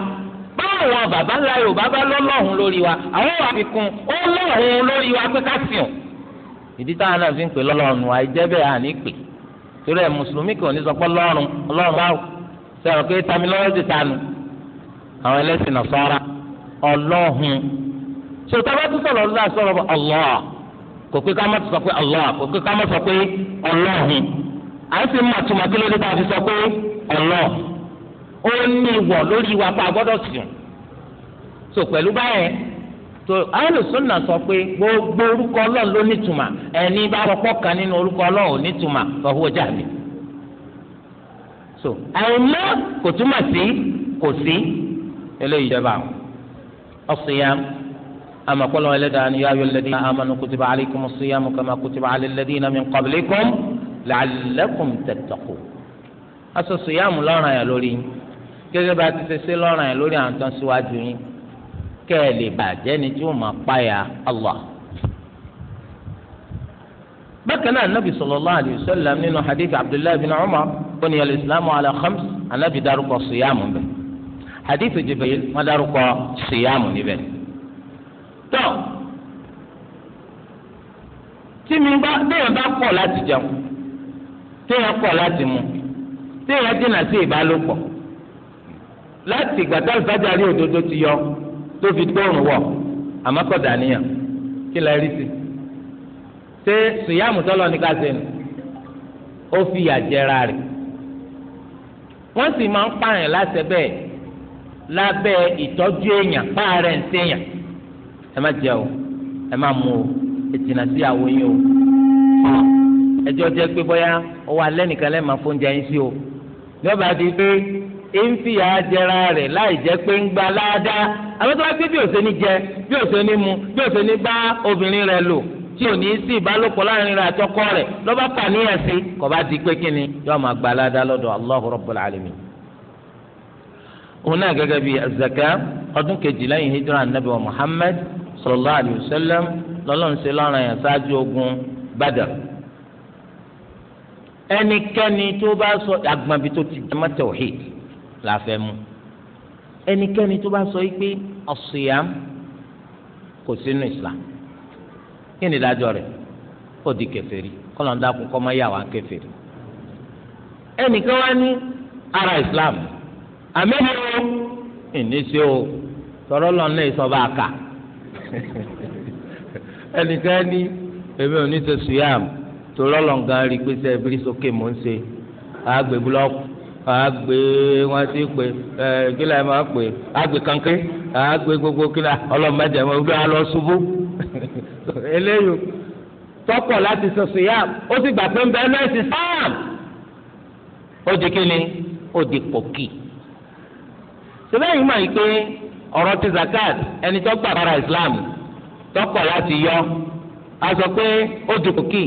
báwo wọn bàbá ńlá yorùbá bá lọ́lọ́hún lórí wa àwọn wà fi kún ó lórí wa pé ká sìn ọ́ ìdí táwọn náà fi ń pè lọ́lọ́run wa bẹ́ẹ̀ à ní pè torí mùsùlùmí kò ní ọlọ́run báwo
à ń sì kí ló dé fi sọ pé ọ̀lọ́
ó ní ìwọ̀ lórí ìwà pa sùn so báyẹn so alùsùnà sọ pé gbogbo orúkọ ọlọ ló nítumà ẹni bá rọpọ́ kan nínú orúkọ ọlọ́run ò nítumà so àìmọ́ kò sí kò sí eléyìí jẹba ọ̀sìyàm ni la'allakum tattaqu aṣọ sùyàmù lọ́ràn yẹn lórí yín gẹ́gẹ́ bá ti ṣe ṣe lọ́ràn yẹn lórí àwọn tó ń ṣíwájú yín kẹ́ ẹ lè bàjẹ́ ni tí ó máa páyà Allah. bákan náà anabi sallallahu alayhi wa sallam nínú hadith abdullahi bin umar wọn yẹ islamu ala khams anabi dárúkọ sùyàmù bẹ hadith jibril wọn dárúkọ sùyàmù níbẹ̀. tó tí mi bá bẹ́ẹ̀ bá pọ̀ láti jẹun téèyàn kọ̀ láti mu téèyàn dínà sí ìbálòpọ̀ láti ìgbà tá ìfájà rí òdodo ti yọ tó fi tóorùn wọ̀ àmọ́ kò dàníyàn kí la rí sí ṣé sùyàmù tọ́lọ ní ká sẹ́nu ó fi àjẹra rẹ̀ wọ́n sì máa ń pààyàn láṣẹ bẹ́ẹ̀ lábẹ́ ìtọ́jú èèyàn páàrẹ̀ ń sèèyàn ẹ má jẹ o ẹ má mu o ìtìnà sí àwọn yín o ẹjọ́ jẹ́ pé bóyá ọwọ́ alẹ́ nìkan lẹ́ẹ̀ máa fóúnjẹ yín sí o lọ́ba di pé e ń fìyà jẹra rẹ̀ láì jẹ́ pé ń gba láàdá àwọn tó bá pé bí òsè ní jẹ bí òsè ní mu bí òsè ní bá obìnrin rẹ̀ lò tí ò ní sí ìbálòpọ̀ láàrin rẹ̀ àtọkọ rẹ̀ lọ́ba pàníyàn sí kò bá di pé kíni yóò máa gba láàdá lọ́dọ̀ Allahu Rabbul Alamin. òun náà gẹ́gẹ́ bíi azaka ọdún kejì lẹ́yìn hijra anabi wa Muhammad sallallahu alayhi wa sallam lọ́lọ́run ṣe lọ́ranyàn ṣáájú ogun Badr ẹnikẹ́ni tó bá sọ agbọ̀nbi tó ti jẹ́ mọ́tò hìt la fẹ́ mu ẹnikẹ́ni tó bá sọ yìí pé ọ̀sùnyàm kò sínú islam kí ni ìdájọ́ rẹ̀ ó di kèfèrí kọ́lọ̀ ń dákun kọ́ mọ́ yà wá kèfèrí
ẹnìkan wá ní ara islam
àmínú ìníṣe o tọrọ lọ́n náà sọ bá a kà <laughs> ẹnìkan èmi ò ní ṣe sùyàmù torí ọlọ́ǹgá rí i pé sẹ́ ẹ̀bírí sókè mò ń ṣe àgbè búlọ́ọ̀kù àgbè wọn ti pè ẹ kílà ẹ máa pè àgbè kankan àgbè gbogbo kílà ọlọ́mọdé wọn bí wọn lọ ṣubú <laughs> eléyìí tọkọ láti sọsọ yá ó sì gbà pé ń bẹ ẹlẹ́sìn sáàm ó di kíni ó di pòkì sẹ́lẹ̀yìn máa ń pé ọ̀rọ̀ ti zakat ẹni tó gbà para Islam tọkọ láti yọ a sọ pé ó di pòkì.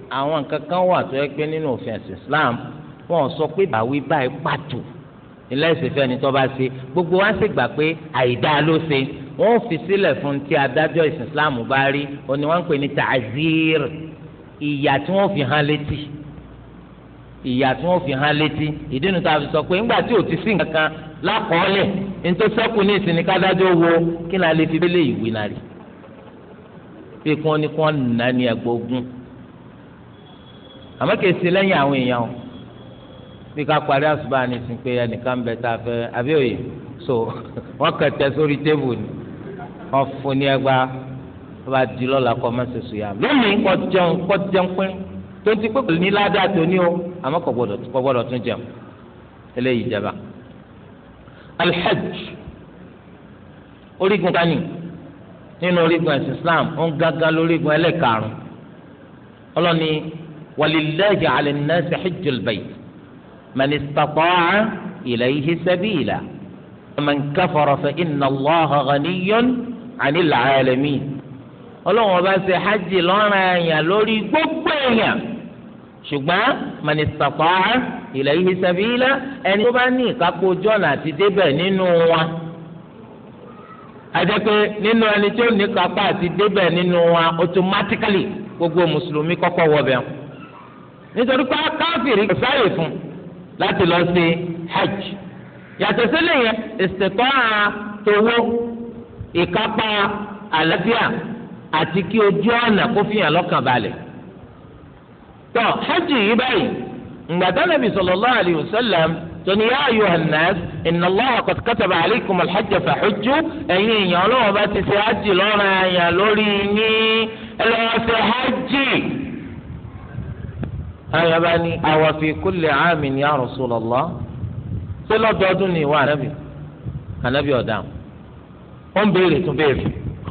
àwọn nǹkan kan wà tó yẹ pé nínú òfin ẹ̀sìn Islam wọn sọ pé bàwí báyìí pàtó ilé ìsìnfẹ́ ni tó bá ṣe gbogbo wa sì gbà pé àìdáa ló ṣe wọn fi sílẹ̀ fún tí adájọ́ ìsìn Islam bá rí òní wọn ń pè ní ta'zir ìyà tí wọn fi hàn létí ìyà tí wọn fi hàn létí ìdí nu tá a fi sọ pé ńgbà tí ò ti sí nǹkan kan lákọọ́lẹ̀ nítòsẹ́kù ní ìsinmi kádájọ́ wo kí ni a lè fi bẹ́lẹ̀ ìwé náà rí bí kí wọ́n ní kí wọ́n nà ní ẹgbẹ́ ogun
àmọ́ kìí ṣe lẹ́yìn àwọn èèyàn
o bí ká parí àṣùbà ni sí pé ẹnìkan bẹ tá a fẹ́ àbí so wọ́n kàn tẹ sórí tébù ni wọ́n fún ní ẹgbà wọ́n bá di lọ́la kọ́ má ṣe yà lónìí kọ́ jẹun kọ́ jẹun pín tó ti pé kò ní ládàá tó ní o àmọ́ kò gbọ́dọ̀ tún jẹun eléyìí jẹba alhajj orígun kani nínú orígun ẹ̀sìn islam ó ń gángan lórígun ẹlẹ́karùn-ún ọlọ́ni walillahi ala nnasi hijjul bayt man istata'a ilayhi sabila man kafara fa inna allaha ghaniyyun 'anil 'alamin ọlọ́run ọba ṣe hajj lọ́rùn àyàn lórí gbogbo èèyàn ṣùgbọ́n man istata'a ilayhi sabila ẹni tó bá ní ìkápò jọ́nà àti débẹ̀ nínú wa àjẹpẹ́ nínú ẹni tó ní kápá àti débẹ̀ nínú wa automatically gbogbo mùsùlùmí kọ́kọ́ wọ bẹ́ẹ̀ nítorí pé káfíìrì kò sáyè fún láti lọ sí hajj yàtọ̀ sílẹ̀ yẹn ìsìnkọ́ towó ìkápá àlàáfíà àti kí ojú ọ̀nà kó fi hàn lọ́kàn balẹ̀ tọ́ hajj yìí báyìí ngbàtà nàbì sallallahu alayhi wa sallam tóní yá ayò hànàs inna Allaha qad kataba alaykum al-hajj fahujju ẹ̀yin èèyàn ọlọ́wọ́ bá ti ṣe hajj lọ́rọ̀ àyàn lórí yín ẹ lọ́wọ́ ṣe àwọn bá ní amin ya ni ìwà ànábì ànábì ọ̀daràn ó ń béèrè tún béèrè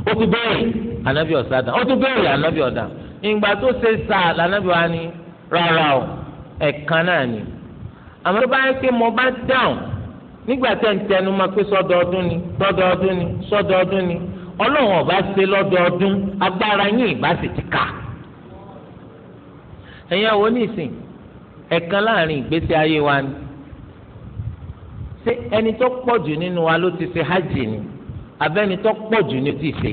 ó tún béèrè ànábì ọ̀sádàn ó tún béèrè ìgbà tó ṣe sáà lànàbì wa ni rárá o ẹ̀kan náà ni àmọ́ tó bá yẹ mo bá dáhùn nígbà tẹ̀ ń tẹnu ma pé ni ni ni ọlọ́run ọba ṣe agbára yín ìbá sì ti kà á ẹ̀yin àwọn onísìn ẹ̀kan láàrin ìgbésí ayé wa ni ṣé ẹni tó pọ̀ jù nínú wa ló ti ṣe hajj ni abẹ́ni tó pọ̀ jù ni ó ti ṣe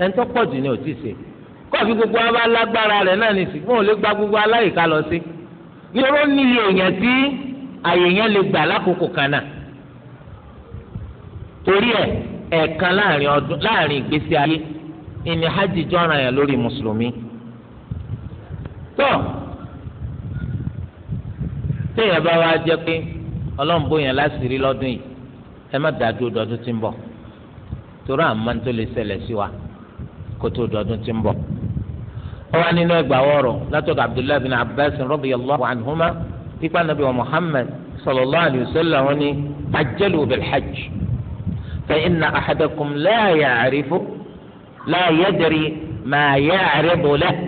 ẹni tó pọ̀ jù ni ó ti ṣe kọ́ọ̀fì gbogbo wa bá lágbára rẹ̀ náà ní sìn fún òun lè gba gbogbo aláìka lọ sí nítorí ó ní iye èèyàn tí àyè yẹn lè gbà lákòókò kan náà torí ẹ̀ ẹ̀kan láàrin ìgbésí ayé ìní hajj jọ̀ràn yẹn lórí mùsùlùmí tọ́ téèyàn bá wá jẹ́ pé ọlọ́run bóyá láṣìírí lọ́dún yìí ẹ má dájú dọ́dún tí ń bọ̀ torí àmọ́ tó lè ṣẹlẹ̀ sí wa kó tó dọ́dún tí ń bọ̀. ọwọ́ nínú ẹgbàá wọ̀rọ̀ látọ̀dọ̀ abdullahi bin abbas radiyallahu anhuma pípa nàbí wa muhammad sallallahu alayhi wa sallam wọn ni ajjalu bil hajj fa inna ahadakum la ya'rifu la yadri ma ya'ridu lahu.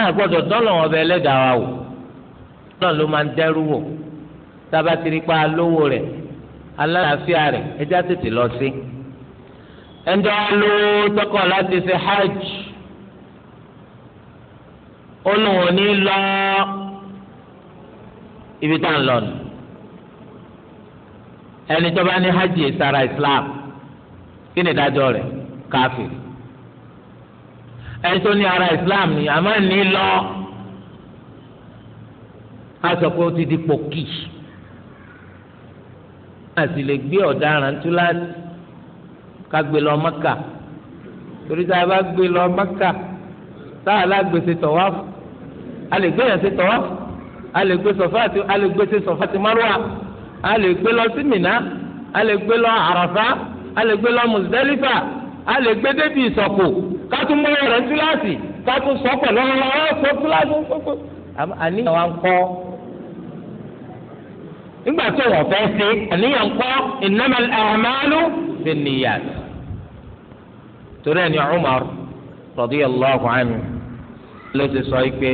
á gbọ́dọ̀ dọ́lọ̀ wọn bẹ ẹlẹ́dàá wa wò náà ló máa ń dẹ́rù wò tába ti rí pa lówó rẹ̀ alálàáfíà rẹ̀ ẹjá tètè lọ sí. ẹnjọ́ ló tọkọ̀ láti ṣe hajj ó lóun ò ní lọ ibi tá à ń lọ nù ẹni ní hajj sara islam kí ni ìdájọ́ rẹ̀ káfíìrì ẹni tó ní ara islam ni àmọ́ ní lọ a sọ pé ó ti di pòkì àti lè gbé ọ̀daràn túláàsì ká gbé lọ mọ́kà torí tá a bá gbé lọ mọ́kà tá a lágbèsè tọ̀wáfù a lè gbé yẹn sí tọ̀wáfù a lè gbé sọ̀fà àti a lè gbé sọ̀fà àti márùwà a lè gbé lọ sí mìnà a lè gbé lọ àràfà a lè gbé lọ mùsùlẹ́lífà a lè gbé débi ìsọ̀kò kátún bọ́ rẹ̀ túláàsì kátún sọ pẹ̀lú ọ̀rọ̀ ọ̀rọ̀ sọ túláàsì gbogbo. àníyàn wa ń kọ́ nígbà tó wọ́n fẹ́ ṣe àníyàn kọ́ innamal a'malu binniyat. torí ẹni Umar radiyallahu anhu ló ti sọ pé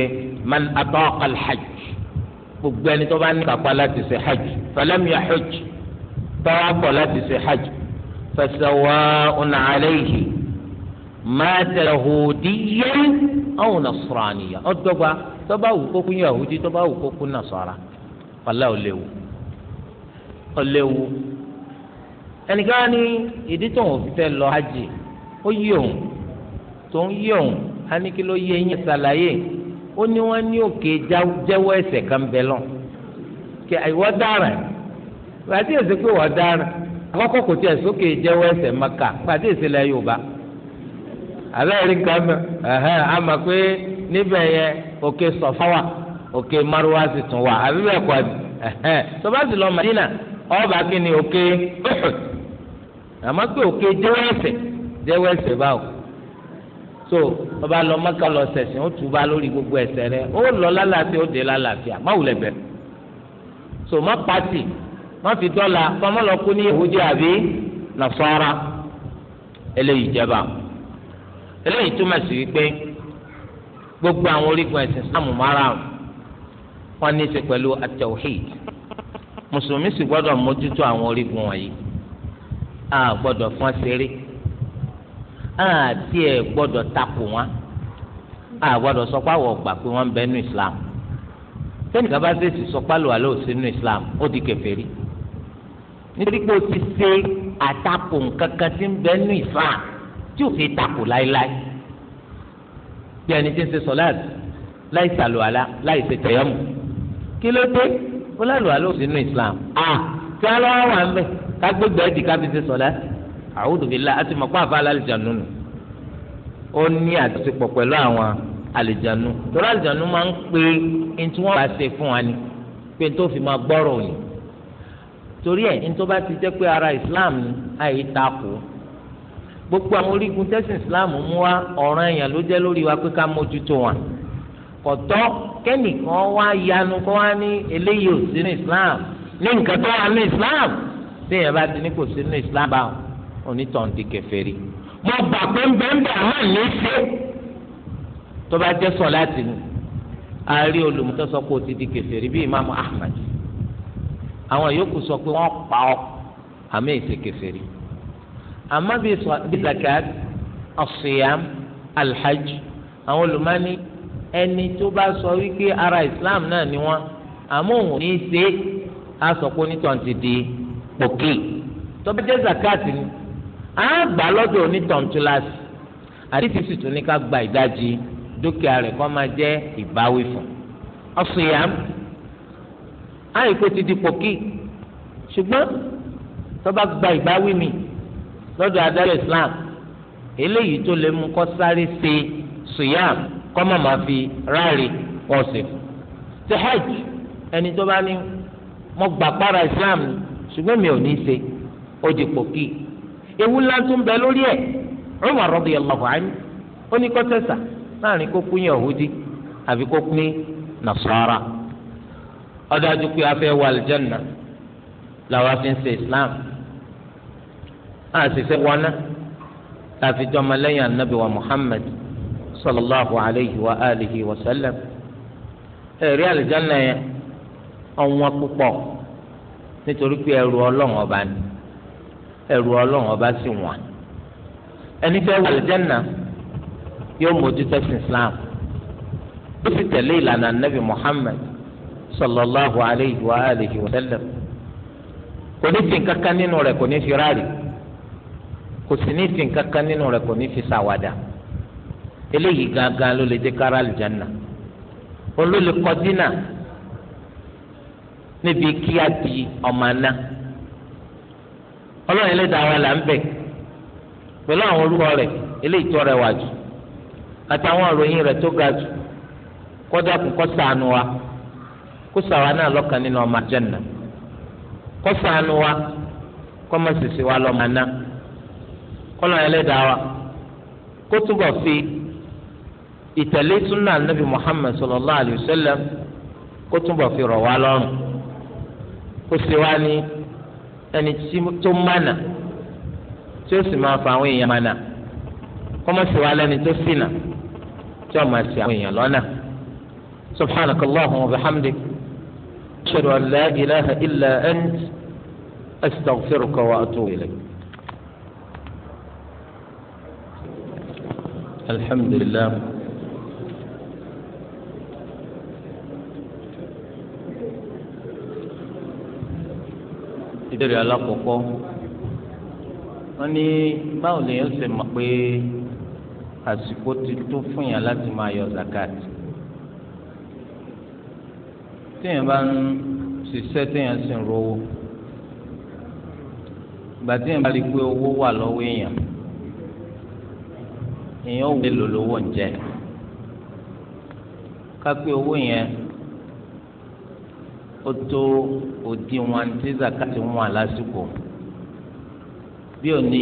man ataqa al-hajj gbogbo ẹni tó bá ní kápá láti ṣe hajj falam yahujj tọ́wọ́ pọ̀ láti ṣe hajj fasawaa'un alayhi mata yahudiyan aw nasraniya ọdọgba tó bá wù kó kú yahudi tó bá wù kó kú nasara wàlá ò léwu ò léwu ẹnìkan ní ìdí tó ń fẹ́ lọ hajj ó yí òun tó ń yí òun á ní kí ló yé yín ṣàlàyé ó ní wọn ní òkè jẹ́wọ́ ẹ̀ṣẹ̀ kan bẹ lọ kí ìwọ dára pàtí èsì pé wọ́n dára àkọ́kọ́ kò tiẹ̀ sókè jẹ́wọ́ ẹ̀ṣẹ̀ maka pàtí èsì lẹ Yorùbá abẹ́rẹ́ nǹkan mọ̀ ẹ̀hẹ́n a mọ̀ pé níbẹ̀ yẹn òkè sọ̀fà wà òkè maruwa sì tún wà àbí bẹ́ẹ̀ kọ́ ẹ̀hẹ́n tó sì lọ Madina ọba kí ni òkè àmọ́ pé òkè jẹ́wẹ́sẹ̀ jẹ́wẹ́sẹ̀ báwo so ọba lọ Mẹ́kà lọ sẹ̀sìn ó tù bá lórí gbogbo ẹ̀ṣẹ̀ rẹ̀ ó lọ lálàáfíà ó dé lálàáfíà má wulẹ̀ bẹ̀rẹ̀ so má pàtì má fi dọ́là kọ́mọ́lọ́kú ní Yahudi àbí Nasara eléyìí jẹba eléyìí túmọ̀ sí wípé gbogbo àwọn orígun ẹ̀sìn Islam márùn-ún wọn ní í ṣe pẹ̀lú at-tawhid mùsùlùmí sì gbọ́dọ̀ mójútó àwọn orígun wọ̀nyí a gbọ́dọ̀ fọ́n ṣeré a tiẹ̀ gbọ́dọ̀ takò wọn a gbọ́dọ̀ sọ pé àwọn ọgbà pé wọ́n ń bẹ nínú Islam sẹ́nìkan bá ṣèṣì sọ pé àlùwàlá ò sí nínú Islam ó di kèfèrí nítorí pé o ti ṣe àtakò nǹkan tí ń bẹ nínú Islam tí òfin takò láéláé bí ẹni tí ń ṣe sọláàt láì sàlùwàlá láì ṣe tẹ̀yọ́mù kí ló dé ó lálùwàlá ò sínú islam ah tí wọn lọ́wọ́ wà ń bẹ̀ ká gbégbé ẹ̀dì ká fi ṣe sọláàt a'udhu billahi àti mọ̀pá àfa alálìjánu nù ó ní àjọṣepọ̀ pẹ̀lú àwọn àlìjánu torí àlìjánu máa ń pe ẹni tí wọ́n bá ṣe fún wa ni pé tó fi máa gbọ́rọ̀ òní torí ẹ̀ ní tó bá ti jẹ́ pé ara islam ni àyè takò gbogbo àwọn orígun tẹ̀sìn islam mú wa ọ̀ràn èèyàn ló jẹ́ lórí wa pé ká mójútó wọn kọ̀tọ́ kẹ́nìkan wá yanu kó wá ní eléyìí ò sí ní islam ní nǹkan tó wà ní islam téèyàn bá ti ní kò sí ní islam báwọn onítàn di kèfèrí
mo gbà pé nbẹ́nbẹ́ àmọ́ ní í ṣe
tó bá jẹ́ sọ láti nù àárí olùmọ̀tò sọ pé o ti di kèfèrí bí imaamu ahmed àwọn yòókù sọ pé wọ́n pa ọ́ àmì ìṣe àmọ́ bíi zakat asiyam alhaj àwọn olùmọ́ni ẹni tó bá sọ wípé ara islam náà ni wọ́n àmọ́ òun ní í ṣe á sọ pé onítàn ti di òkè tó bá jẹ́ zakat ni á gbà lọ́dọ̀ onítàn tó láti àdìsí sì tún ní ká gba ìdajì dúkìá rẹ̀ kó máa jẹ́ ìbáwí fún asiyam àyíkó ti di òkè ṣùgbọ́n tó gba ìbáwí mi lọ́dọ̀ adájọ́ islam eléyìí tó lè mú kó sáré ṣe suyam kọ́mọ̀ máa fi ráàlì wọ́n ṣe. ti hajj ẹni tó bá ní mo gbà para islam ṣùgbọ́n mi ò ní ṣe ó di pòkì ewu ńlá tó ń bẹ lórí ẹ̀ Umar radiyallahu anhu ó ní kó tẹ̀sà láàrin kó kú ní Yahudi àbí kó kú Nasara ọ̀dájú pé a fẹ́ wà aljanna làwọn fi ń ṣe islam àṣìṣe wọná láti jọ ọmọlẹ́yìn anabi wa muhammed sallallahu alayhi wa alihi wa sallam ẹ̀rí àlìjáná yẹn ọ̀wọ́n púpọ̀ nítorí pé ẹrù ọlọ́run ọba ni ẹrù ọlọ́run ọba sì wọ́n ẹni fẹ́ wọ àlìjáná yóò mójútó sí islam ó sì tẹ̀lé ìlànà anabi muhammed sallallahu alayhi wa alihi wa sallam kò ní fi kankan nínú rẹ̀ kò ní fi ráàlì kò sì ní ìfìn kankan nínú rẹ̀ kò ní fi ṣàwàdà eléyìí gangan ló lè dé kára àlùjáná òun ló lè kọ́ dínà níbi kí a di ọmọ aná
ọlọ́run ẹlẹ́dàá wa là ń bẹ̀
pẹ̀lú àwọn orúkọ rẹ̀ eléyìí tó rẹwà jù àtàwọn ìròyìn rẹ̀ tó ga jù kọ́dà kò kó ṣàánú wa kó ṣàwa náà lọ́kàn nínú ọmọ àjẹ́nà kó ṣàánú wa kó má sì wa lọ́mọ aná kọ́lọ́ ẹlẹ́dàá wa kó túbọ̀ fi ìtẹ̀lé sunnah nabi muhammed sallallahu alayhi wa sallam kó túbọ̀ fi rọ̀ wá lọ́rùn kó sì wá ní ẹni tó mánà tí ó sì máa fa àwọn èèyàn mánà kọ́mọ́ sì wá lẹ́ni tó ṣìnà tí ó máa ṣì àwọn èèyàn lọ́nà subhanaka allahumma wa bihamdik ashhadu an la ilaha illa ant astaghfiruka wa atubu ilayk. الحمد لله ìbéèrè alákọ̀ọ́kọ́ wọ́n ní báwo lèèyàn ṣe mọ̀ pé àsìkò ti tó fún yàn láti máa yọ zakat téèyàn bá ń ṣiṣẹ́ téèyàn sì ń rówó ìgbà téèyàn bá rí i pé owó wà lọ́wọ́ èèyàn èèyàn ò mélòó lówó ń jẹ kápé owó yẹn ó tó òdiwọ̀n tí zakati wọn lásìkò bí òní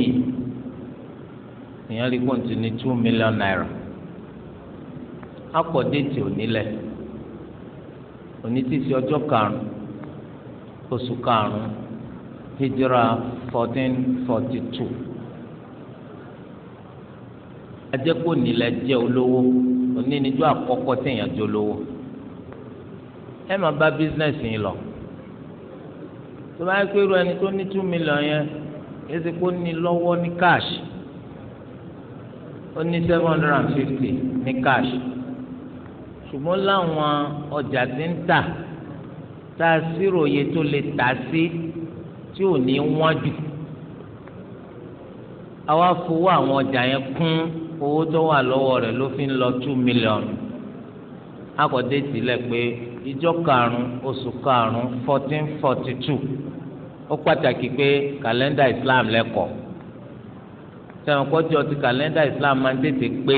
èèyàn rí pọ́ǹtì ní two million naira akọ̀ déètì onílẹ̀ ti ọjọ́ karùn-ún oṣù karùn-ún hijira fourteen forty two. ajẹ́pò nílẹ̀ jẹ́ olówó onínijọ́ àkọ́kọ́ téèyàn jẹ́ olówó ẹ máa bá bísínẹ́sì yín lọ tó bá yẹ kó irú ẹni tó ní two million yẹn èsì kó ní lọ́wọ́ ní káàṣì ó ní seven hundred and fifty ní cash, ṣùgbọ́n láwọn ọjà tí ń tà tá a ṣírò iye tó lè tà sí tí ò ní wọ́n jù àwa fowó àwọn ọjà yẹn kún owó tó wà lọ́wọ́ rẹ̀ ló fi ń lọ two million akọ̀dé sílẹ̀ pé ìjọ karùn-ún oṣù karùn-ún fourteen forty two ó pàtàkì pé kàlẹ́ndà Islam lẹ́kọ̀ọ́ sẹ́wọ̀n kọ́jọ́ ti kàlẹ́ndà Islam máa ń tètè pé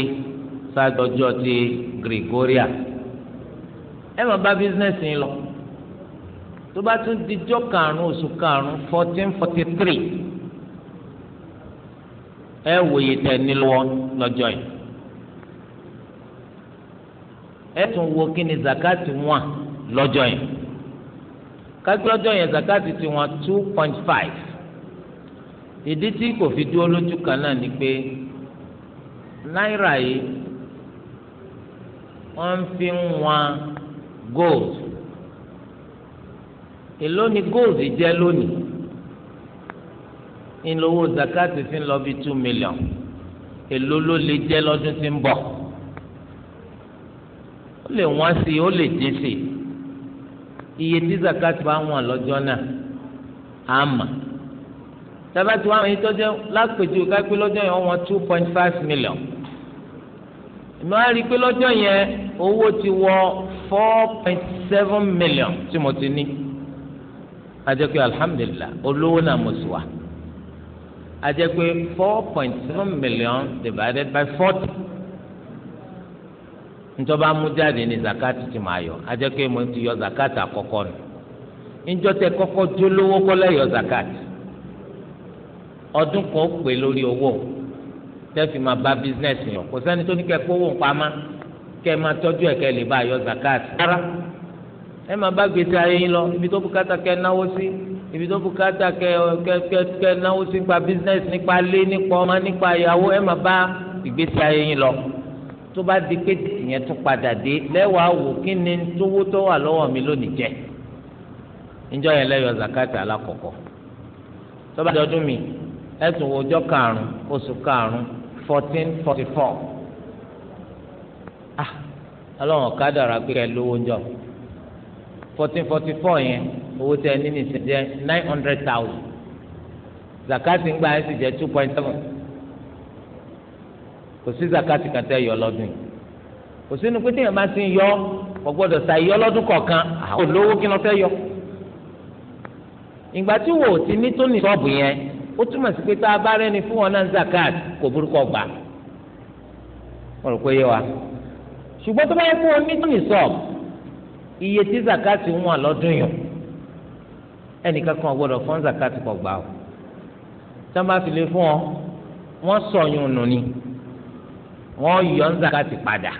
ṣáájú ti Gregoria ẹ máa bá bísínẹ́sì yín lọ tó bá tún dijọ́ karùn-ún oṣù karùn-ún fourteen forty three ẹ wòye tẹ nílọ́wọ́ lọ́jọ́ yìí ẹ tún wo kí ni zakati wọn lọ́jọ́ yìí kájọ́jọ́ yẹn zakati ti wọn two point five ìdí tí kò fi dúró lójú kan náà ni pé náírà yìí wọ́n fi ń wọn gold èló ni gold jẹ́ lónìí ńlọwọ zakati ti ń lọ bíi two million èló ló lè jẹ lọ́dún tí ń bọ̀ ó lè wọ́n sí ó lè dín sí iye tí zakati bá wọ́n lọ́jọ́ náà á mà tábà tí wọ́n àwọn lápèjú kápẹ́ lọ́jọ́ yẹn wọ́n two point five million ìmọ̀ á rí i pé lọ́jọ́ yẹn owó ti wọ four point seven million tí mo ti ní a jẹ́ pé alhamdulilah olówó náà mo sì wà ajẹ́ pé four point seven million divided by forty ntọ́ba mú jáde ní zakati ti máa yọ ajẹ́ pé mo ti yọ zakati àkọ́kọ́ nù njọ́ tẹ kọ́kọ́ jó lówó kọ́lẹ́ yọ zakati ọdún kan ó pè lórí owó tẹ́fì máa bá bísínẹ́sì yàn kò sẹ́ni tó ní kẹ́ kówó pamá kẹ́ máa tọ́jú ẹ̀ lè bá yọ zakati rárá ẹ máa bá gbèsè ayé yín lọ ibi tó bùkátà kẹ́ náwó sí ibi tó bùkátà kẹ kẹ kẹ kẹ náwó sí nípa bísínẹ́sì nípa lé nípa ọmọ nípa ìyàwó ẹ máa bá ìgbésí ayé yín lọ tó bá di pé ìyẹn tó padà dé lẹ́wàá wò kí ni tówó tó wà lọ́wọ́ mi lónìí jẹ́ níjọ́ yẹn lẹ́yọ zakata alákọ̀ọ́kọ́ tó bá di ọdún mi ẹ̀sùn wo ọjọ́ karùn-ún oṣù karùn-ún fourteen forty four ah ọlọ́run ọ̀kadà rà pé kẹ́ lówó ń jọ fourteen forty four yẹn owó tẹ ní nìsín jẹ nine hundred thousand zakati ń gbà yẹn sì jẹ two point seven kò sí zakati kan tẹ yọ lọ́dún yìí kò sínú pé téèyàn bá ti ń yọ kò gbọdọ̀ sa yọ lọ́dún kọ̀ọ̀kan àwọn olówó kí ló fẹ́ yọ. ìgbà tí wò ó ti ní tó ní sọ́ọ̀bù yẹn ó túmọ̀ sí pé tá a bá rẹ́ni fún wọn náà zakat kò burúkọ gbà wọ́n rò pé yé wa ṣùgbọ́n tó bá yẹ fún wọn ní tó ní sọ́ọ̀bù iye tí zakati ń wà lọ́dún yìí ẹnìkan kan gbọ́dọ̀ fún zakati kọ gbà o tí wọ́n bá fi lè fún ọ wọ́n sọyún nù ni wọ́n yọ zakati padà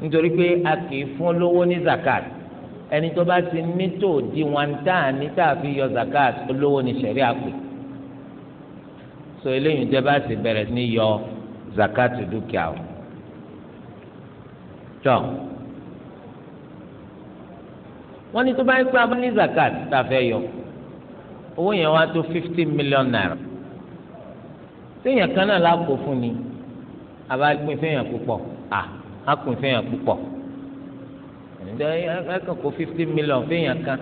nítorí pé a kì í fún lówó ní zakati ẹni tó bá ti ní tó di wọn tá a ní tá a fi yọ zakati olówó ní sẹ̀rí àpè so eléyìí jẹ́ bá ti bẹ̀rẹ̀ ní yọ zakati dúkìá o. Ciao wọ́n ní tó bá ń pẹ́ abúlé zakat tá a fẹ́ yọ owó yẹn wá tó fifty million naira téèyàn kan náà lápò fún ni àbá pín fẹ́yàn púpọ̀ à á pín fẹ́yàn púpọ̀ ǹjẹ́ ẹ kàn kó fifty million fẹ́yàn kan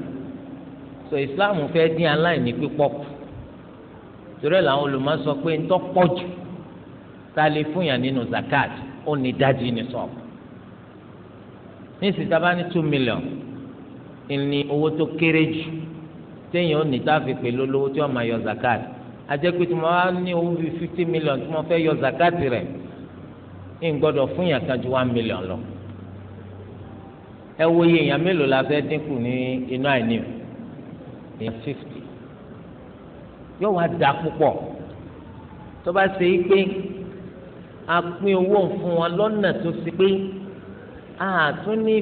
so Islam fẹ́ dín aláìní pípọ̀ kù torí ẹ̀ làwọn olùmọ̀ sọ pé ń tọ́ pọ̀ jù tá a lè fún yàn nínú zakat ó ní dájú ní sọ ní ìsìta ní two million ní owó tó kéré jù téèyàn ò ní táàfin pẹ̀lú olówó tí wọ́n máa yọ zakat ajẹ́pẹ́ tí mo bá ní owó bíi fifty million tí mo fẹ́ yọ zakat rẹ̀ ń gbọ́dọ̀ fún yàn kan ju one million lọ ẹ wo iye èèyàn mélòó la fẹ́ dínkù ní inú àìní o èèyàn fifty yóò wá da púpọ̀ tó bá ṣe é pé a pín owó fún wọn lọ́nà tó ṣe pé àtúní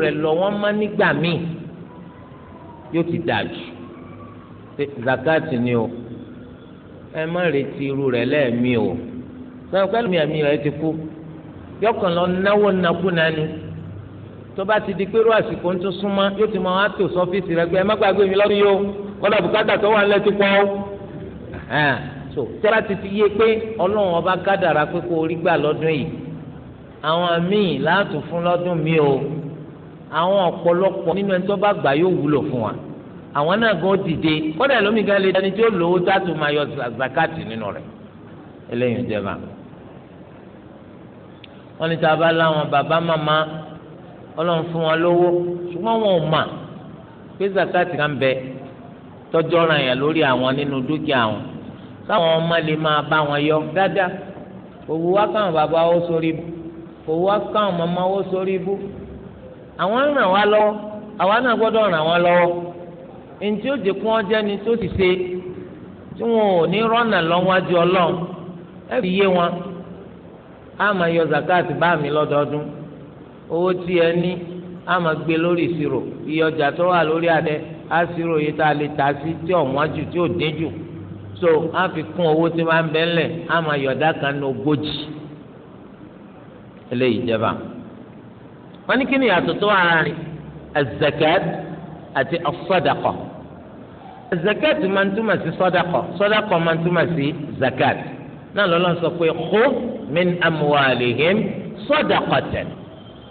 rẹ̀ lọ wọ́n má nígbà míì yóò ti dà jù pé zakati ni o ẹ má retí irú rẹ̀ lẹ́ẹ̀mí o sọ pé ẹlòmíì ẹ̀mí rẹ̀ ti kú yọkàn lọ náwó nakú nání tó bá ti di pé irú àsìkò ń tún súnmọ́ yóò ti máa wá tó sọ́fíìsì rẹ̀ gbé ẹ má gbàgbé mi lọ́dún yìí o kọ́dà bùkátà tó wà ń lẹ́tí pọ́ o so tẹ́lá ti ti yé pé ọlọ́run ọba kádàrá pé kó o rí gbà lọ́dún yìí àwọn míì láàtún fún lọ́dún mi o àwọn ọ̀pọ̀lọpọ̀ nínú ẹni tó bá gbà yóò wúlò fún wa àwọn náà gan dìde kódà lómi lè dání tí ó lówó máa yọ zakati nínú rẹ̀ eléyìí ń jẹba wọn ní sábà láwọn bàbá màmá Ọlọ́run fún wọn lówó ṣùgbọ́n wọn ò mà pé zakati kan bẹ tọjọ ra yẹn lórí àwọn nínú dúkìá wọn káwọn ọmọ lè máa bá wọn yọ dáadáa òwú wa káwọn bàbá ó sórí ibú òwú wa káwọn màmá ó sórí ibú àwọn ń ràn wá lọ́wọ́ àwa náà gbọ́dọ̀ ràn wá lọ́wọ́ ẹni tí ó jẹ kó wọn ni tó ti wọn ò ní yọ zakat bá mi lọ́dọọdún owó tí ẹ ní á máa gbé lórí ìṣirò iye ọjà tó wà lórí adé á ṣírò iye tá a lè tà sí tí ò so á fi kún owó tí ń á máa kan wọ́n ní kí ni yàtọ̀ tó àárín azakat àti asọdakọ zakat máa ń túmọ̀ sí sọdakọ sọdakọ máa ń túmọ̀ sí zakat náà lọ́lọ́ sọ pé kó min amuwalihim sọdakọtẹ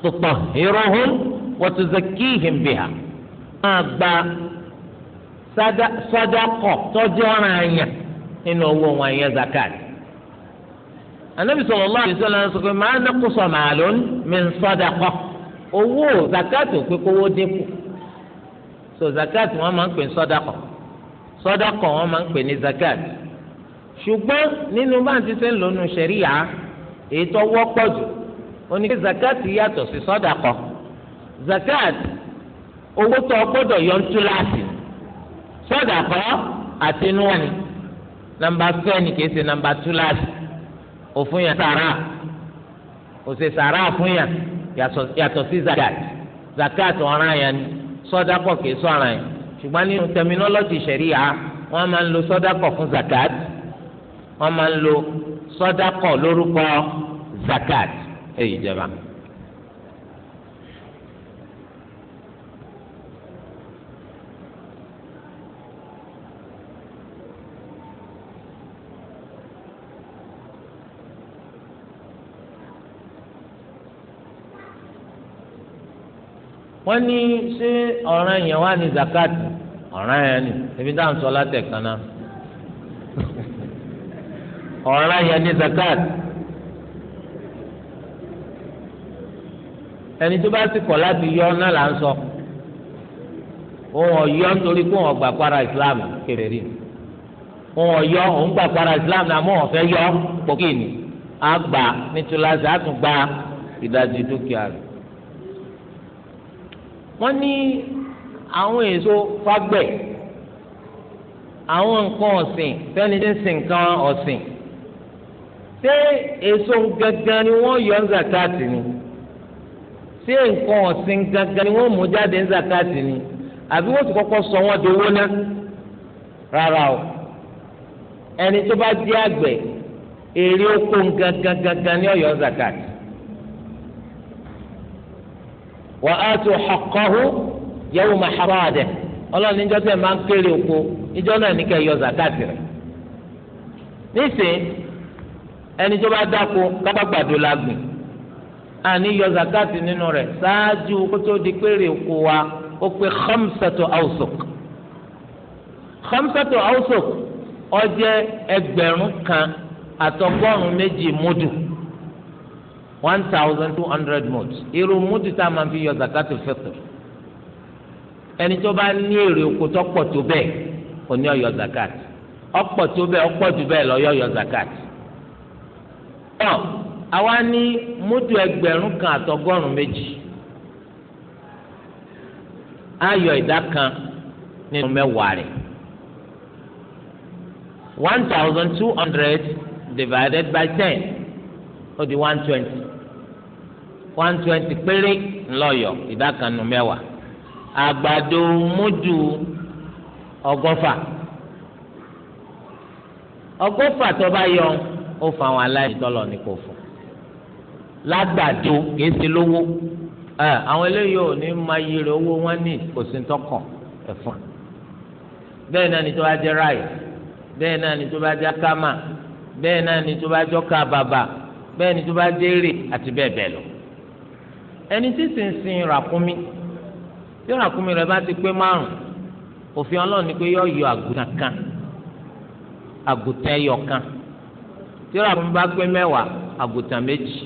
tuntun hirohun wọ́tuzakihim biha máa gba sọdakọ tọ́jú ọ̀ràn àyàn nínú owó wọn yẹn zakat anabi sallallahu alaihi wasallam sọ pé máa nàkúsọ màálùn min sọdakọ owó zakat ò pé kówó dínkù so zakat wọn máa ń pè ní sọdakọ sọdakọ wọn máa ń pè ní zakati ṣùgbọ́n nínú bá ń ṣiṣẹ́ lónú ṣẹ̀ríyà èyí tó wọ́pọ̀ jù ó ní zakati yàtọ̀ sí sọdakọ zakati owó tó gbọ́dọ̀ yọ ń tú láti sọdakọ àtinúwá ni nàmbà fẹ́ ni kìí ṣe nàmbà tú láti yẹn sàrà òṣè sàrà fún yẹn yàtọ̀ sí zakat zakat ọ̀ràn yẹn ni sọ́dákọ̀ kìí sọ̀ràn yẹn ṣùgbọ́n nínú tẹminọ́lọ́jì ṣẹ̀ríyà wọ́n máa ń lo sọ́dákọ̀ fún zakat wọ́n máa ń lo sọ́dákọ̀ lórúkọ zakat èyí jẹba. Hey, wọ́n ní ṣé ọ̀ràn yẹn wà ní zakat ọ̀ràn yẹn ni ebi dáhùn sọ látẹ̀ kan náà <laughs> ọ̀ràn yẹn ní zakat ẹni tó bá sì kọ̀ láti yọ ọ́ náà là ń sọ òun ọ̀yọ́ nítorí pé òun ọgbà para Islam kéré rí òun ọ̀yọ́ òun gbà para Islam náà mọ̀ ọ̀fẹ́ yọ pọ̀kì ni àgbà nítorí àti àtúgbà ìdajì dúkìá rẹ̀ wọ́n ní àwọn èso fagbẹ̀ àwọn nǹkan ọ̀sìn fẹ́ni tí ń sin nǹkan ọ̀sìn ṣé èso gangan ni wọ́n yọ ń zakati ni ṣé nǹkan ọ̀sìn gangan ni wọ́n mú jáde ń zakati ni àbí wọ́n ti kọ́kọ́ sọ wọ́n dowó ná rárá o ẹni tó bá jẹ́ àgbẹ̀ èrè oko gangan gangan ni ó zakati wa atu haqqahu yawma haradihi ọlọ́run níjọ́ tẹ̀ máa ń kéré oko níjọ́ náà ní kẹ́ yọ zakati rẹ̀ nísìn ẹni tó bá dáko kábàgbàdo la gbìn àní yọ zakati nínú rẹ̀ ṣáájú kótó di kéré oko wa ó pé khamsatu awsuq khamsatu awsuq ó jẹ́ kan àtọgọ́rùn méjì múdù one thousand two hundred mut irú mutu tá a máa fi yọ zakatul fitr ẹni tó bá ní èrè oko tó pọ̀ tó bẹ́ẹ̀ kò ní ọ̀yọ́ zakat ọ̀pọ̀ tó bẹ́ẹ̀ ọ̀pọ̀ jù bẹ́ẹ̀ lọ yọ̀yọ́ zakat. ọ̀ àwa ní mutu ẹgbẹ̀rún kan àtọgọ́rùn-ún méjì á yọ ìdá kan nínú mẹ́wàá rẹ̀ one thousand two hundred divided by ten ó di one twenty one twenty péré ńlọyọ ìdákanu mẹ́wàá àgbàdo mójú ọgọ́fà ọgọ́fà tó bá yọ ó fa àwọn aláìní tọlọ ní kò fún lágbàdo kìí ṣe lówó ẹ àwọn eléyìí ò ní máa yiri owó wọn ní kò sí tọkọ ẹfọn bẹ́ẹ̀ náà ni tó bá jẹ ráì bẹ́ẹ̀ náà ni tó bá jẹ kámà bẹ́ẹ̀ náà ni tó bá jọ ká bàbà bẹ́ẹ̀ ni tó bá jẹ èrè àti bẹ́ẹ̀ bẹ́ẹ̀ lọ. ẹni tí sì ń sin ràkúnmí tí ràkúnmí rẹ bá ti pé márùn òfin Ọlọ́run ni pé yọ yọ àgùntàn kan àgùntàn ẹyọ kan tí ràkúnmí bá pé mẹ́wàá àgùntàn méjì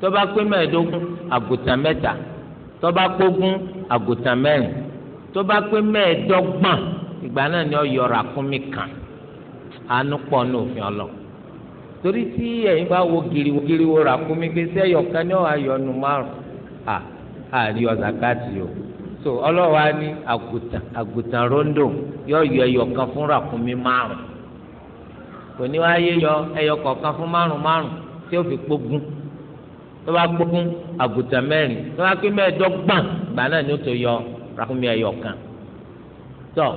tó bá pé mẹ́ẹ̀ẹ́dógún àgùntàn mẹ́ta tó bá pógún àgùntàn mẹ́rin tó bá pé mẹ́ẹ̀ẹ́dọ́gbọ̀n ìgbà náà ni ọ yọ ràkúnmí kan Ànú pọ̀ ní òfin Ọlọ́run. torí tí ẹ̀yin bá wo giriwo giriwo rà kú mi pé sẹ́ ẹ̀yọ̀kan ní ayọ̀nù márùn à àrí ọ̀sà káàtì o so ọlọ́wà ní àgùtàn àgùtàn rondo yọ yọ ẹ̀yọ̀kan fún rà kú mi márùn kò ní wá yé yọ ẹ̀yọ̀kọ̀ọ̀kan fún márùn márùn tí ó fi gbógun tó bá gbógun àgùtàn mẹ́rin tó bá pé mẹ́ẹ̀ẹ́dọ́gbọ̀n gbà náà ni ó tó yọ rà kú mi ẹ̀yọ̀kan tọ́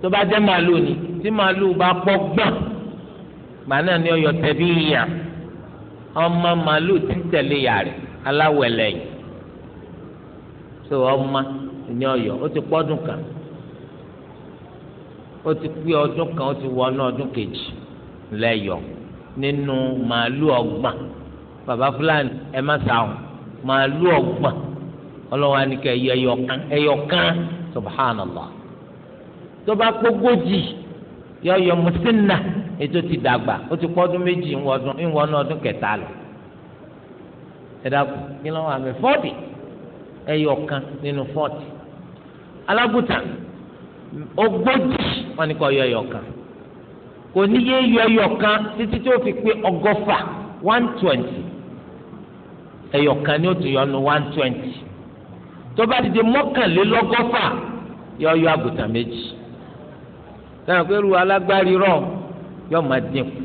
tó bá jẹ́ màlúù ni tí màlúù bá pọ̀ gbọ̀n gbà náà ni ọyọ tẹbi yíyà ọmọ màálù ti tẹ̀lé yà yìí so ọmọ ni ọyọ ó ti pọ́dún kan ó ti pé ọdún kan ó ti wọnú ọdún kejì lẹ́yọ̀ nínú màálù ọgbọ̀n bàbá fúlàní ẹ má sàrùn màálù ọgbọ̀n ọlọ́wọ́ anìkẹ́ ẹyọ kan ẹyọ kan subhanallah tó bá pọ́gójì. yọọyọ yọ mùsínà ètò ti dàgbà ó ti pọ́dún méjì ńwọ́nú ọdún kẹta lọ ẹ kí ló wà mí fọ́ọ̀tì ẹ kan nínú fọ́ọ̀tì alágùtà ogójì wọn ni kò yọ kan kò yọ kan títí tí ó fi pé ọgọ́fà one twenty ẹyọ kan ni ó yọ one twenty tó bá yọ àgùtà sẹ́yìn pé ru alágbárí rọ̀ yọ máa dínkù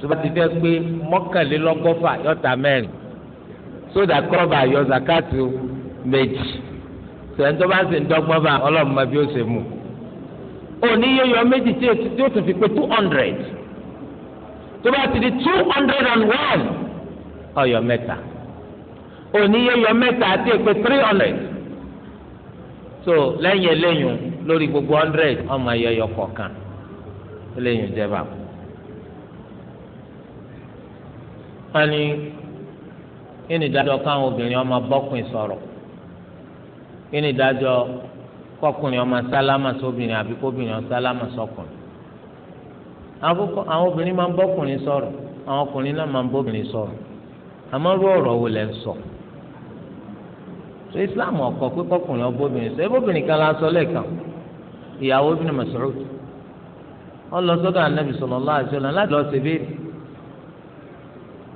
tó bá ti fẹ́ pé mọ́kànlélọ́gọ́fà yọta mẹ́rin sódà kọ́ba yọ zakati méjì sẹ́yìn tó bá sì ń dọ́gbọ́n bá ọlọ́mọ bí ó ṣe mú òní yọyọ méjì tí ó tún fi pé two hundred tó bá ti di two hundred and one ọyọ mẹ́ta òní yọyọ mẹ́ta àti èpè three hundred. so lẹ́yìn eléyìn lórí gbogbo hundred ọmọ ayẹyẹ kọ̀ọ̀kan eléyìn jẹba wọn kí ni obinrin káwọn obìnrin ọmọ bọkùnrin sọ̀rọ̀ kí ni ìdájọ́ kọkùnrin ọmọ sálámà sóbìnrin àbí kóbìnrin ọmọ sálámà sọkùnrin àkókò àwọn obìnrin máa ń bọkùnrin sọ̀rọ̀ àwọn ọkùnrin náà máa ń so islam ọkọ pé kọkùnrin ọbọbìnrin sọ ebóbìnrin kan la sọ lẹ́ẹ̀kan ìyàwó Ibn Mas'ud ọlọ sọ́dọ̀ anabi sallallahu alaihi wasallam láti lọ sí béèrè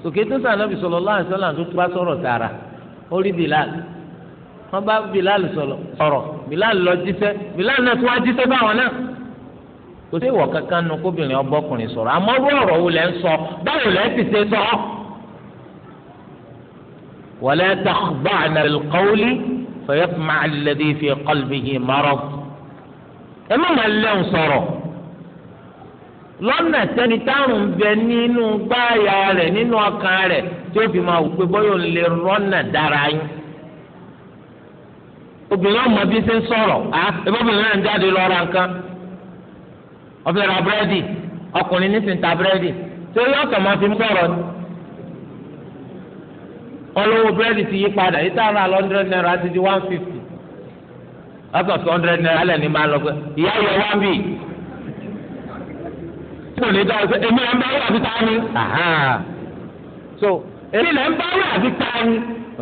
sòkè tó sọ anabi sallallahu alaihi wasallam tó pa sọ̀rọ̀ tààrà ó rí bilal wọn bá bilal sọ̀rọ̀ bilal lọ jíṣẹ́ bilal náà tó wá jíṣẹ́ báwọn náà kò sí ìwọ kankan nu kóbìnrin ọbọkùnrin sọ̀rọ̀ àmọ́ ọ̀rọ̀ wo lẹ ń sọ báwo lẹ ti ṣe sọ ọ. ولا تخضعن بالقول فيطمع الذي في قلبه مرض ẹmọ máa lẹ́hùn sọ̀rọ̀ lọ́nà tẹ́ni táwọn bẹ nínú gbáàyà rẹ̀ nínú ọkàn rẹ̀ tí ó fi máa wù pé bọ́yọ̀ lè rọ́nà dára yín obìnrin ọmọ bí ṣe ń sọ̀rọ̀ á ìbọ̀bìnrin náà ń jáde lọ ra nǹkan ọbẹ̀ ra búrẹ́dì ọkùnrin nísìnyí ta búrẹ́dì tí ó yọ ọkàn máa fi ń sọ̀rọ̀ ni. olówó búrẹ́dì ti yí padà yìí táwọn àlọ́ hundred naira ti di one fifty naira lẹ̀ ní máa lọ pé ìyá yẹ wá bì í. ní dáhùn pé èmi lẹ́ ń bá wà àbí so èmi lẹ́ ń bá wà àbí ta ni.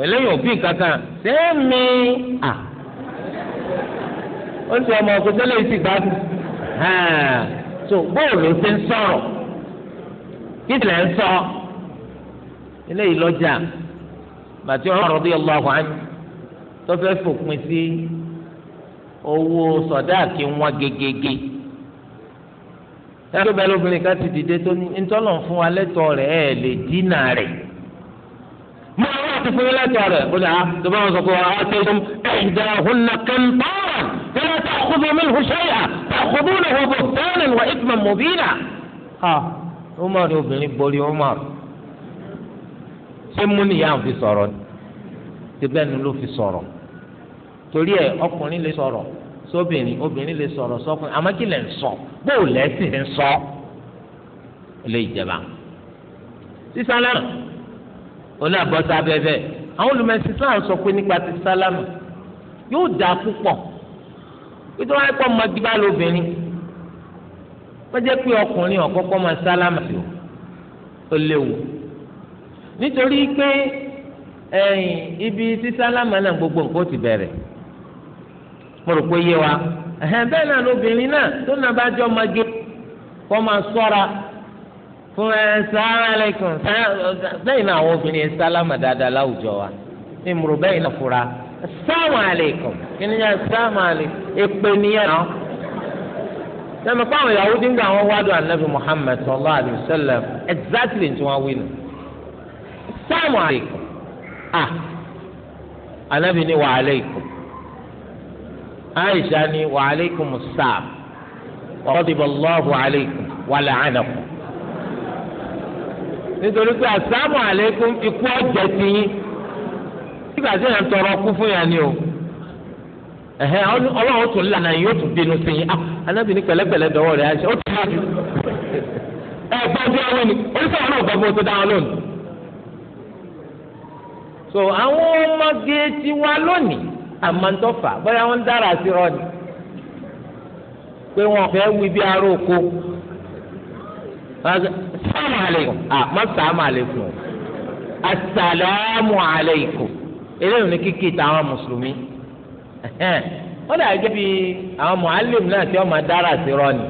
eléyìí ò bí kankan ṣé mi à. ó ń sọ ọmọ ọkọ tẹ́lẹ̀ so bóòlù ń sọ̀rọ̀ kí màtí Umar radiyallahu anhu tó fẹ́ fòpin sí owó sọ̀dáàkì wọn gegege yàtọ̀ bẹ́ẹ̀ lóbìnrin ká ti dìde tó ní ntọ́nà fún wa lẹ́tọ̀ọ́ rẹ̀ ẹ̀ lè dínà rẹ̀ mọ àwọn àti fún lẹ́tọ̀ọ́ rẹ̀ ó dà ah, tó bá wọn sọ pé àwọn àti ẹ̀sùn ẹ̀dá ọ̀hún nà kẹ́ńtọ́ọ̀rọ̀ yàrá tá a kó mi lù sẹ́yà tá a kó bọ̀ tẹ́lẹ̀ wà ìtumọ̀ mọ̀bí nà. ó mọ̀ obìnrin borí ó mọ̀ emu nìyá ń fi sọ̀rọ̀ tibẹ́ nu ló fi sọ̀rọ̀ torí ẹ ọkùnrin lè sọ̀rọ̀ sóbìnrin obìnrin lè sọ̀rọ̀ sọkùnrin àmọ́ kí lè ń sọ bóò lẹ́sìn ń sọ ilé ìjẹba sísálámà oní àbọ̀tá bẹ́ẹ̀ àwọn olùmọ̀ẹ́sì sáà sọ pé nípa ti sálámà yóò dáa púpọ̀ nítorí wọn kọ́ mọ́gí bá lóbìnrin wọ́n jẹ́ pé ọkùnrin ọ̀kọ́kọ́ máa sálámà sí o ó léwu. nítorí pé ẹ̀yìn ibi sísálámà náà gbogbo nǹkan ó ti bẹ̀rẹ̀ mo rò pé wa bẹ́ẹ̀ náà lóbìnrin náà tó náà bá jọ máa gé máa sọ́ra fún ẹ náà àwọn obìnrin ẹ sálámà dáadáa láwùjọ wa bẹ́ẹ̀ náà fura kí ni èpè nìyẹn náà gbà wọ́n wádùn wọ́n sáàmù àlèkùn à anabi ni wà aisha ni wà àlèkùn sáàm ọ̀dìbọ̀lọ́hù àlèkùn wà làánàkùn nítorí pé àsáàmù àlèkùn ikú ọ̀jẹ̀ ti yín nígbà tí yẹn tọrọ kú fún ni o ẹhẹ ọlọ́run tún lànà yìí ó tún bínú sí yín anábì ah, ní pẹ̀lẹ́pẹ̀lẹ́ dọ́wọ́ ya àṣẹ ó ju ẹ so àwọn ọmọge ti wá lónìí àmọ́ntọ́fà bóyá wọ́n dára sí rọ́ọ̀nì pé wọn fẹ́ wí bí aró oko sàmù àlẹ́kùn àmọ́ sàmù àlẹ́kùn o asàlámù àlẹ́kùn eléyìí ní kíkì táwọn mùsùlùmí wọ́n dà gẹ́gẹ́ bí àwọn mọ̀álìm náà tí wọ́n máa dára sí rọ́ọ̀nì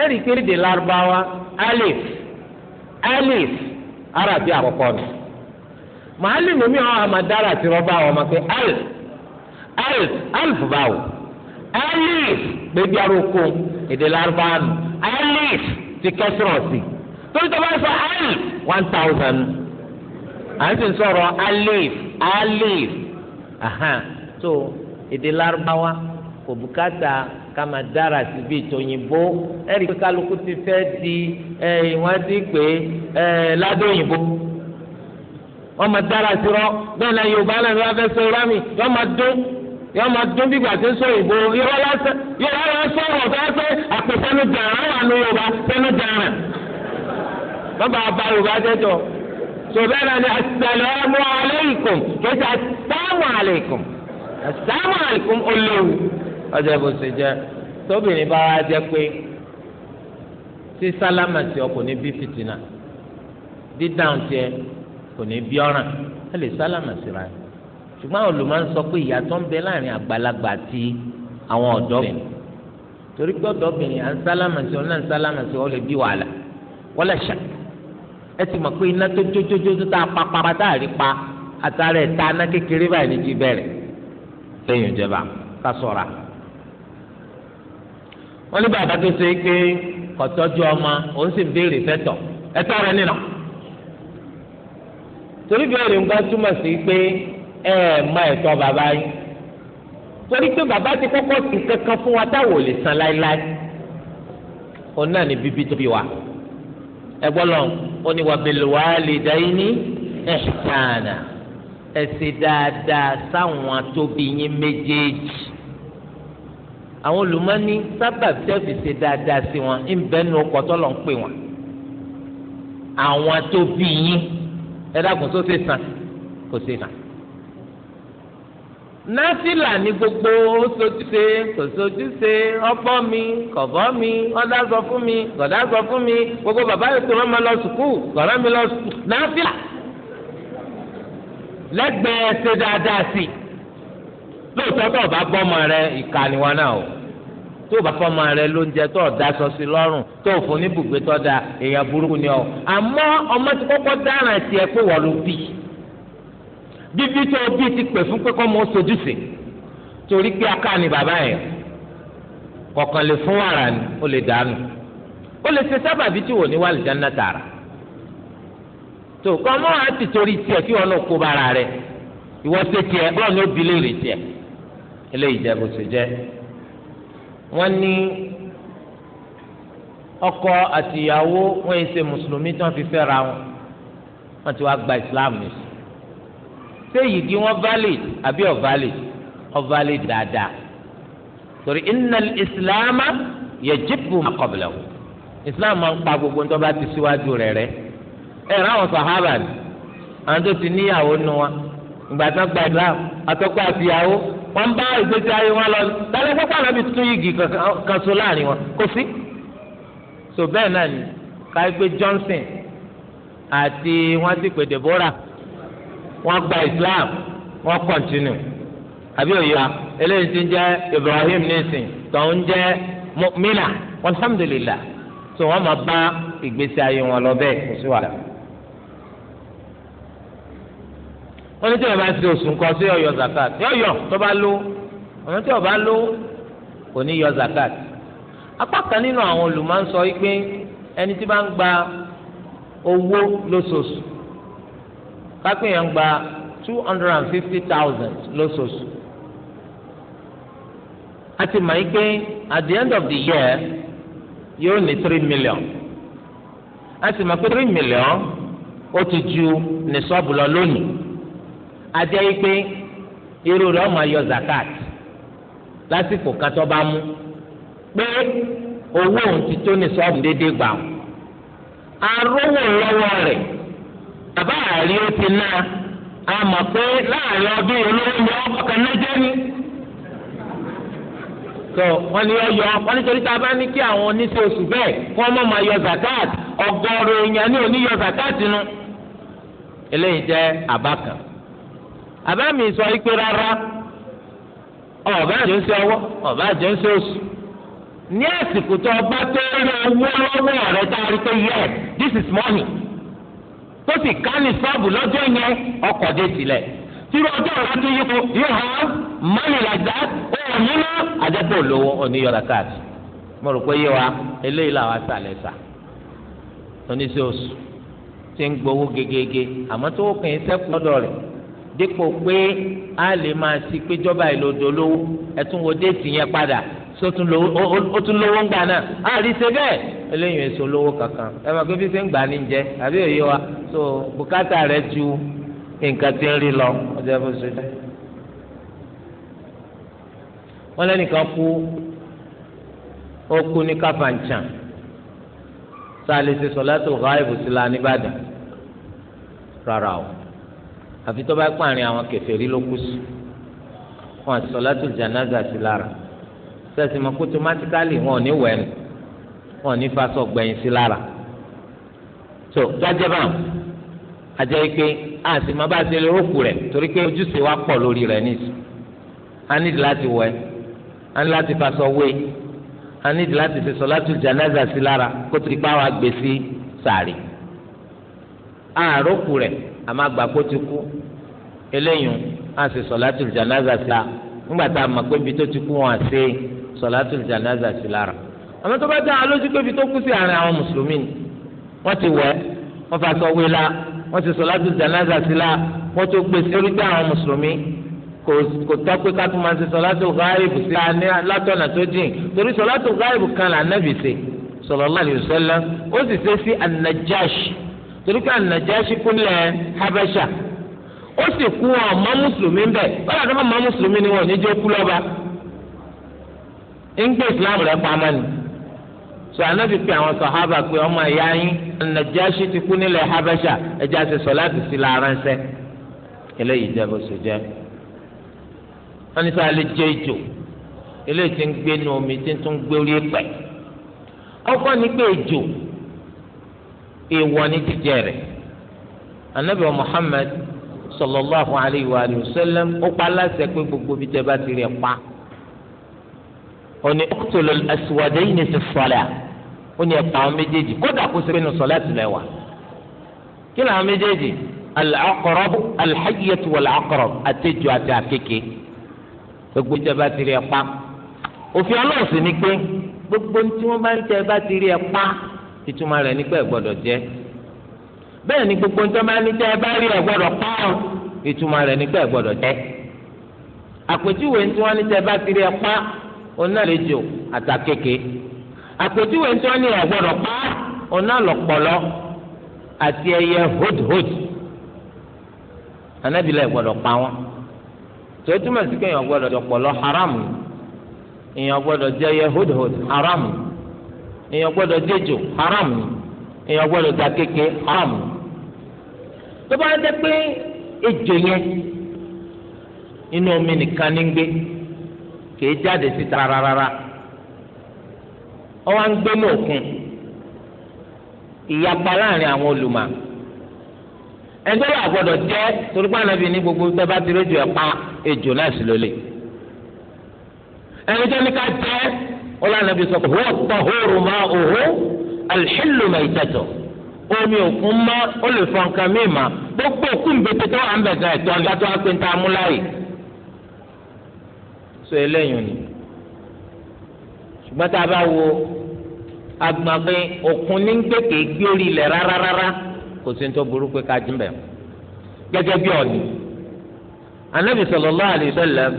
ẹ̀rí kéde lárúbáwá alif alif arabi àkọ́kọ́ nù màálì lómi àwọn àmàdára ti rọba àwọn ọmọ pé alif alif alif báwo alif bébí aroko èdè lárúbá nù alif ti kẹsìrọ̀sì torí tó bá sọ alif one thousand à ń sì sọ̀rọ̀ alif alif so èdè lárúbáwá kò bùkátà kama dára sí bí ìtòyìnbó ẹ̀rí pé kálukú ti fẹ́ di ẹ̀ ìwádìí pé ẹ̀ ládé wọ́n ma dára sí rọ bẹ́ẹ̀ náà yorùbá náà ló fẹ́ sọ mi yọ́n máa dún yọ́n máa dún bí gbàtí sọ ìbò sọ̀rọ̀ yorùbá yorùbá ni kẹsì ọjọ́ bó ṣe jẹ́ tóbìnrin bá wá jẹ́ pé sí sálámà tí ọkùnrin bí dídáhùn kò ní bí ọ̀ràn ẹ lè sálàmà síra ẹ ṣùgbọ́n àwọn olùmọ̀ ń sọ pé ìyàtọ̀ ń bẹ láàrin àgbàlagbà àti àwọn ọ̀dọ́bìnrin torí pé ọ̀dọ́bìnrin à ń sálàmà sí ọ̀nà ń sálàmà sí ọ lè bí wàhálà wọ́lẹ̀ ṣà ẹ ti mọ̀ pé iná tó jójójó tó tá a pa pa àtàrà ẹ̀ ta aná kékeré báyìí ní ti bẹ̀rẹ̀ lẹ́yìn ìjọba ká sọ̀ra wọ́n ní bàbá tó ṣe é pé kọ̀tọ́jú ọmọ òun torí bẹ́ẹ̀rẹ̀ ń bá túmọ̀ sí pé ẹ ẹ̀ mọ ẹ̀tọ́ bàbá yín torí pé bàbá ti kọ́kọ́ sí kankan fún wa táwọn ò lè san láéláé òun náà ní bíbí tó bí wa ẹ gbọ́ lọ ó ní wa bil dáadáa sáwọn tó yín méjèèjì àwọn olùmọ́ni sábà tẹ́fì ṣe dáadáa sí wọn ń bẹ́ẹ̀ ọkọ̀ tọ́lọ̀ ń pè wọ́n àwọn tó yín ẹ dákun tó ṣe sàn kò ṣe sàn. násìlà ni gbogbo ó sojúṣe kò sojúṣe ọ̀pọ̀ mi kọ̀bọ́ mi ọ̀dà sọ fún mi gọ̀dà sọ fún mi gbogbo bàbá yìí tó rán mi lọ sùkúù gọ̀dà mi lọ sùkúù násìlà lẹ́gbẹ̀ẹ́ ṣe dáadáa sí i lóòótọ́ tó o bá gbọ́ ọmọ rẹ ìkànnì wa náà o tó bá fọ́ ọmọ rẹ lóúnjẹ tó ọ̀dà sọ́sí lọ́rùn tó fún ní tó da èèyàn burúkú ni ọ. àmọ́ ọmọ ti kọ́kọ́ dáràn tiẹ̀ pé wọ́n ló bì. bíbí tó o bí ti pè fún pé kọ́ mọ́ sojúṣe torí pé aká ni bàbá yẹn kọ̀ọ̀kan lè fún wàrà ni ó lè dànù ó lè ṣe sábàbí tí wò ní wàlì jáná tààrà. tó kọ́ ọmọ wa ti torí tiẹ̀ kí wọn náà kó bára rẹ ìwọ tiẹ̀ bọ́ọ̀ ni ó bi léèrè tiẹ̀ eléyìí wọ́n ní ọkọ àtìyàwó wọ́n yìí ṣe mùsùlùmí tí wọ́n fi fẹ́ ra wọn wọ́n ti wá gba islam ní sùn ṣé yìgì wọn valid àbí ọ̀ valid ọ̀ valid dáadáa torí innal islam yajibu ma qablahu islam máa ń pa gbogbo ń tọ́ba ti síwájú rẹ̀ rẹ̀ ẹ̀ ráwọn sàhábà ni àwọn tó ti níyàwó nu wọn ìgbà tán gba islam àtọ́kọ àtìyàwó wọn bá ìgbésí ayé wọn lọ lálẹ́ pípa náà bí tuntun yìí gì kan so láàrin wọn kò sí. so bẹ́ẹ̀ náà ni káyọ̀pé Johnson àti wọ́n ti pè Deborah wọ́n gba Islam wọ́n kọ̀ntínú àbí òye wa eléyìí ti ń jẹ́ Ibrahim nisin tòun jẹ́ mu'mina alhamdulilah so wọ́n máa bá ìgbésí ayé wọn lọ bẹ́ẹ̀ kò sí wàhálà. wọ́n ní tí wọ́n bá ṣe oṣù nǹkan sí ọ̀yọ́ zakat yọ̀yọ̀ tó bá lówó àwọn tí wọ́n bá lówó kò ní yọ zakat apá kan nínú àwọn olùmọ̀ ń sọ pé ẹni tí bá ń gba owó lóṣooṣù kápẹ́ yẹn ń gba two hundred and fifty thousand lóṣooṣù a ti mọ̀ pé at the end of the year yóò ní three million a ti mọ̀ pé three million ó ti ju ní sọ́ọ̀bù lọ lónìí. ajẹ́ ipe irú rẹ ọmọ ayọ zakat lásìkò kan tó bá mú pé owó òun ti tó ní sọ́ọ̀bù déédéé gbà
ó arówó lọ́wọ́ rẹ̀ bàbá àrí ó ti ná a mọ̀ pé láàrin ọdún olówó ni kan náà ni
tó ni ọyọ nítorí tá a àbámi sọ ikpe rárá ọba àjọ ń ṣe ọba àjọ ń ṣe oṣù ní àsìkò tó ọba tó rí owó tá a rí pé yẹ this is money tó sì ká ní sọ́ọ̀bù lọ́jọ́ yẹn ọkọ̀ dé tilẹ̀ tírú ọjọ́ ọ̀la tó yípo you have money like that ó ní lọ àjẹpọ̀ lówó oníyọ̀lá káàdì mo rò pé yé wa eléyìí làwọn àtàlẹ̀ sà oníṣẹ́ oṣù ti ń gbowó gegege àmọ́ tó kàn sẹ́kù lọ́dọ̀ rẹ̀ dípò pé a lè máa si péjọba ìlòdò lówó ẹtún wo déètì yẹn padà sótún lówó ó tún lówó ń gbà náà a rí ṣe bẹ́ẹ̀ eléyìí èso lówó kankan ẹ máa pé bí ṣe ń gbà ní jẹ àbí òye wa so bùkátà rẹ ju nǹkan tí ń rí lọ ọjọ́ bó ṣe jẹ́ wọ́n lẹ́nìkan kú ó kú ní káfáǹchàn sálẹ̀ ṣe sọ̀látò ghaibu sí la ní rárá o àfi tó bá pààrin àwọn kèfèrí ló kù sí wọn àti sọlátù jànáza sí lára sẹ́sìn mọ́ kó tomátíkálì wọn ò ní wẹ̀ẹ́nu wọn ò ní fasọ gbẹ̀yìn sí lára tó dájẹ́ bá àjẹ́ pé àti má bá ṣe lè rókù rẹ̀ torí pé ojúṣe wa pọ̀ lórí rẹ̀ nìyí a nídìí láti wẹ̀ a nídìí láti fasọ wé a nídìí láti ṣe sọlátù jànáza sí lára kó tó di pa wá gbé sí àrókù rẹ̀ àmọ́ àgbàpọ̀ ti kú eléyìí á sì sọ̀látùl jánásà sí la nígbà tá a mọ̀ pé ibi tó ti kú wọn á sí sọ̀látùl jánásà sí lára àmọ́ tó bá dá a lójú pé ibi tó kú sí àárín àwọn mùsùlùmí ni wọ́n ti wẹ̀ wọ́n fa sọ wé la wọ́n sì sọ̀látùl jánásà sí la wọ́n tó gbé sí oríta àwọn mùsùlùmí kò tọ́ pé ká tún máa ṣe sọ̀látùl gáìbù sí látọ̀nà tó dìn torí sọ̀látùl gáìbù kan là torípé ànàjáṣí kúnlẹ̀ habẹ́ṣà ó sì kú ọmọ mùsùlùmí ń bẹ̀ báyà tó máa mùsùlùmí ni wọn ò ní jẹ́ kú lọ́ba ń gbé islam rẹ̀ pamọ́ ni sọ anábì pé àwọn sọ̀hábà pé ọmọ ẹ̀yà yín ànàjáṣí ti kú nílẹ̀ habẹ́ṣà ẹja ti sọ láti sí láránṣẹ́ eléyìí jẹ́ bó ṣe jẹ́ wọ́n ní sọ alẹ́ jẹ́ ìjò eléyìí ti ń gbé nu omi tí ń tún gbé orí pẹ̀ ọkọ ní pé ìjò èèwọ̀ ní jíjẹ rẹ̀ anabi muhammed sallallahu alayhi wa sallam ó pa aláṣẹ pé gbogbo bíi tẹ bá ti rẹ̀ pa òní uqtul aswadayni fi salah ó ní ẹ̀ka àwọn méjèèjì kódà kó sẹ́yìn sọ̀lá tilẹ̀ wà kí ni àwọn méjèèjì al-aqrab al-hayyatu àtẹjọ àti àkekèé gbogbo tẹ bá ti rí pa òfin ọlọ́run ni pé gbogbo tí wọ́n bá ń tẹ bá ti rí pa ìtumọ̀ rẹ̀ ní pé ẹ gbọ́dọ̀ jẹ bẹ́ẹ̀ ni gbogbo ntọ́ máa ní tẹ́ ẹ bá rí ẹ gbọ́dọ̀ pọ́ ìtumọ̀ rẹ̀ ní pé ẹ gbọ́dọ̀ jẹ àpèjúwe tí wọ́n ní tẹ́ ẹ bá ti ẹ pa onálejò àtàkékè àpèjúwe tí wọ́n ní ẹ gbọ́dọ̀ pa onálọ̀pọ̀lọ́ àti ẹyẹ hódhód anábìlẹ̀ ẹ gbọ́dọ̀ pa wọn tó túmọ̀ sí kéèyàn gbọ́dọ̀ jọpọ̀lọ́ haram èèyàn gbọ́dọ̀ jẹ ẹyẹ hódhód haram. èèyàn gbọ́dọ̀ déjò haram ni èèyàn kéke haram ni tó bá dé pé ejò yẹn inú omi nìkan ní gbé kìí jáde síta rárára ọwọ́ gbé ní òkun ìyapa láàrin àwọn olùmọ̀ ẹjọ́ yà gbọ́dọ̀ jẹ́ ní gbogbo tẹ́ bá ti rédíò ẹ̀ pa ejò náà sí lólè jẹ́ ọlọ́run ànábì sọ pé wọ́n tọ́ hóró máa òhó alḥílù máa ìtẹ̀tọ̀ omi òkun mọ́ ó lè fọ nǹkan míì mà gbogbo òkun gbèsè tó wà ń bẹ̀ gan ẹ̀tọ́ ni látọ́ pé ń ta amúláyè. sọ eléyìí ni ṣùgbọ́n tá a bá wo agbọ̀ngbìn òkun ní gbèké gbé orí ilẹ̀ rárá kò sí tó burú pé ká jíǹbẹ̀ gẹ́gẹ́ bí ọ̀nì ànábì sallallahu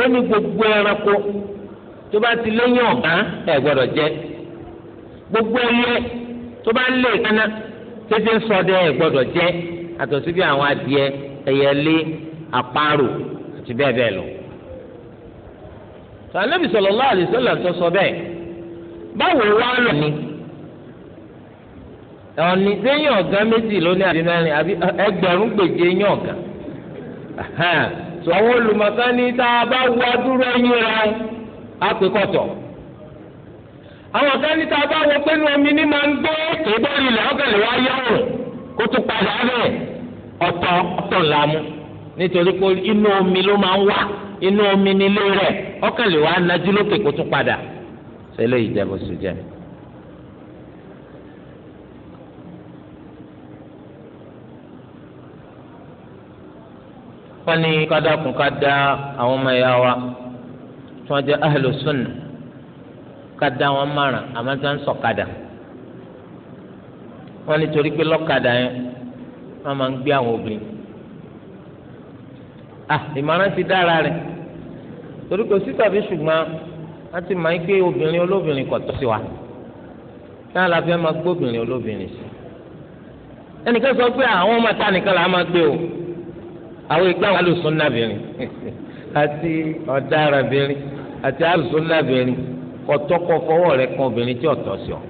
ó ní gbogbo ẹranko tó bá ti lẹ́yìn ọ̀gá ẹ gbọ́dọ̀ jẹ gbogbo ẹyẹ tó bá lé kaná tètè ń ṣọdẹ gbọ́dọ̀ jẹ àtọ̀sí bí àwọn adìẹ ẹyẹlé àparò àti bẹ́ẹ̀ bẹ́ẹ̀ lọ. sàlẹ́bí tó sọ bẹ́ẹ̀ báwo wá lọ ni ọ̀gá méjì àbí ẹgbẹ̀rún gbèjì ẹ̀yìn ọ̀gá. tá a bá wá dúró àpèkọ̀tọ̀ àwọn kan ta bá wọ pé nu omi ní máa ń gbé kébọ́ọ̀lì ilẹ̀ ọ̀gẹ̀lẹ̀ wá yọ̀rùn kó tún padà bẹ́ẹ̀ ọ̀tọ̀ ọ̀tọ̀ là nítorí pé omi ló máa ń wá inú omi nílé rẹ̀ ọ̀gẹ̀lẹ̀ wá nájú lókè kó tún padà ìjẹ́bù sùjẹ́. wọ́n ní kádàkùn ká dá àwọn ọmọ tí wọ́n jẹ́ ahlu sunna ká dá wọn márùn àmọ́ tí wọ́n ń torí pé lọ́kadà yẹn wọ́n máa ń gbé àwọn obìnrin ah ìmọ̀ràn ti dára rẹ̀ torí kò sí tàbí ṣùgbọ́n a ti máa ń gbé obìnrin olóbìnrin kọ̀ tó sí wa tí wọ́n la fẹ́ máa gbóbìnrin olóbìnrin sí ẹnìkan sọ pé àwọn ọmọ ta nìkan là á máa gbé o àwọn ìgbà wọn lò sún nàbìnrin <laughs> àti ọ̀darànbìnrin àti àlùsùnàbìnrin kọtọkọ fọwọ́ rẹ̀ kan obìnrin tí ọ̀tọ̀ sí ọ.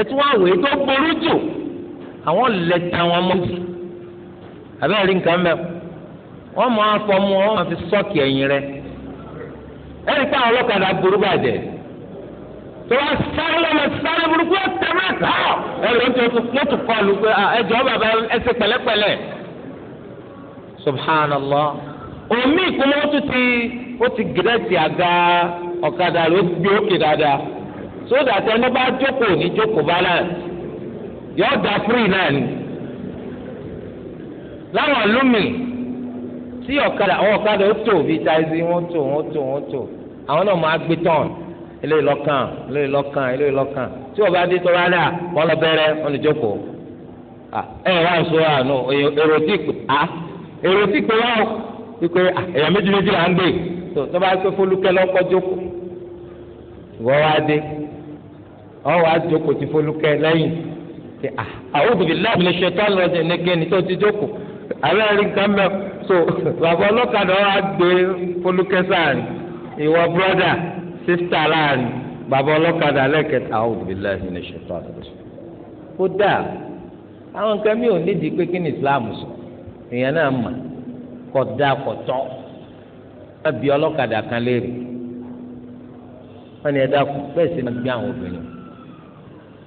ẹtí wọn àwòye tó burú jù àwọn lẹta wọn mọ sí abẹ́rẹ́ nǹkan mẹ́ wọ́n mọ afọmọ wọn máa fi sọ́ọ̀kì ẹ̀yìn rẹ̀ ẹ̀rí pé àwọn ọlọ́kadà burú bàjẹ́ tó wá sáré lọ́mọ sáré burúkú ọ̀tẹ̀ máa kà á ẹ̀rí wọn tó tó tó kọ́ ọ lù pé ẹ̀jọ̀ bàbá ẹsẹ̀ pẹ̀lẹ́pẹ̀lẹ́ subhanallah omi ìkúnlẹ̀ ó tún ti ó ti gírẹ́sì àga ọ̀kadà rẹ̀ ó ti gbé òkè dáadáa sódà tẹ bá jókòó ní jókòó balance yóò da free náà ni láwọn lómi tí ọ̀kadà àwọn ọ̀kadà ó tò bíi táìsì wọ́n tò wọ́n tò wọ́n tò àwọn náà máa gbé tán eléyìí lọ́kàn eléyìí lọ́kàn eléyìí lọ́kàn tí wọ́n bá dé tó bá dà wọ́n lọ bẹ̀rẹ̀ wọ́n lè jókòó ẹ wá sọ àánú èrò tí pé èrò tí wípé ah, èèyàn méjì méjì là ń gbé tó tó bá pé fólúkẹ́ lọ́kọ́ jókòó ìwọ wá dé ọ wá jókòó ti fólúkẹ́ lẹ́yìn ṣe àwọn òbí láàbì lè ṣe tó àlọ́ ṣe nìkẹ́ ni tó ti jókòó àlọ́ rí nǹkan mẹ́ so bàbá ọlọ́kadà wa gbé fólúkẹ́ sáàrin ìwọ bírọ́dà sísítà láàrin bàbá ọlọ́kadà lẹ́kẹ̀ẹ́ta àwọn òbí láàbì lè ṣe tó àlọ́ ṣe kódà àwọn nǹkan mi ni Islam sọ kọ̀dá kọ̀tọ́ wọ́n bí ọlọ́kadà kan léèrè wọ́n ní ẹ dákun bẹ́ẹ̀ sì máa gbé àwọn obìnrin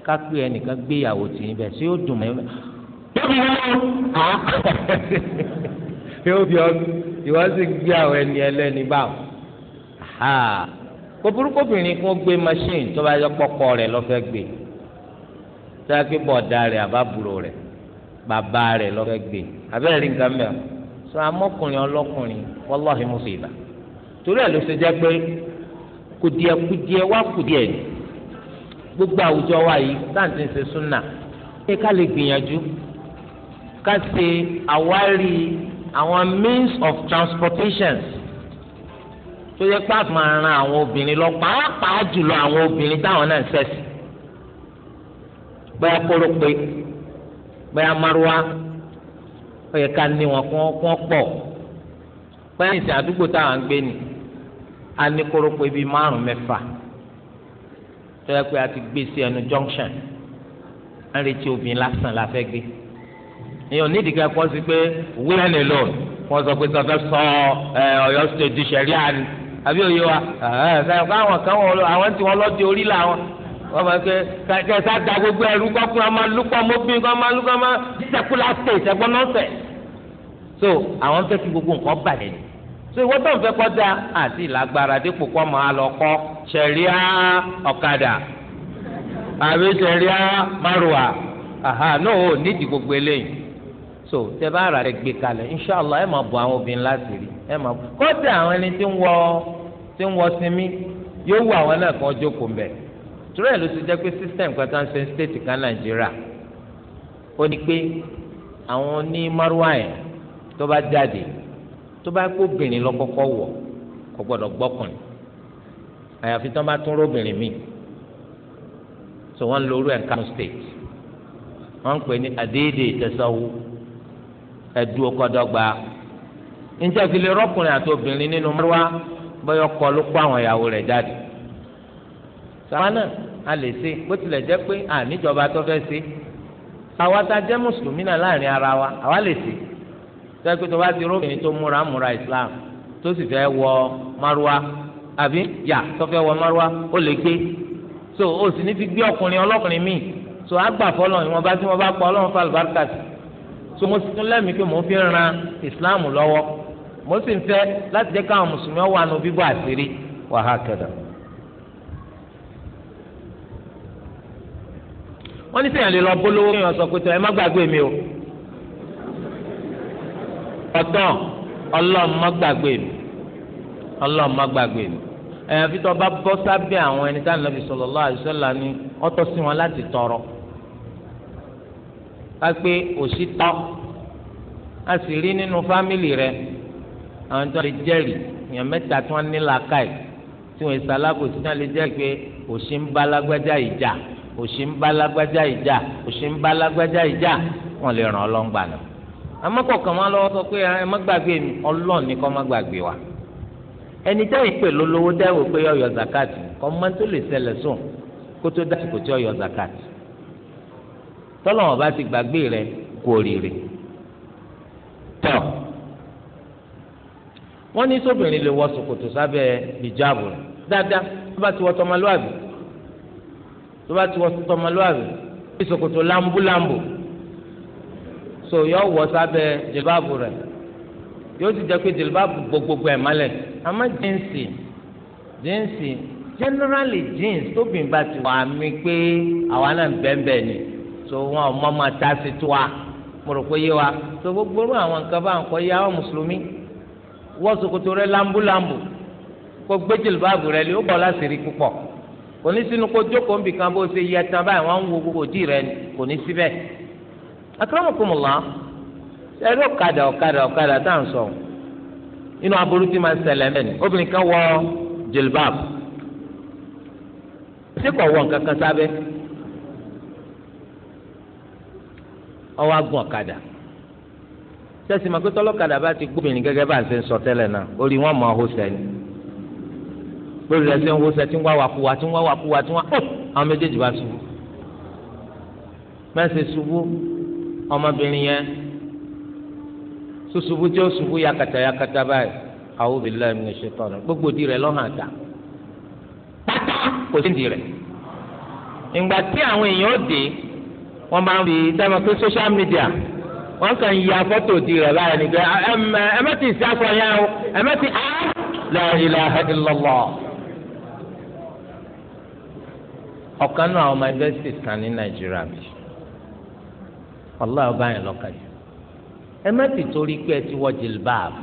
kápẹ́ ẹnìkan gbéyàwó tì í bẹ̀ sí ó dùn mẹ́rin
tóbi wọn á
yóò bí ọdún ìwọ sì gbé àwọn ẹni ẹlẹ́ni báwọn kò burúkú obìnrin kò gbé machine tó bá yẹ kpọkọ rẹ̀ lọ́fẹ́ gbé sáà kí bọ̀dá rẹ̀ àbábúrò rẹ̀ bàbá rẹ̀ lọ́fẹ́ gbé abẹ́rẹ́ nǹkan mẹ́rin sọ amọkùnrin ọlọkùnrin wọlọhìn mùsùlùmí torí ẹ ló ṣe jẹ pé kùdìẹ̀kùdìẹ̀ wá kùdìẹ̀ ni gbogbo àwùjọ wa yìí láǹtí ń ṣe súnà ṣé ká lè gbìyànjú ká ṣe àwárí àwọn means of transportation tó yẹ pé àfihàn ara àwọn obìnrin lọ pàápàá jùlọ àwọn obìnrin táwọn náà ń ṣẹ̀sìn bóyá kórópè bóyá márùwá ó yẹ ká ní wọn kó wọn pọ̀ pẹ́yìn ìsìn àdúgbò táwọn ń gbé ni a ní kórópọ̀ ibi márùn mẹ́fà tó yẹ pé a ti gbé sí ẹnu junction a ń retí obìnrin lásán la fẹ́ gbé èèyàn nídìí ká kọ́ sí pé women alone wọ́n sọ pé sọfẹ́ sọ Ọ̀yọ́ state di sẹ̀ríà ni àbí òye wa ẹ̀ ẹ̀ káwọn kan wọn àwọn tí wọ́n lọ́ọ́ di orí làwọn wọ́n máa ké kẹsà da gbogbo ẹrú kọ́kùnrin ọmọ lukọ́ mọ́bí kọ́ máa lukọ́ máa jíjẹ̀kú la ṣe ìṣẹ́gbọ́n náà fẹ̀. so àwọn fẹ́ kí gbogbo nǹkan bàjẹ́ ni so ìwọ́n tó ń fẹ́ kọjá àti ìlágbára dípò kọ́ máa lọ kọ́ ṣẹ̀ríà ọ̀kadà àbí ṣẹ̀ríà márùwà àhà náà ò nídìí gbogbo eléyìí so tẹ bá ara rẹ gbé kalẹ̀ inṣàlá ẹ máa bọ àwọn obìnrin láti rí ẹ máa bọ torí ẹ̀ ló ti jẹ́ pé system kan tá ń ṣe state kan nàìjíríà ó ní pé àwọn oní márùwá yẹn tó bá jáde tó bá kó obìnrin lọ́kọ́kọ́ wọ̀ kò gbọ́dọ̀ gbọ́kùnrin àyàfi tó bá tún róbìnrin míì so wọ́n lo orú ẹ̀ kánú state wọ́n ń pè ní àdéédé ìtẹ̀sọ́wó ẹ̀dú ọkọ̀dọ́gba níjẹ́ fi lè rọ́kùnrin àti obìnrin nínú márùwá bọ́yọ̀ kọ́ ló kó àwọn ìyàwó rẹ̀ jáde sàwọn náà a lè ṣe bó tilẹ̀ jẹ́ pé àníjọba tó fẹ́ ṣe àwa ta jẹ́ mùsùlùmí náà láàrin ara wa àwa lè ṣe sẹ́kpẹ́ tó bá ti róbìnrin tó múra múra islam tó sì fẹ́ wọ márùá àbí yà tó fẹ́ wọ márùá ó lè gbé so o sì ní fi gbé ọkùnrin ọlọ́kùnrin míì so àgbà fọlọ́ ìwọ̀nba tí wọ́n bá pa ọlọ́run fàlùbáríkà sí so mo sì tún lẹ́mìí pé mò ń fi ran islam lọ́wọ́ mo sì ń fẹ́ láti jẹ́ káwọn mùsùlùmí wà nù bíbọ̀ àṣírí wàhálà kẹdàá. wọ́n ní sèyàn lè lọ bólówó kí wọ́n sọ pé tó ẹ má gbàgbé mi o ọ̀tọ̀ ọlọ́run má gbàgbé mi ọlọ́run má gbàgbé mi ẹ̀yàn fi tọ́ bá bọ́ sábẹ́ àwọn ẹni tá Ànábì sallallahu alaihi wasallam ni ọtọ́ sí wọn láti tọrọ kápé òsì tọ́ a sì rí nínú fámìlì rẹ àwọn tó lè jẹ́rìí èèyàn mẹ́ta tí wọ́n ní làákàyè tí wọ́n ṣe alákòóso náà lè jẹ́rìí pé òsì ń bá lágbájá ìjà òṣì ń bá lágbájá ìjà òṣì ń bá lágbájá ìjà wọn lè ràn ọ lọ́ngbà náà amákọ̀ọ̀kan máa lọ́wọ́ sọ pé ẹ má gbàgbé mi ọlọ́ọ̀ ni kọ́ má gbàgbé wa ẹni tẹ́ ìpè lólówó tẹ́ wò pé ọyọ zakat kọ́ mọ́ tó lè ṣẹlẹ̀ sùn kó tó dá ìkòtí ọyọ zakat tọ́lọ́wọ́n bá ti gbàgbé rẹ kú oríire tọ́ wọ́n ní sóbìnrin lè wọ ṣòkòtò sábẹ́ ìjáàbù dáadáa bá ti wọ tọmọlúwàbí tó bá ti wọ sọmọlúwàbí bí ṣòkòtò lambúlambù so yóò wọ sábẹ́ jìlbáàbù rẹ̀ yóò ti jẹ́ pé jìlbáàbù gbogbogbò ẹ̀ mọ́lẹ̀ àmọ́ jíǹsì jíǹsì generally jeans tóbìn bá ti wà mí pé àwa náà ń ni so wọn ò mọ́ máa ta sí tiwa mo rò yé wa so gbogbo irú àwọn nǹkan bá ń kọ́ yé àwọn mùsùlùmí wọ́n ṣòkòtò rẹ̀ lambúlambù kó gbé jìlbáàbù rẹ̀ lé ó bọ̀ láti rí púpọ̀. kò ní sínú kó jókòó nbì kan bó ṣe yẹ tán báyìí wọ́n ń wo gbogbo dì rẹ kò ní síbẹ̀. akramakumullah ọ̀kadà ọ̀kadà ọ̀kadà tá à ń sọ inú aburú ti máa ṣẹlẹ̀ mẹ́ni obìnrin kan wọ jilbab ṣé kò wọ nǹkan kan sábẹ́ ọwọ́ agun ọ̀kadà sẹ́sìn pé tọ́lọ́kadà bá ti gbóbìnrin gẹ́gẹ́ bá ń ṣe ń sọ tẹ́lẹ̀ náà orí wọn lórí rẹ̀ ṣe ń wọ́sẹ̀ tí ń wá wàkúwà tí ń wá wàkúwà tí ń wá àwọn méjèèjì bá ṣubú bẹ́ẹ̀ ṣe ṣubú ọmọbìnrin yẹn ṣùṣubú tí ó ṣubú yakata yakata báyìí àwọn òbí lẹ́yìn ní ṣe tọ̀nà gbogbo di rẹ̀ lọ́hàn àtà pátá kò sí di rẹ̀ ìgbà tí àwọn èèyàn dé wọ́n máa ń fi dáná pé social media wọ́n kàn ya fọ́tò di rẹ̀ báyìí nígbà ẹ mẹ́tì sí aṣọ yẹn o ẹ mẹ́tì á ah, la ilaha illallah. ọ̀kan náà àwọn ọmọ yunifásitì kan ní nàìjíríà bí ọlọ́ọ̀bá yẹn lọ́kàn jù ẹ má ti torí pé ẹ ti wọ jìlbáàbù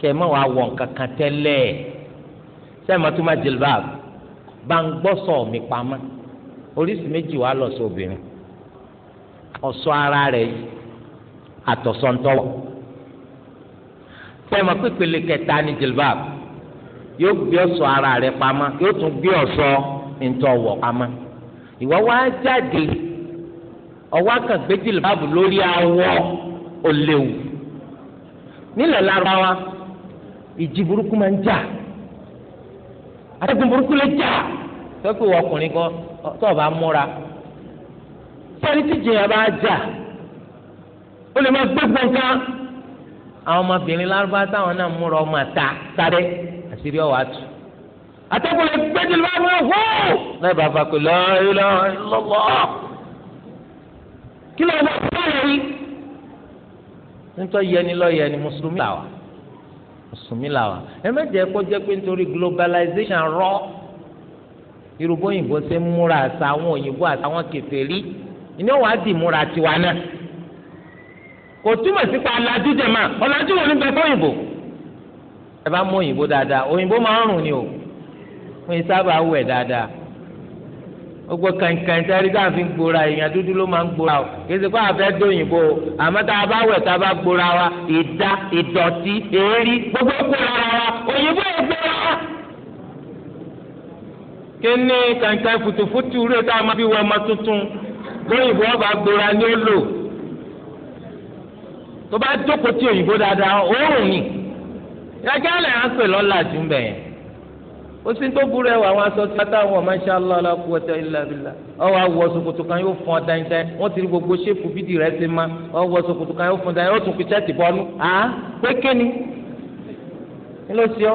kẹ má wàá wọ nǹkan kan tẹ́lẹ̀ sẹ́ẹ̀ má tún má jìlbáàbù bá ń gbọ́ sọ mi pamọ́ oríṣi méjì wàá lọ sí obìnrin ọ̀ṣọ́ ara rẹ̀ yìí àtọ̀sọ́ntọ́wọ̀ sẹ́ẹ̀ má pípele kẹta ní jìlbáàbù yóò gbé ọ̀ṣọ́ ara rẹ̀ pamọ́ yóò tún gbé ọ̀ṣọ́ ntọ́ wọ̀ ama ìwọ wá jáde ọwọ́ akàgbéjìlì lórí awọ ó léwu ìjì burúkú máa ń jà burúkú lè jà wọ ọkùnrin kan tó o múra sẹ́ni tíjì yẹn bá jà ó lè má nǹkan àwọn ọmọbìnrin Lárúbáwá táwọn náà múra ọmọ sáré atẹ́kùn lè gbé jùlọ bá wọn hó náà bàbá kò lọ ilọ lọ́wọ́ kí ló ń bá báyìí rí nítorí yẹni lọ yẹni mùsùlùmí làwà mùsùlùmí làwà ẹ mẹjẹ kó jẹ pé nítorí globalization rọ irúgbó òyìnbó ṣe ń múra àṣà àwọn òyìnbó àtàwọn kèfèrí ìní wọn á di múra tiwa náà kò túmọ̀ sí pa ọ̀làjú jẹ̀ máa ọ̀làjú wọn ní bẹ́ẹ̀ fún òyìnbó ẹ bá mú òyìnbó dáadáa òyìnbó máa ń rùn ni o wọn yìí sábà wẹ̀ dáadáa gbogbo kankan sẹ́rí tá a fi ń gbóra èèyàn dúdú ló máa ń gbóra o kì í ṣe pé a fẹ́ dóyìnbó o àmọ́ tá a bá wẹ̀ tá a bá gbóra wa ìdá ìdọ̀tí èérí gbogbo gbóra wa òyìnbó ò gbóra wa. kí ni kankan fùtùfùtù rẹ̀ tá a máa fi wọ ọmọ tuntun lóyìnbó ọba gbóra ni ó lò tó bá jókòó tí òyìnbó dáadáa òórùn ni ìdájọ́ àlẹ́ à ń pè lọ́la jù ń bẹ̀yẹn ó sì ń tó burú ẹwà àwọn aṣọ tí ata wọ mashallah la quwwata illa billah ọwọ awọ ṣòkòtò kan yóò fọn dáńtẹ wọn ti rí gbogbo ṣéèpù bídìí rẹ ti ma ọwọ ṣòkòtò kan yóò fọn dáńtẹ yóò tún fi ṣẹ́ẹ̀tì bọ́nú à á pé kéni ńlọ sí ọ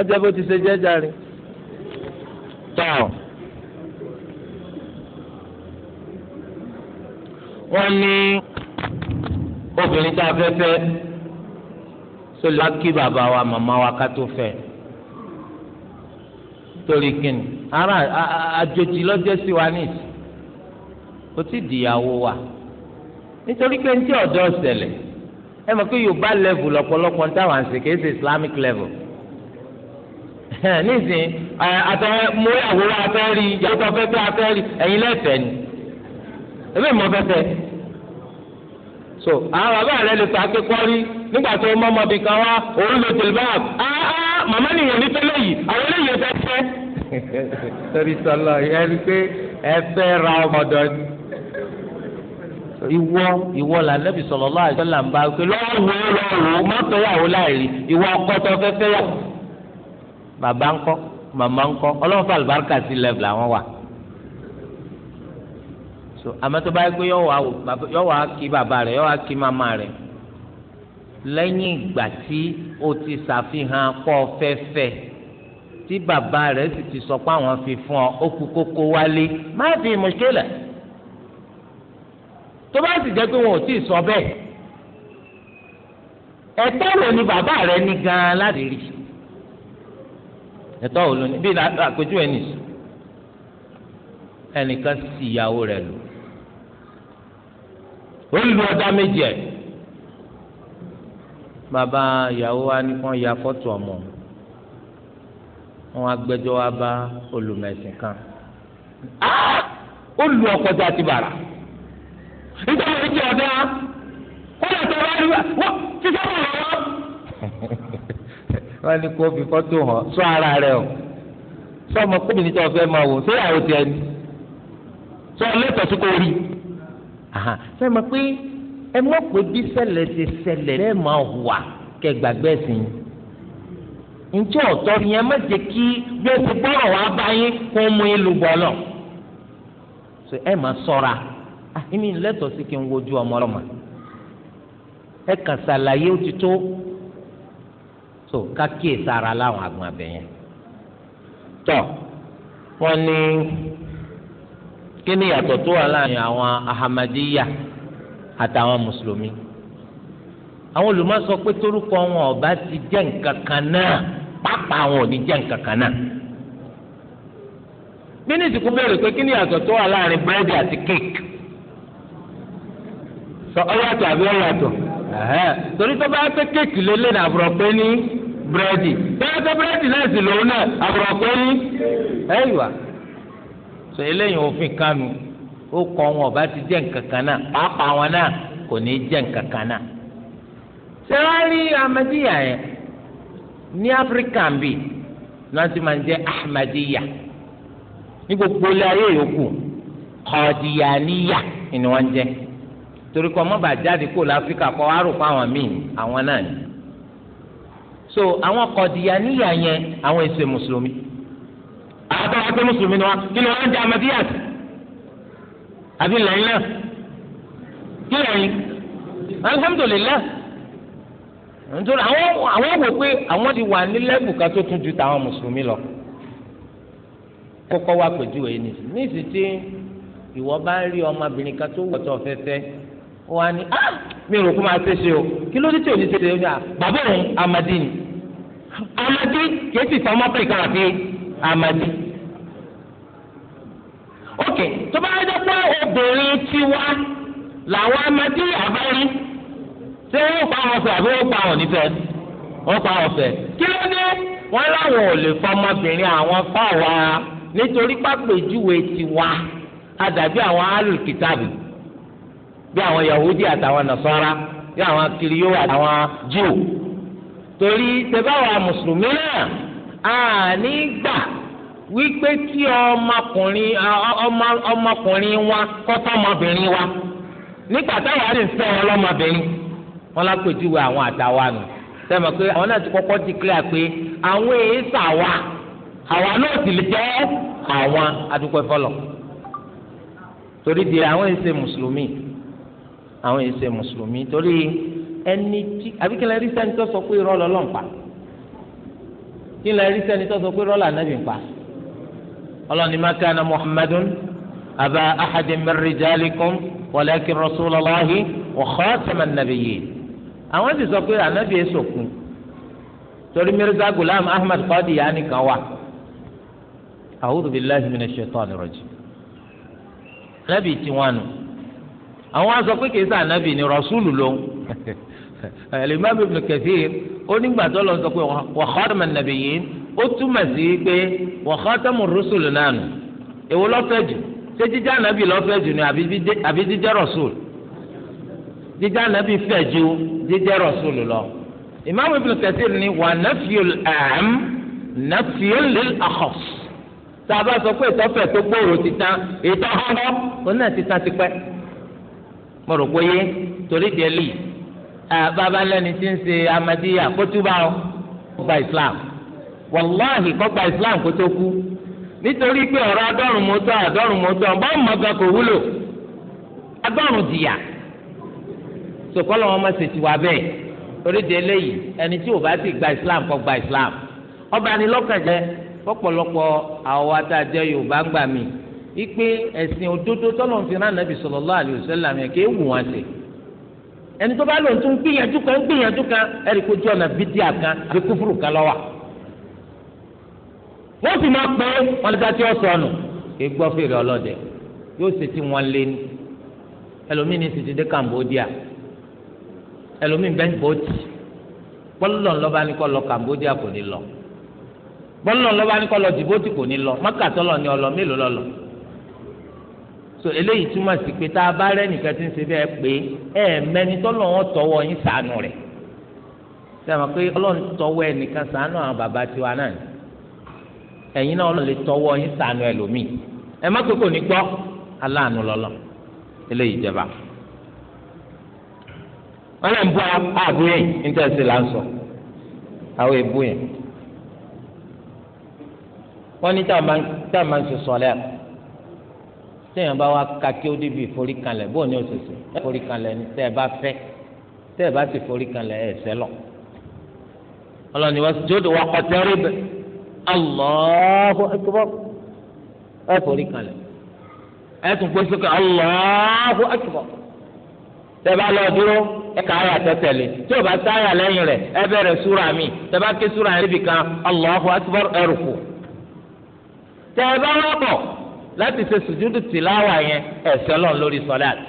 ọjọ́ bó ti ṣe jẹ́jà rẹ. tọ́ wọ́n ní obìnrin tá a fẹ́ fẹ́ sọlá kí bàbá wa màmá wa ká tó fẹ́ torí kíni ara àjòjì lọ́jọ́ sí wa ní ìsìn kò tí dìyàwó wa nítorí pé ní tí ọ̀dọ́ ṣẹlẹ̀ ẹ mọ̀ pé yorùbá level lọ́pọ̀lọpọ̀ ń táwọn àǹsì kìí ṣe islamic level <laughs> nísìn àtàwọn mú ìyàwó wa fẹ́ rí ìyàwó tó fẹ́ fẹ́ fẹ́ rí ẹ̀yin lẹ́fẹ̀ẹ́ ni ẹ̀mí mọ̀ fẹ́ so àwọn bàbá rẹ lè fà á ké kọ́rí nígbà tó mọ ọmọ bìkan wá òun lò tèlè báà
áá
màmá nìyẹn ní tẹ́lẹ̀ yìí àwọn eléyìí ẹ̀fẹ́ fẹ́. sọ́rí <laughs> sọ́lọ́ ẹ rí i pé ẹ fẹ́ ra ọmọdọ̀ ni. ìwọ ìwọ là nẹ́bí sọ̀rọ̀ lọ́wọ́ àìsàn là ń bá pé lọ́wọ́ lọ́wọ́ mọ́tòyàwó láìrí ìwọ ọkọ tó fẹ́ fẹ́ yà. bàbá ńkọ́ màmá ńkọ́ ọlọ́run fún àlùbáríkà sí lẹ́vù làwọn wà so àmọ́ tó bá yẹ pé yọ wá kí bàbá rẹ̀ yọ wá kí màmá rẹ̀ lẹ́yìn ìgbà tí o ti ṣàfihàn pọ̀ fẹ́fẹ́ tí bàbá rẹ̀ sì ti sọ pé àwọn fi fún ọ ó kú kókó wálé má fi mùṣkílà tó bá sì jẹ́ pé wọn ò tí ì sọ bẹ́ẹ̀ ẹ̀tọ́ wo ni bàbá rẹ̀ ní gan-an láti rí ẹ̀tọ́ wo ló ní bí àpèjúwe nì ẹnìkan sì ìyàwó rẹ̀ lò ó lu ọ̀dà méjì ẹ̀ bàbá ìyàwó wa ní kàn ya fọ́tò ọmọ wọn agbẹjọ́ wa bá olùmẹ̀sìn kan ó lu ọkọjá ti bàrà nítorí wọn ti ọdẹ wa kódà tó wá rí wa
títí wọn lọ.
wọn ní kó fi fọ́tò hàn sọ ara rẹ o sọ ọmọ kóbìnrin tí wọn fẹ́ máa wò sí àwọn tiẹ̀ ni sọ ọ lẹ́tọ̀ọ́ sí kò rí sọ ma pé ẹ mọ̀ pé bí ṣẹlẹ̀ ṣe ṣẹlẹ̀ lẹ́ẹ̀ máa hùwà kẹ gbàgbẹ́ sí i njẹ́ ọ̀tọ̀ yẹn má jẹ́ kí bí ó ti gbọ́rọ̀ bá yín kó mú yín lu bọ́lọ̀ so ẹ máa sọ́ra àmì ah, lẹ́tọ̀ọ́ sí kí n wojú ọmọ ọlọ́mọ ẹ kàn ṣàlàyé ó tó so kákíyè sára láwọn àgbọn abẹ yẹn tọ wọn ní kí ni yàtọ̀ tó wà láàrin àwọn ahamadiya. àtàwọn mùsùlùmí àwọn olùmọ̀ sọ pé torúkọ wọn ọba ti jẹ nǹkan kan náà pápá wọn ò ní jẹ́ nǹkan kan náà mínísì kún bẹ̀rẹ̀ pé kí ni àtọ̀ wà láàrin búrẹ́dì àti kéèkì sọ ọyàtọ̀ àbí ọyàtọ̀ torí tó bá pé kéèkì lélẹ̀ ní àbúrò pé ní búrẹ́dì bẹ́ẹ̀ tó búrẹ́dì náà sì lòun náà àbúrò pé ní sọ eléyìí òfin kánú. ó kọ wọn ọba ti jẹ nǹkan náà pàápàá wọn náà kò ní í jẹ́ nǹkan náà. sẹ́wárí ahmadiyya yẹn ní áfíríkà ń bì náà máa ń jẹ́ ahmadiyya ní gbogbo ilé ayé yòókù kọ̀ọ̀dìyàníyà ni wọ́n ń jẹ́ torí kọ́ mọ́bà jáde so àwọn yẹn àwọn èso mùsùlùmí. mùsùlùmí ni kí ni ń àbí lẹ́yìn náà kí lẹ́yìn alhamdulilayi nítorí àwọn àwọn wò pé àwọn ti wà ní lẹ́bù ká tó tún ju tàwọn mùsùlùmí lọ kọ́kọ́ wá pẹ̀júwe ní ní ìsìtí ìwọ bá ń rí ọmọbìnrin kan tó wọ̀tọ̀ fẹ́fẹ́ wà ní á ah, mi rò kó máa ṣe ṣe o kí ló dé tí ò ní ṣe ṣe ṣe ah, bàbá òun amadi ni amadi kì í sì sọ ọmọ pé ìkàwé amadi òkè tó bá yẹ pé obìnrin tiwa làwọn amadé àbárí ṣé ó pa àwọn ọ̀fẹ́ àbí ó pa àwọn nífẹ̀ẹ́ ó pa àwọn ọ̀fẹ́ kí ló dé wọn láwọn ò lè fọmọbìnrin àwọn fáwa nítorí pápẹ́júwe tiwa àdàbí àwọn alùkìtàbì bí àwọn Yahudi àtàwọn Nasara bí àwọn kiriyó àtàwọn Jíù torí tẹ́báwá mùsùlùmí náà àní gbà wípé tí ọmọkùnrin ọmọkùnrin wa kọ́tọ́ ọmọbìnrin wa nígbà táwọn àrè ń fẹ́ wọn lọ́mọbìnrin wọn lápèjúwe àwọn àtàwa nù sẹ́mi pé àwọn náà ti kọ́kọ́ ti clear pé àwọn èyí sàwa àwa náà sì lè jẹ́ àwọn adúpẹ́ fọlọ́ torí di àwọn èyí ṣe mùsùlùmí àwọn èyí ṣe mùsùlùmí torí ẹni tí àbíkẹ́lẹ́ rí sẹ́ni tó sọ pé irọ́ lọ́lọ́ ń pa kí lẹ́ rí sẹ́ni tó sọ pé irọ́ làná bì ń pa ọlọ́ni makana muhammadun aba ahadin min rijalikum walakin rasulallahi wa khataman nabiyyin àwọn sì sọ pé ànábì èso kún torí mirza gulam ahmad qadiyani kan wà a'udhu billahi minash shaitani rajim ànábì tiwọn nù àwọn á sọ pé kìí sàn ànábì ni rasúlù ló ń <laughs> alimami ibn kathir onígbàtọ́ lọ sọ pé wa khataman nabiyyin ó túmọ̀ sí pé wa khatamur rusul náà nù èwo lọ́fẹ̀ẹ́ jù ṣé jíjẹ́ ànábì lọ́fẹ̀ẹ́ jù ni àbí jíjẹ́ rọ̀ṣùl jíjẹ́ ànábì fẹ̀ ju jíjẹ́ rọ̀ṣùl lọ. Imam Ibn Kathir ni wà nafiyul a'am nafiyul lil akhas tá a bá sọ pé ìtọ́fẹ̀ tó gbòòrò ti tán ìtọ́ ọ̀họ́ òun náà ti tán tipẹ́ mo rò pé yé torí délì bàbá lẹ́ni tí ń ṣe amadíyà kó túbà ó gba Islam. wàláhì kọ́gbà islam kó tó kú nítorí pé ọ̀rọ̀ adọ́rùn mọ́tò adọ́rùn mọ́tò ọ̀bá mọ́gà kò wúlò adọ́rùn dìyà sòkòlò wọn má bẹ́ẹ̀ eléyìí ẹni tí ò bá ti gba islam kọ́ islam ọba ni pọ̀pọ̀lọpọ̀ àwọn ipe ẹ̀sìn òdodo tọ́lọ̀ ń fi rán nàbì wù ẹni tó bá lò ń kan gbìyànjú kan wọ́n sì máa pé wọn lè kí gbọ́ fèrè ọlọ́dẹ yóò ṣe tí wọ́n lé ní ẹlòmíín ní sèṣin dé Cambodia ẹlòmíín bẹ́ẹ̀ bọ́ọ̀tì bọ́lọ̀ ńlọ́ba ní lọ Cambodia kò ní lọ bọ́lọ̀ ńlọ́ba ní kọ́ lọ Djibouti kò ní lọ mọ́kàtọ́lọ́ ni ọlọ mélòó lọ́lọ́ so eléyìí túmọ̀ sí pé tá a bá rẹ́ nìkan tí ń ṣe bẹ́ẹ̀ pé tọ́lọ̀ wọn tọwọ́ yín rẹ̀ sẹ́wọ̀n pé ọlọ́run tọwọ́ ẹ̀yin náà lè tọwọ́ yín sànù ẹlòmíì ẹ má pé kò ní gbọ́ aláàánú lọ́lọ́ eléyìí jẹba
wọn lè ń bú àbú yẹn
níta ẹsẹ là ń sọ àwọn èbú yẹn wọn ní táwọn máa ń sọ sọlẹ tẹyàn bá wá ka kí ó débi ìforí kanlẹ̀ bóun ní òṣèṣe ìforí kanlẹ̀ ní tẹ ẹ bá fẹ́ tẹ ẹ bá sì forí kanlẹ̀ ẹsẹ lọ ọlọni wọn jódò wọn kọtẹ rí bẹ́ẹ̀. Allahu akbar ẹ forí kalẹ̀ ẹ tún gbé sókè Allahu akbar tẹ́bá lọ dúró ẹ kà áyà tẹ́tẹ̀lé tí o bá sáyà lẹ́yìn rẹ̀ ẹ bẹ̀rẹ̀ súra mi tẹ́bá ké súra yẹn níbi kan Allahu akbar ẹrùkù tẹ́bá lọ́bọ̀ láti ṣe sùjúdù tìláwà yẹn ẹ̀sẹ̀ lọ́n lórí sọ́láàtì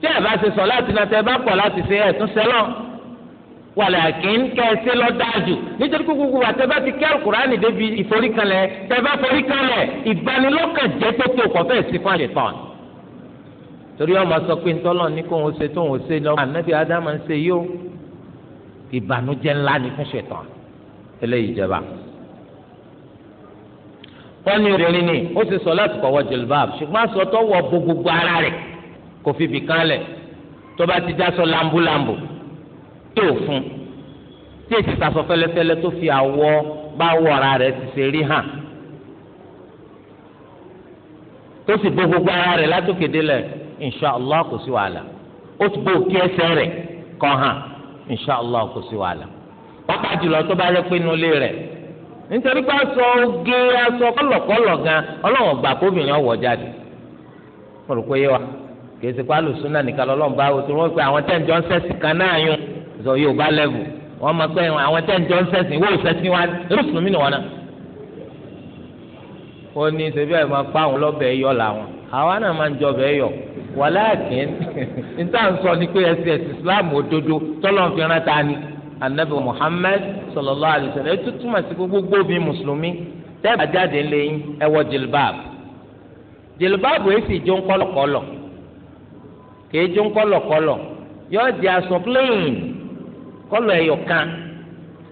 tí ṣe sọ́láàtì náà tẹ́bá pọ̀ láti ṣe ẹ̀tún sẹ́lọ̀n wàlàkín kẹsẹ lọdáàjù nítorí kúkú wa tẹ bá ti kí alukurani débi ìforíkanlẹ̀ tẹ bá foríkanlẹ̀ ìbanilọ́kàn jẹ́ tó tó kọfẹ́ sí fún àṣetán torí ọmọ sọ pé ntọ́lọ́ ní kó ń ṣe tó ń ṣe lọ́wọ́ ànábì ádámà ń ṣe yó ìbànújẹ́ ńlá ni fún ṣetán eléyìí jẹba wọ́n ní obìnrin ni ó ti sọ láti kọ̀wọ́ jilbab ṣùgbọ́n aṣọ tó wọ bo gbogbo ara rẹ̀ kò fi bìkan lẹ̀ tó bá ti dá sọ làǹbùlàǹbù tí ò fún tí èsì sasọ fẹlẹfẹlẹ tó fi àwọ bá ara rẹ ti ṣe rí hàn tó sì bó gbogbo ara rẹ látòkè délẹ̀ inshàlá kò sí wàhálà ó ti bó kí ẹsẹ̀ rẹ kàn hàn inshàlá kò sí wàhálà ọkà jùlọ tó bá rẹ pé inú ilé nítorí pé aṣọ kọlọkọlọ gan kóbìnrin jáde mo rò pé wa kì í ṣe nìkan lọ́lọ́run tó sọ yorùbá lẹ́vù wọ́n máa pẹ́ àwọn tẹ́ ń jọ ń sẹ́sìn wọ́n ò sẹ́sìn wá rúùsùn mí nìwọ̀n náà. ó ní ṣebí ẹ̀ máa pa àwọn lọ́bẹ̀ ẹ̀yọ làwọn àwa náà máa ń jọbẹ̀ ẹ̀yọ wàláàkín níta ń sọ ni pé ẹsẹ̀ ẹ̀sìn islam òdodo tọ́lọ́ fi rán ta ni anabi muhammed sallallahu alaihi wasallam ètò túmọ̀ sí gbogbo bí mùsùlùmí tẹ́ẹ̀bà jáde lẹ́yìn ẹ wọ jìlbáàbù jìlbáàbù èsì jó ń kọ́lọ̀kọ́lọ̀ kì í jó ń kọ́lọ̀kọ́lọ̀ yóò di aṣọ plain kọ́lọ̀ ẹ̀yọ̀ kan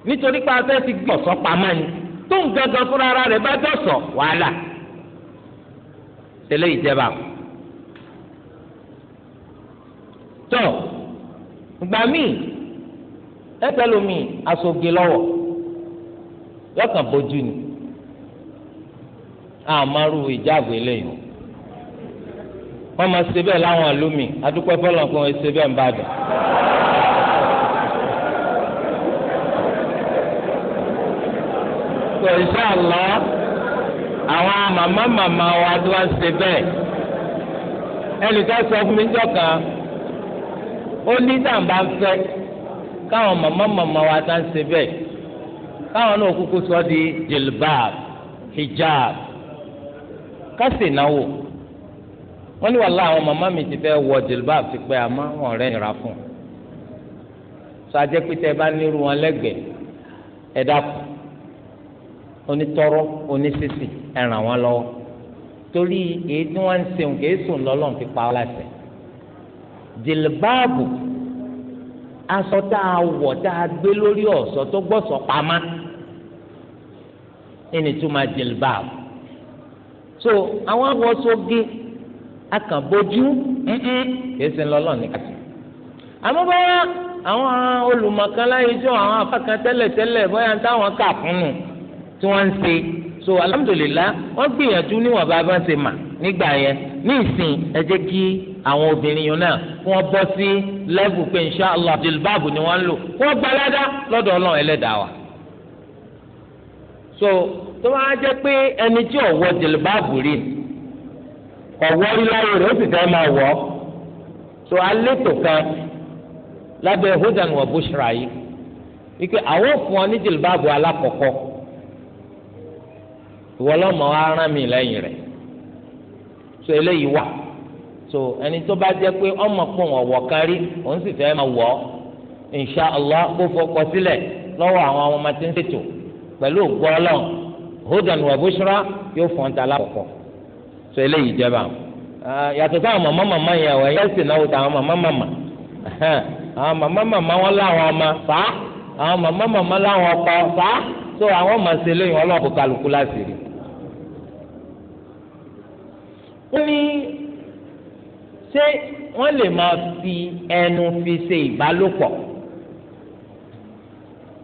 nítorí pé afẹ́ ti gbọ̀sọ́ pamọ́ ni tó ń gangan fúnra ara rẹ̀ bá dọ̀sọ̀ wàhálà tẹ́lẹ̀ ìjẹba tọ́ gbà míì ẹ̀pẹ̀lómi asoge lọ́wọ́ yọkàn bójú ni àmàrú ìjáàbò eléyìí wọ́n máa ṣe bẹ́ẹ̀ láwọn àlómi adúpẹ́ fọlọ́nkàn ẹ̀ ṣe bẹ́ẹ̀ ń bàdàn. pé ìṣàlọ́ àwọn màmá màmá wa tó wá ṣe bẹ́ẹ̀ ẹnìkan sọ fún mi jọ kan ó ní tàǹbà ń fẹ́ káwọn màmá màmá wa tá ń ṣe bẹ́ẹ̀ káwọn náà kúkú sọ di jilbab hijab kásì náwó wọn ní wàhálà àwọn màmá mi ti fẹ́ wọ jilbab ti pẹ́ àmọ́ wọn rẹ́ nira fún un sọ ajẹ́ pété bá nírú wọn lẹ́gbẹ̀ẹ́ ẹ dákun onítọrọ onísìsì ẹ ràn wọ́n lọ́wọ́ torí èyí tí wọ́n ń sèwọn kì í sùn lọ́lọ́run fi pa ọ́ láṣẹ jìlbáàbù aṣọ tá a wọ̀ tá a gbé lórí ọ̀ṣọ́ tó gbọ́sọ̀ pamá ẹni tó máa jìlbáàbù so àwọn awọsọgé akànbójú kèsì ńlọlọ nìkàtì àmọ́ báyà àwọn olùmọ̀kan láyé jọ àwọn afákan tẹ́lẹ̀tẹ́lẹ̀ bóyá ń táwọn kà fún un tí wọ́n ń ṣe so alhamdulilah wọ́n gbìyànjú níwọ̀n bá bá ṣe mà nígbà yẹn ní ìsìn ẹ jẹ́ kí àwọn obìnrin yìí náà kí wọ́n bọ́ sí lẹ́bù pé insha allah jilbab ni wọ́n ń lò kí wọ́n gbalada lọ́dọ̀ ọlọ́run ẹlẹ́dàá wa. so tó bá jẹ́ pé ẹni tí ò wọ jilbab rí kò rí láyé rẹ̀ ó sì fẹ́ máa wọ̀ so alétò kan lábẹ́ hudan wa bushra yìí wípé àwọn fún ọ ní jilbab alákọ̀ọ́kọ́ ìwọ lọ́mọ wa mi lẹ́yìn rẹ so eléyìí wà so ẹni tó bá jẹ pé ọmọ pọ̀ ọwọ kárí òun sì fẹ́ máa allah kó sílẹ̀ lọ́wọ́ àwọn ọmọ tí ń ṣètò pẹ̀lú gbọ́lọ́n hudan wa bushra yóò fọ́n ta so eléyìí jẹba yàtọ̀ sáwọn yẹn sì náwó àwọn mama. wọn láwọn ọmọ àwọn mama láwọn ọkọ so àwọn kálukú wọ́n ní ṣé wọ́n lè máa fi ẹnu fi ṣe ìbálòpọ̀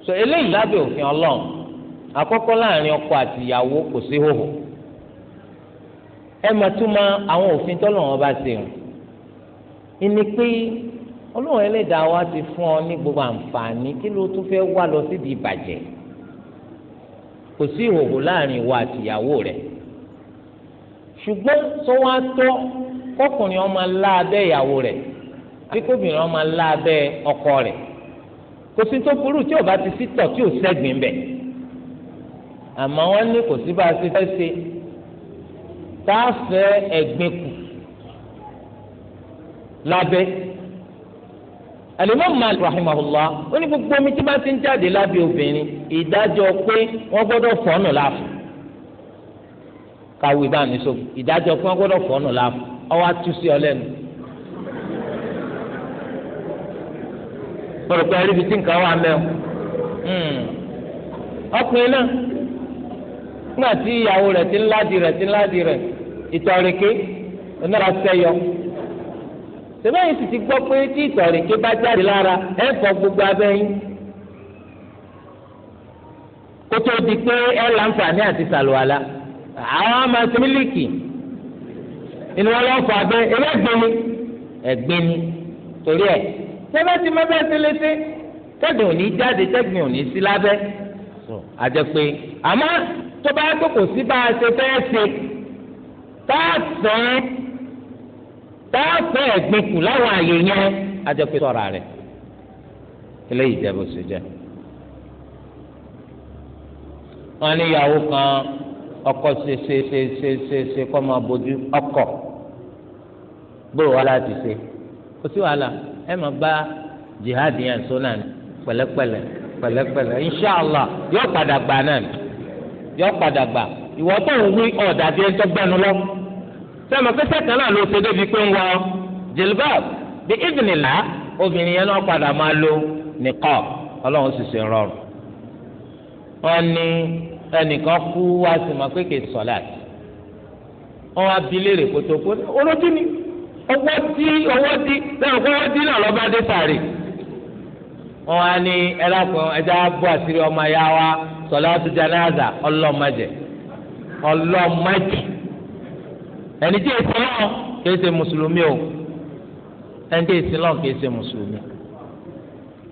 so eléyìí lábẹ́ òfin ọlọ́run àkọ́kọ́ láàrin ọkọ àti ìyàwó kò sí hòhò ẹ mà tún ma àwọn òfin tọ́lọ́run bá ṣe hàn ìní pé ọlọ́run ẹlẹ́dàá wa ti fún ọ ní gbogbo àǹfààní kí ló tún fẹ́ wá lọ síbi ìbàjẹ́ kò sí hòhò láàrin ìwọ àti ìyàwó rẹ̀ ṣùgbọ́n tó wá tó kọkùnrin ọmọ ńlá abẹ́ ìyàwó rẹ̀ àbí kóbìnrin ọmọ ńlá abẹ́ ọkọ rẹ̀ kò sí tó burú tí ò bá ti sí tọ̀ tí ò sẹ́gbìn bẹ̀ àmọ́ wọ́n ní kò sí bá a ṣe fẹ́ ṣe tá a fẹ́ ẹ̀gbin kù lábẹ́ alimami maali rahimahullah ó ní gbogbo omi tí bá ti ń jáde lábẹ́ obìnrin ìdájọ́ pé wọ́n gbọ́dọ̀ fọ́nù láàfin káwé bá ní sófin ìdájọ́ pé wọ́n gbọ́dọ̀ fọ́ọ̀nù láàmú ọwọ́ atú sí ọ lẹ́nu. mo rò pé ẹrí ibi tí nǹkan wà mẹ́ọ̀ hmm. ọkùnrin náà nígbà tí ìyàwó rẹ̀ ti ń ládìí rẹ̀ ti ń ládìí rẹ̀ ìtọ̀rẹ̀kẹ́ onára sẹ́yọ sẹ́fẹ̀yìn sì ti gbọ́ pé tí ìtọ̀rẹ̀kẹ́ bá jáde lára ẹ̀ fọ gbogbo abẹ́yìn kótó di pé ẹ̀ láǹfààní àti sàlùwàlà àwọn ọmọ ẹsẹ mílíkì inú wọn lọ fọ abẹ ẹgbẹ gbẹmí ẹgbẹmí torí ẹ tẹbẹ tí mẹbẹ ti létí tẹgbìn òní jáde tẹgbìn òní sí lábẹ́ àjẹ pé àmọ́ tó bá tó kò sí bá a ṣe fẹ́ ṣe tá a sàn tá a fẹ́ ẹ̀gbin kù láwọn àyè yẹn àjẹ pé sọ̀rọ̀ rẹ̀ eléyìí jẹ́ bó ṣe jẹ́ wọ́n ní ìyàwó kan ọkọ ṣe ṣe ṣe ṣe ṣe ṣe kọ́ máa bójú ọkọ̀ gbòòrò wàhálà ti ṣe kò sí wàhálà ẹ máa bá jihad yẹn sọ náà ni pẹ̀lẹ́pẹ̀lẹ́ pẹ̀lẹ́pẹ̀lẹ́ inshàlá yóò padà gbà náà ni yóò padà gbà ìwọ tó ń wí ọ̀dà bíi ẹjọ́ gbẹnu lọ sẹ́mi pẹ́sẹ́ kan náà ló ṣe débi pé ń wọ jilbab bí ìdìnnìlá obìnrin yẹn náà padà máa lo nìkọ́ ọlọ́run sì ṣe rọrùn. wọ́n ní ẹnìkan kú wá sí ma pé kè sọlá wọn wá bi léèrè kótó kó olójú ni ọwọ́ dí ọwọ́ dí lẹ́yìn ọkọ ọwọ́ dí náà lọ́ba dé sàárè wọn wá ní ẹlẹ́kùn ẹja bọ́ àṣírí ọmọ ya wa sọlá tó janaza ọlọ́mọdé ọlọ́mọdé ẹni tí èsì náà kìí ṣe mùsùlùmí o ẹni tí èsì náà kìí ṣe mùsùlùmí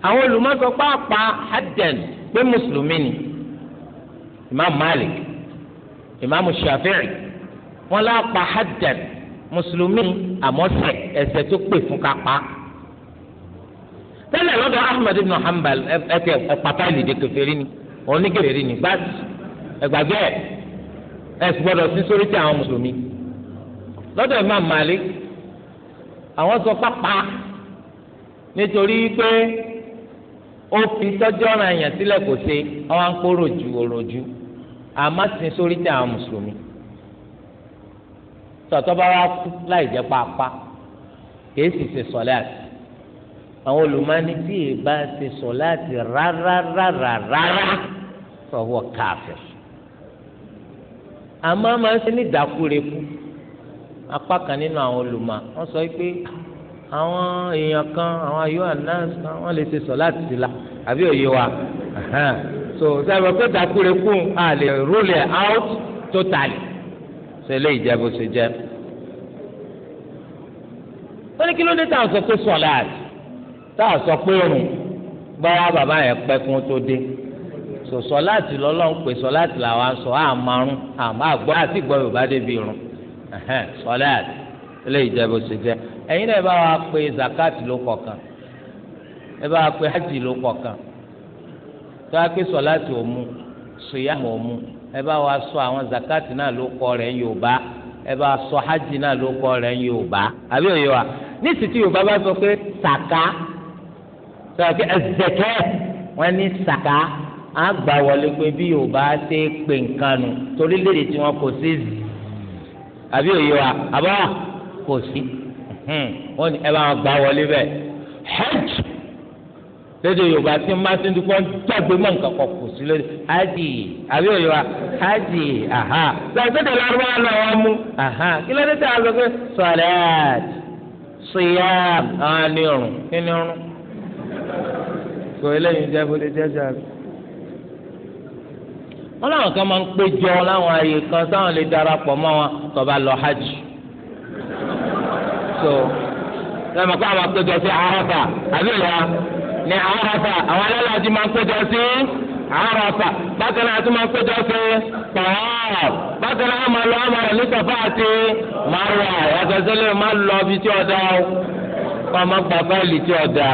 àwọn olùmọ̀sọ pàápàá hadden pé mùsùlùmí ni imam malik imam shafi'i wọn lápá hajjan mùsùlùmí àmọ́sẹ̀ ẹ̀ṣẹ̀ tó pè fún kápá tẹ́lẹ̀ lọ́dọ̀ ahmed ibn hanbal ẹ̀kẹ́ ẹ̀pàtà ìlìdè kẹfẹ́rí ni oníkẹfẹ́rí ni gbàtí ẹ̀gbàgbẹ́ ẹ̀sùn gbọ́dọ̀ sí sórí tí àwọn mùsùlùmí lọ́dọ̀ imam malik àwọn sọ pápá nítorí pé
ó fi tọ́jú ọ̀ràn èèyàn sílẹ̀ kò ṣe àwọn akóró
ju òròjú àmọ́ sin sórí tẹ àwọn mùsùlùmí tọ̀tọ̀ bá wá kú láì jẹ́ pápá kìí sì ṣe sọ̀láàtì àwọn olùmọ́ni tí ì bá ṣe sọ̀láàtì rárárárárá fọwọ́ káfẹ́ àmọ́ a máa ń ṣe ní ìdákúrekú apá kan nínú àwọn olùmọ̀ wọ́n sọ pé àwọn èèyàn kan àwọn ayọ́ àná wọ́n lè ṣe sọ̀láàtì sí la àbí òye wa so sábà pé takurekun a lè rule out totally ṣe lè jẹ bó ṣe jẹ ó ní kí ló dé tá a sọ pé sọláàt tá a sọ pé òrùn gbọ́dọ̀ bàbá yẹn pẹ́ kún tó dé so sọláàtì lọ́lọ́run pé sọláàtì làwọn aṣọ àmàrún àmà àgbọ́ àti ìgbọ́ yorùbá débi irun sọláàtì lè jẹ bó ṣe jẹ ẹ̀yin náà bá wa pé zakat ló kọ̀ọ̀kan ẹ bá pé hajj ló pọ̀ kan tó a pé sọláàtì òmu sùyàmù òmu ẹ bá wa sọ àwọn zakati náà ló kọ rẹ̀ ń Yorùbá ẹ bá sọ hajj náà ló kọ rẹ̀ ń Yorùbá àbí òye wa ní ìsìtì Yorùbá bá sọ pé sàká sọ pé ẹ̀zẹ̀kẹ́ wọ́n ní sàká àgbà wọlé pé bí Yorùbá ṣe pè nǹkan nu torí léde tí wọn kò sí àbí òye wa àbá kò sí wọ́n ní ẹ bá wọn gbà wọlé bẹ́ẹ̀ hajj lédè yorùbá tí má sí dúpọ́ jágbe mọ́ nǹkan kan kò sí lórí hajj àbí òyìnbá hajj aha lọ́sọ̀dọ̀ lárúbá náà wọ́n mú aha kí lóde tí a lọ pé sọ̀rẹ́t siyam àwọn ní ọ̀run kí ni ọ̀run kò eléyìí jẹ́ bó lè jẹ́ sàbí. wọ́n láwọn kan máa ń péjọ láwọn ààyè kan sáwọn lè darapọ̀ mọ́ wọn tó bá lọ hajj so lẹ́mọ̀ọ́ àwọn péjọ sí Àràfà ní àràfà àwọn alálàájì máa ń péjọ sí àràfà bákan náà a tún máa ń péjọ sí tọ́ọ̀ bákan náà a máa lọ àmọ́ rẹ̀ ní sọ́fà àti márùwà yàtọ̀ sílẹ̀ máa lọ ibi tí ọ̀dà o kọ́ ọmọ gbà fáìlì tí ọ̀dà.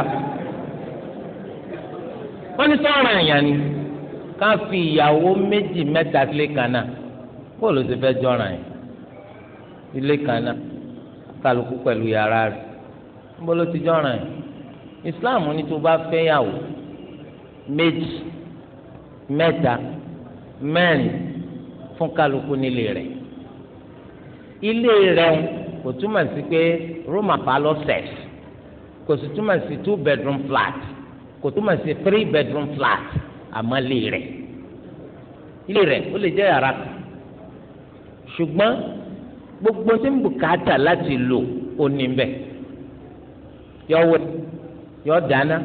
wọ́n ní sọ́ọ̀rọ̀ èèyàn ni ká fi ìyàwó méjì mẹ́ta sílé kan náà ti fẹ́ jọra yẹn ilé kan kálukú pẹ̀lú yàrá rẹ̀ níbo ló ti jọra yẹn islam ní tó bá fẹ́yàwó méjì mẹ́ta mẹ́rin fún kálukú nílé rẹ̀ ilé rẹ̀ kò túmọ̀ sí pé roma palaces kò sì túmọ̀ sí two bedroom flat kò túmọ̀ sí three bedroom flat àmọ́ ilé rẹ̀ ilé rẹ̀ ó lè jẹ́ yàrá kan ṣùgbọ́n gbogbo tí ń bùkátà láti lò ó ní bẹ́ẹ̀ yọ yọ dana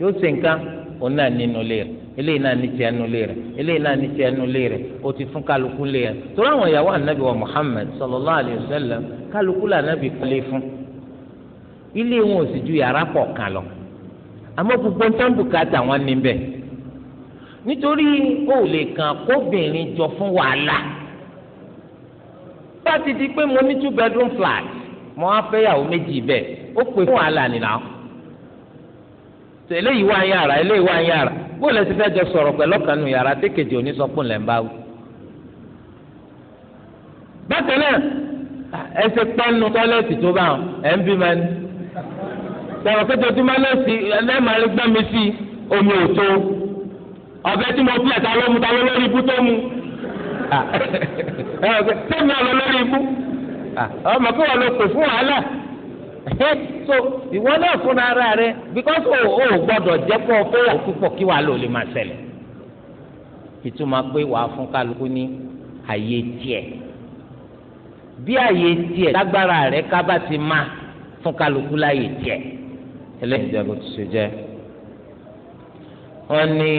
yóò ṣe nǹkan òun náà nínú ilé rẹ̀ eléyìí náà ní tiẹ̀ nulẹ̀ rẹ̀ eléyìí náà ní tiẹ̀ nulẹ̀ rẹ̀ o ti fún kálukú lé torí àwọn ìyàwó anabi wa muhammed sallallahu alaihi wa kálukú la anabi kọ́lé fún ilé wọn ò sì ju lọ àmọ́ gbogbo ntọ́nbù káàtà wọn ní bẹ́ẹ̀ nítorí o lè kàn kóbìnrin jọ fún wàhálà bá ti di pé mo ní two bedroom flat mo á fẹ́ yàwó méjì bẹ́ẹ̀ ó pè fún wàhálà tó eléyìí wà ń yàrá eléyìí wà ń yàrá bó lẹ ti fẹ́ jọ sọ̀rọ̀ pẹ̀lú ọ̀kan nù yàrá tí kejì òní sọ pé ńlẹ̀ ń bá wù. bákan náà ẹsẹ̀ pẹ́ẹ́nu tọ́lẹ́tì tó bá wọn ẹ̀ ń bí ma ní. sọ̀rọ̀ pé tojúmọ́ lẹ́sì ẹlẹ́màálí gbọ́n mi sí omi òtó
ọ̀bẹ tí mo fi ẹ̀ta ló mu ta ló lórí ibú tó mu. sẹ́mi ọ̀lọ́ lórí ibú
ọmọ kí wọ́n lọ pè fún wàhálà so ìwọ náà fúnra ara rẹ because o ò gbọ́dọ̀ jẹ́ pọ̀ fẹ́yàwó púpọ̀ kí wàá lò lè máa ṣẹlẹ̀ ìtumọ̀ pé wàá fún kálukú ní àyè tiẹ̀ bí àyè tiẹ̀ lágbára rẹ kábà ti má fún kálukú láyè tiẹ̀ ẹlẹ́yìn ìjọba ti ṣe jẹ́ wọ́n ní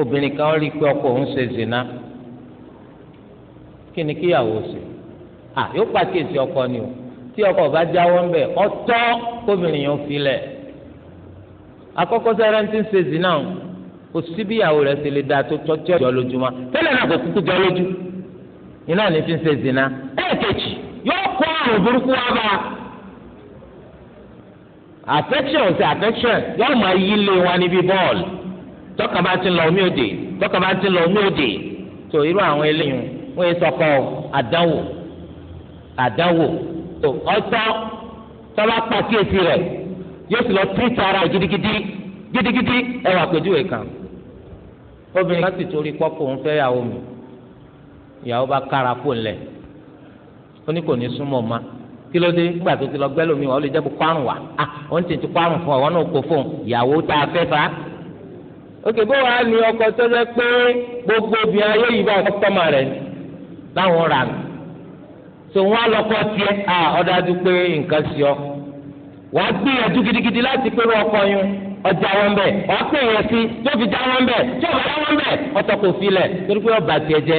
obìnrin kan rí i pé ọkọ òun ṣe zina kí ni kíyàwó ṣe à yóò pàkíyèsí ọkọ ni o. tí ọkọ bá jáwọ́ ń bẹ̀ ọtọ́ kóbìnrin yẹn fi lẹ̀ akọ́kọ́ sẹ́rẹ́ ti ń ṣe zina bí ìyàwó rẹ̀ lè da tó tọ́jú ọjọ́ lójúmọ́ tẹ́lẹ̀ náà kò kúkú jọ lójú iná ni ti ń ṣe zina
ẹ̀ẹ̀kejì yóò kó àrùn burúkú wá bá
affection affection yóò máa yí lé níbi bọ́ọ̀lù tọ́ka bá ti lọ omi òde tọ́ka bá sọkọ ọtọ́ tọ́lá pàkíyèsí rẹ̀ yóò sì lọ tírítà ara gidigidi gidigidi ẹwà àpèjúwe kan obìnrin kan sì torí kọ́kọ́ ń fẹ́ yàwó mi ìyàwó bá kára kó lẹ̀ ó ní kò ní súnmọ́ ma kí ló dé nígbà tó ti lọ gbẹ́ lómi wọn ó lè jẹ́ kó kárùn wá à ah, ó ń tètè fún ọ wọn náà kó fún un ìyàwó tá a fẹ́ fa. òkè bó wàá ní ọkọ tó jẹ́ pé gbogbo obìnrin ayé yìí bá ọkọ tọ́mọ rẹ̀ láwọn rà mí tó wọn á lọkọ tiẹ̀ à ọdájú pé nǹkan sí ọ wàá gbìyànjú gidigidi láti pé ọkọ yín ọjà wọn bẹ wàá pè yẹn sí tó fi já wọn bẹ tó bá já wọn bẹ ọtọ kò filẹ torí pé ọba tiẹ̀ jẹ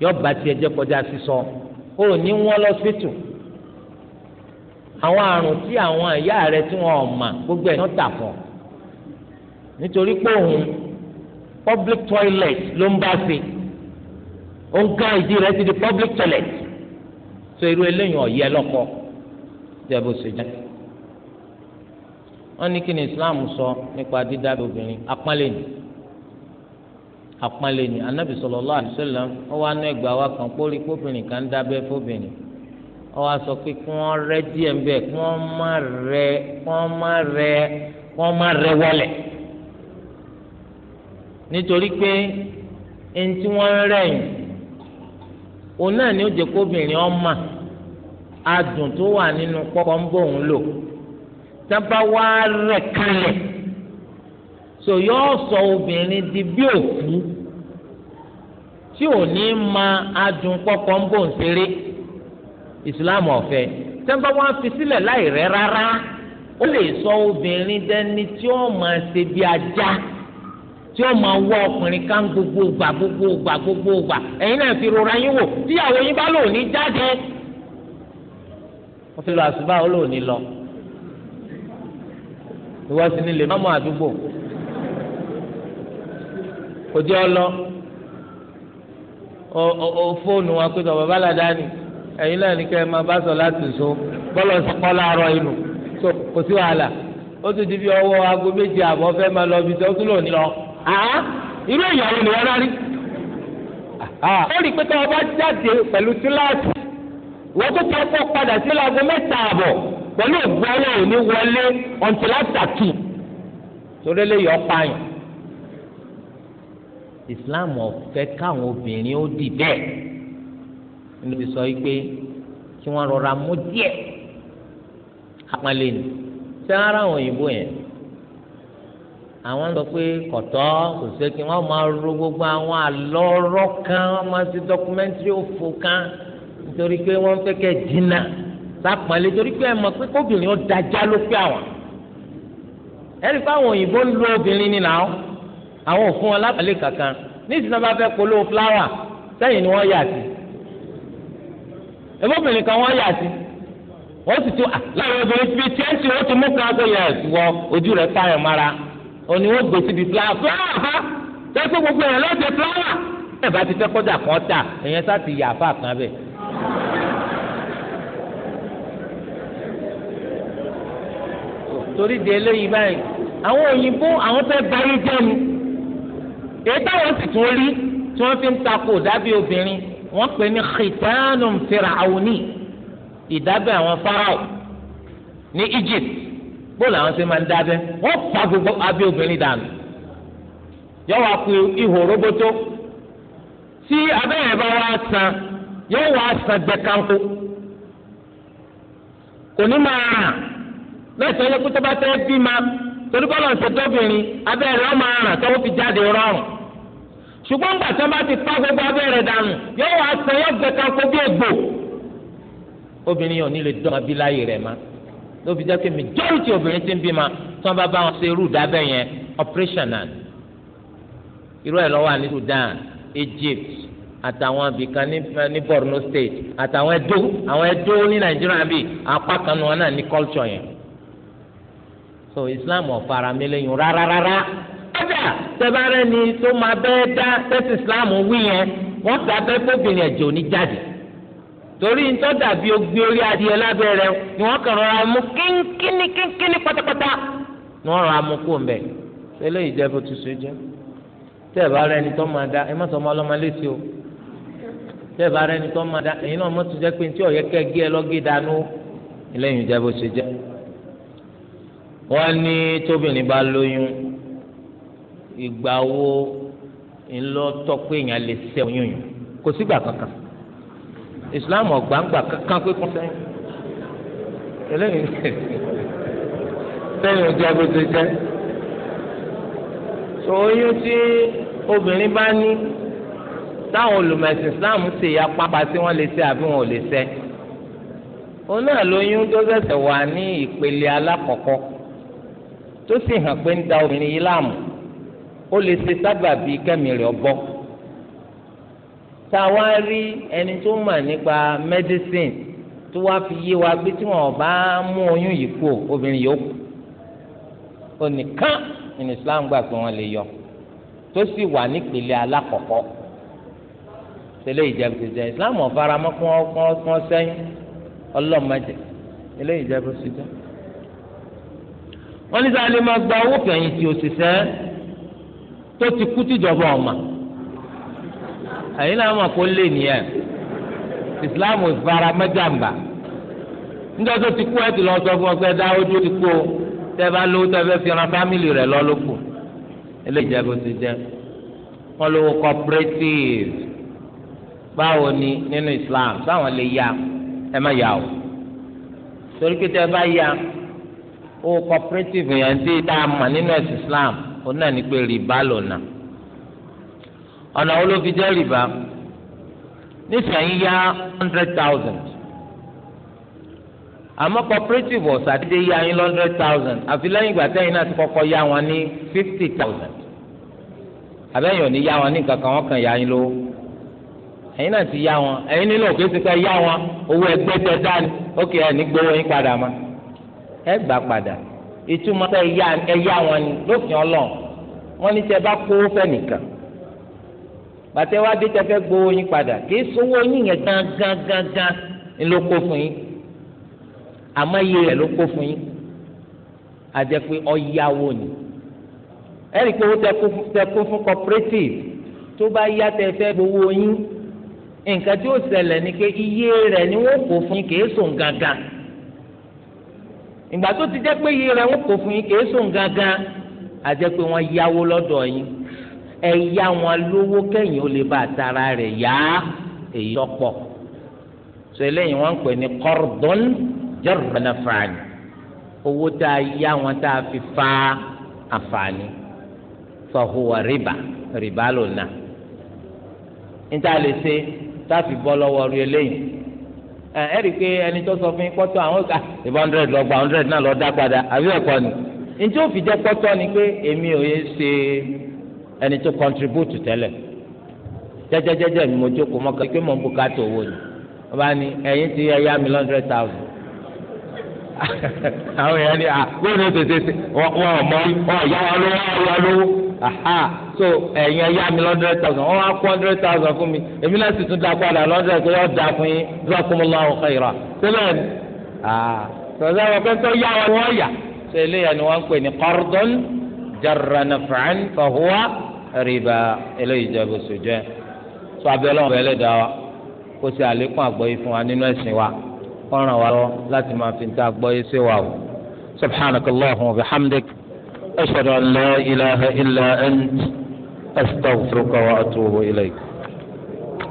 yọba tiẹ̀ jẹ kọjá sísọ ó ní wọn lọ sípítù àwọn àrùn tí àwọn ìyá rẹ tí wọn ò mà gbogbo ẹ̀ ní ọ̀tà fún nítorí pé òun public toilet ló ń bá ṣe. ònkà ìdí rẹ̀ ti di public toilet so irú eléyìí ọ̀yẹ́ lọ́kọ jẹ́ bó ṣe jẹ́ wọ́n ní kí ni Islam sọ nípa dídábẹ́ obìnrin apánlẹ́yìn apánlẹ́yìn Ànábì sallallahu alaihi wasallam ó wá ná ẹgbàá wa kan pórí kóbìnrin kan dábẹ́ fóbìnrin ó wá sọ pé kí wọ́n rẹ́ díẹ̀ ń bẹ̀ kí wọ́n má kí wọ́n má kí wọ́n má nítorí pé òun náà ni ó jẹ́ kóbìnrin ọmọ adùn tó wà nínú pọ́pọ́ ń bọ̀ òun lò tábà wá rẹ̀ kalẹ̀ so yóò sọ obìnrin di bí òkú tí ò ní ma adùn pọ́pọ́ ń bọ̀ ń ṣeré ìsìláàmù ọ̀fẹ́ tábà wá fi sílẹ̀ láì rẹ̀ rárá ó lè sọ obìnrin dẹni tí ó máa ṣe bí ajá tí ó máa wọ ọkùnrin kan gbogbo gbà gbogbo gbà gbogbo gbà ẹ̀yin náà fi rora yín wò tíyàwó yín bá lòun ní jáde wọ́n fi lọ àṣùbà ó lòun ní lọ ìwọ sí ni lè má mọ àdúgbò kò jẹ́ ọ lọ ọ fóònù wa pé bàbá ládàá ni ẹ̀yin náà ní kẹ́ ẹ máa bá sọ láti so bọ́lọ̀ sọ́kọ́ láàárọ̀ inú kò sí wàhálà ó tún di bí ọwọ́ aago méje àbọ̀ fẹ́ máa lọ ibi ó tún lò ní lọ àá irú ìyàwó ni wọ́n rárí. ó rí i pé tí wọ́n bá jáde pẹ̀lú síláàsì wọ́n tó tẹ́ kọ́ padà sí láago
mẹ́ta àbọ̀ pẹ̀lú ògbó ọlọ́run ní wọlé ọ̀ǹtìlá tàtù
torí lè yọ pààyàn. Islam ọ̀fẹ́ káwọn obìnrin ó dì bẹ́ẹ̀ nínú ti sọ yìí pé kí wọ́n rọra mú díẹ̀ apalẹ́ ni sẹ́wọ́n ara àwọn òyìnbó yẹn àwọn sọ pé kọ̀tọ́ kò sí kí wọ́n máa ro gbogbo àwọn àlọ́rọ́ kan wọ́n máa ti dọ́kúmẹ́ntìrì òfò kan nítorí pé wọ́n fẹ́ kẹ́ dínà sápàlẹ̀ torí pé ẹ mọ̀ pé kóbìnrin ó dájá ló pé àwọn ẹ̀rí pé àwọn òyìnbó ń lo obìnrin ni làwọn àwọn ò fún wọn lábàlẹ̀ kankan níìsín náà bá fẹ́ polówó fúláwà sẹ́yìn ni wọ́n yà sí ẹ̀fọ́bìnrin kan wọ́n yà sí wọ́n sì tún ah, láwọn obìnrin fi tiẹ́ǹtì ti mú kan kó òní wọn gbé síbi fúláwà fúláwà ha tẹ́sí gbogbo èèyàn lọ́sẹ̀ fúláwà. ẹ bá ti fẹ́ kọjá kan tà èèyàn sá ti yà á fà kan bẹ̀. torí di eléyìí báyìí àwọn òyìnbó àwọn fẹ́ báyìí jẹ́ mi èyí táwọn sì tún rí tí wọ́n fi ń takò dábì obìnrin wọ́n pè ní khitanum firauni ìdábẹ́ àwọn farao ní Egypt. bóòlù àwọn ṣe máa ń dábẹ́ wọ́n pa gbogbo abẹ́ obìnrin dànù yọ̀wọ́ akú ihò roboto tí abẹ́rẹ́ bá wá san yóò wá gbẹ̀kanko kò ní máa lẹ́sẹ̀ bá bí ma torí bọ́lá ń ṣètọ́bìnrin abẹ́rẹ́ ọmọ aràn fi jáde rọrùn ṣùgbọ́n gbà tó bá ti gbogbo abẹ́rẹ́ dànù gbẹ̀kanko bí egbò obìnrin yóò ló fi jẹ́ pé majority obìnrin ti ń bímọ tí wọ́n bá bá wọn ṣe irú ìdábẹ́ yẹn operation náà irú ẹ̀ lọ́wọ́ ní Sudan Egypt àtàwọn abìkan ní ní Borno state àtàwọn Ẹdó àwọn Ẹdó ní Nàìjíríà bíi apá kan wọn náà ní culture yẹn so Islam ọ̀fara mi lẹ́yìn rárá rárá kódà tẹ́bárẹ́ ni tó máa bẹ́ẹ̀ dá tẹ́sí Islam wí yẹn wọ́n ta bẹ́ẹ̀ fóbìnrin ẹ̀jẹ̀ òní jáde torí ń tọ́ dàbí ogbé orí adìẹ lábẹ́ rẹ ni wọ́n kàn rọra mú kínkínní kínkínní pátápátá ni wọ́n rọra mú kó mbẹ́ eléyìí jẹ́ bó ti ṣe jẹ́ tẹ́ ẹ̀ bá rẹ ẹni tó máa da ẹ má sọ ọmọ ọlọ́mọ létí o tẹ́ ẹ̀ bá rẹ ẹni tó máa da ẹ̀yin náà mọ́ tó jẹ́ pé ní tí ọ̀yẹ́ kẹ́ gé ẹ lọ́gé dànù eléyìí jẹ́ bó ṣe jẹ́ wọ́n ní tóbìnrin bá lóyún ìgbà wo ńlọ tọ́ pé èèyàn islam ọ̀gbàǹgbà kankan pé kún sẹ́yìn eléyìí sẹ́yìn ojú agbèsè jẹ́ so oyún tí obìnrin bá ní táwọn olùmọ̀ẹ̀sìn islam ṣe ya pápá tí wọ́n lè ṣe àbí wọn ò lè ṣe òun náà lóyún tó ṣẹ̀ṣẹ̀ wà ní ìpele alákọ̀ọ́kọ́ tó sì hàn pé ń da obìnrin yìí láàmú ó lè ṣe sábàbí kẹ́mi rẹ̀ ọ bọ́ tá a wá rí ẹni tó mà nípa medicine tó wá fi yé wa pé tí wọn bá mú oyún yìí kú obìnrin yóò kú onìkan ní Islam gbà pé wọn lè yọ tó sì wà nípele alákọ̀ọ́kọ́ tẹ́lẹ̀ ìjẹun ti jẹ Islam ọ̀faramọ́ kún sẹ́yìn ọlọ́mọdé tẹ́lẹ̀ ìjẹun ti jẹ wọ́n ní sáà lè máa gba owó fẹ̀yìntì òṣìṣẹ́ tó ti kú tìjọba ọ̀ma ẹ̀yin náà mọ̀ kó lé nìyẹn islam fara mẹ́jàmbá níjọ́ tó ti kú ẹ ti lọ sọ fún ọ pé dáwọ́dú ti kú o tẹ́ bá lówó fámìlì rẹ̀ lọ eléyìí jẹ́ bó ti jẹ́ wọ́n lówó cooperative báwo ni nínú islam báwọn lè ya ẹ má ya o torí pé tẹ́ ya owó cooperative yẹn ti dá a mọ̀ nínú islam ó náà ní pé rìbá lò náà ọ̀nà wo ló fi jẹ́ rìbá nísìnyí yá hundred thousand àmọ́ cooperative ọ̀sàdédé yá yín hundred thousand àfi lẹ́yìn ìgbà tẹ́yìn náà ti kọ́kọ́ yá wọn ní fifty thousand àbẹ́yìn ò ní yá wọn ní nǹkan kan wọ́n kàn yá yín lówó ẹ̀yin náà ti yá wọn ẹ̀yin nínú òkè ti fẹ́ yá wọn owó ẹgbẹ́ tẹ dání ókè ẹ̀ gbowó yín padà mọ́ ẹ gbà padà ìtumọ̀ ẹ yá wọn ni lófin ọlọ́run wọn ní tẹ bá kó fẹ́ nìkan bàtẹ wá dé tẹfẹ gbowó yín padà kì í sówó yín yẹn gángan gángan ló kó fún yín àmọ́ iye rẹ̀ ló kó fún yín àjẹ pé ọyáwó ni ẹnì pé ó tẹ kó fún cooperative tó bá yá tẹfẹ gbowó yín nǹkan tí ó ṣẹlẹ̀ ni pé iye rẹ̀ ni wọ́n kó fún yín kì í sùn gángan ìgbà tó ti jẹ́ pé iye rẹ̀ wọ́n kó fún yín kì í sùn gángan àjẹ pé wọ́n yáwó lọ́dọ̀ yín ẹ yá wọn lówó kẹ́yìn ó lè bá àtàrà rẹ̀ yá èyí tọ́pọ̀ so eléyìí wọ́n ń pè ní kọ́rdọ́n jẹ́rọ̀bẹ̀nàfààní owó tá a yá wọn tá a fi fa àǹfààní fọ̀hùwà rìbá rìbá ló nà níta lè ṣe tá bọ́ lọ́wọ́ rí eléyìí ẹ rí i pé ẹni tó sọ fún pọ́tọ́ àwọn ọ̀gá ìbá hundred lọ́gbà hundred náà lọ́ọ́ dá padà àbí ẹ̀kọ́ ni njẹ́ òfin jẹ́ pọ́tọ́ ni pé èmi ò yẹ ṣe é ẹni tó contribute tẹ́lẹ̀ jẹ́jẹ́jẹ́jẹ́ ni mo jókòó mọ́kàn pé mo ń bùkátà owó ni wọ́n bá ní ẹ̀yin ti ẹ̀yà mi hundred thousand <laughs> àwọn èèyàn ni ah, wọ́n ní tètè wọ́n mọ ọ̀yá wa lówó ọ̀yá lówó so ẹ̀yin ẹ̀yà mi hundred thousand wọ́n wá kó hundred thousand fún mi èmi náà sì tún da padà hundred pé yóò da fún yín jazakumullahu khaira sílẹ̀ ni sọ̀rọ̀ wọn pé tó yá wọn wọ́n yà ni wọ́n ń naf'an fa rìbá eléyìí jẹ́ bó so jẹ́ tó abẹ́lẹ́ ọ̀bẹ ẹlẹ́dàá wa kó ṣe àlékún àgbọ́yé fún wa nínú ẹ̀sìn wa kó ràn wá lọ láti máa fi ta àgbọ́yé sí wa o subhanaka allahumma wa bihamdik ashhadu an la ilaha illa ant astaghfiruka wa atubu ilayk.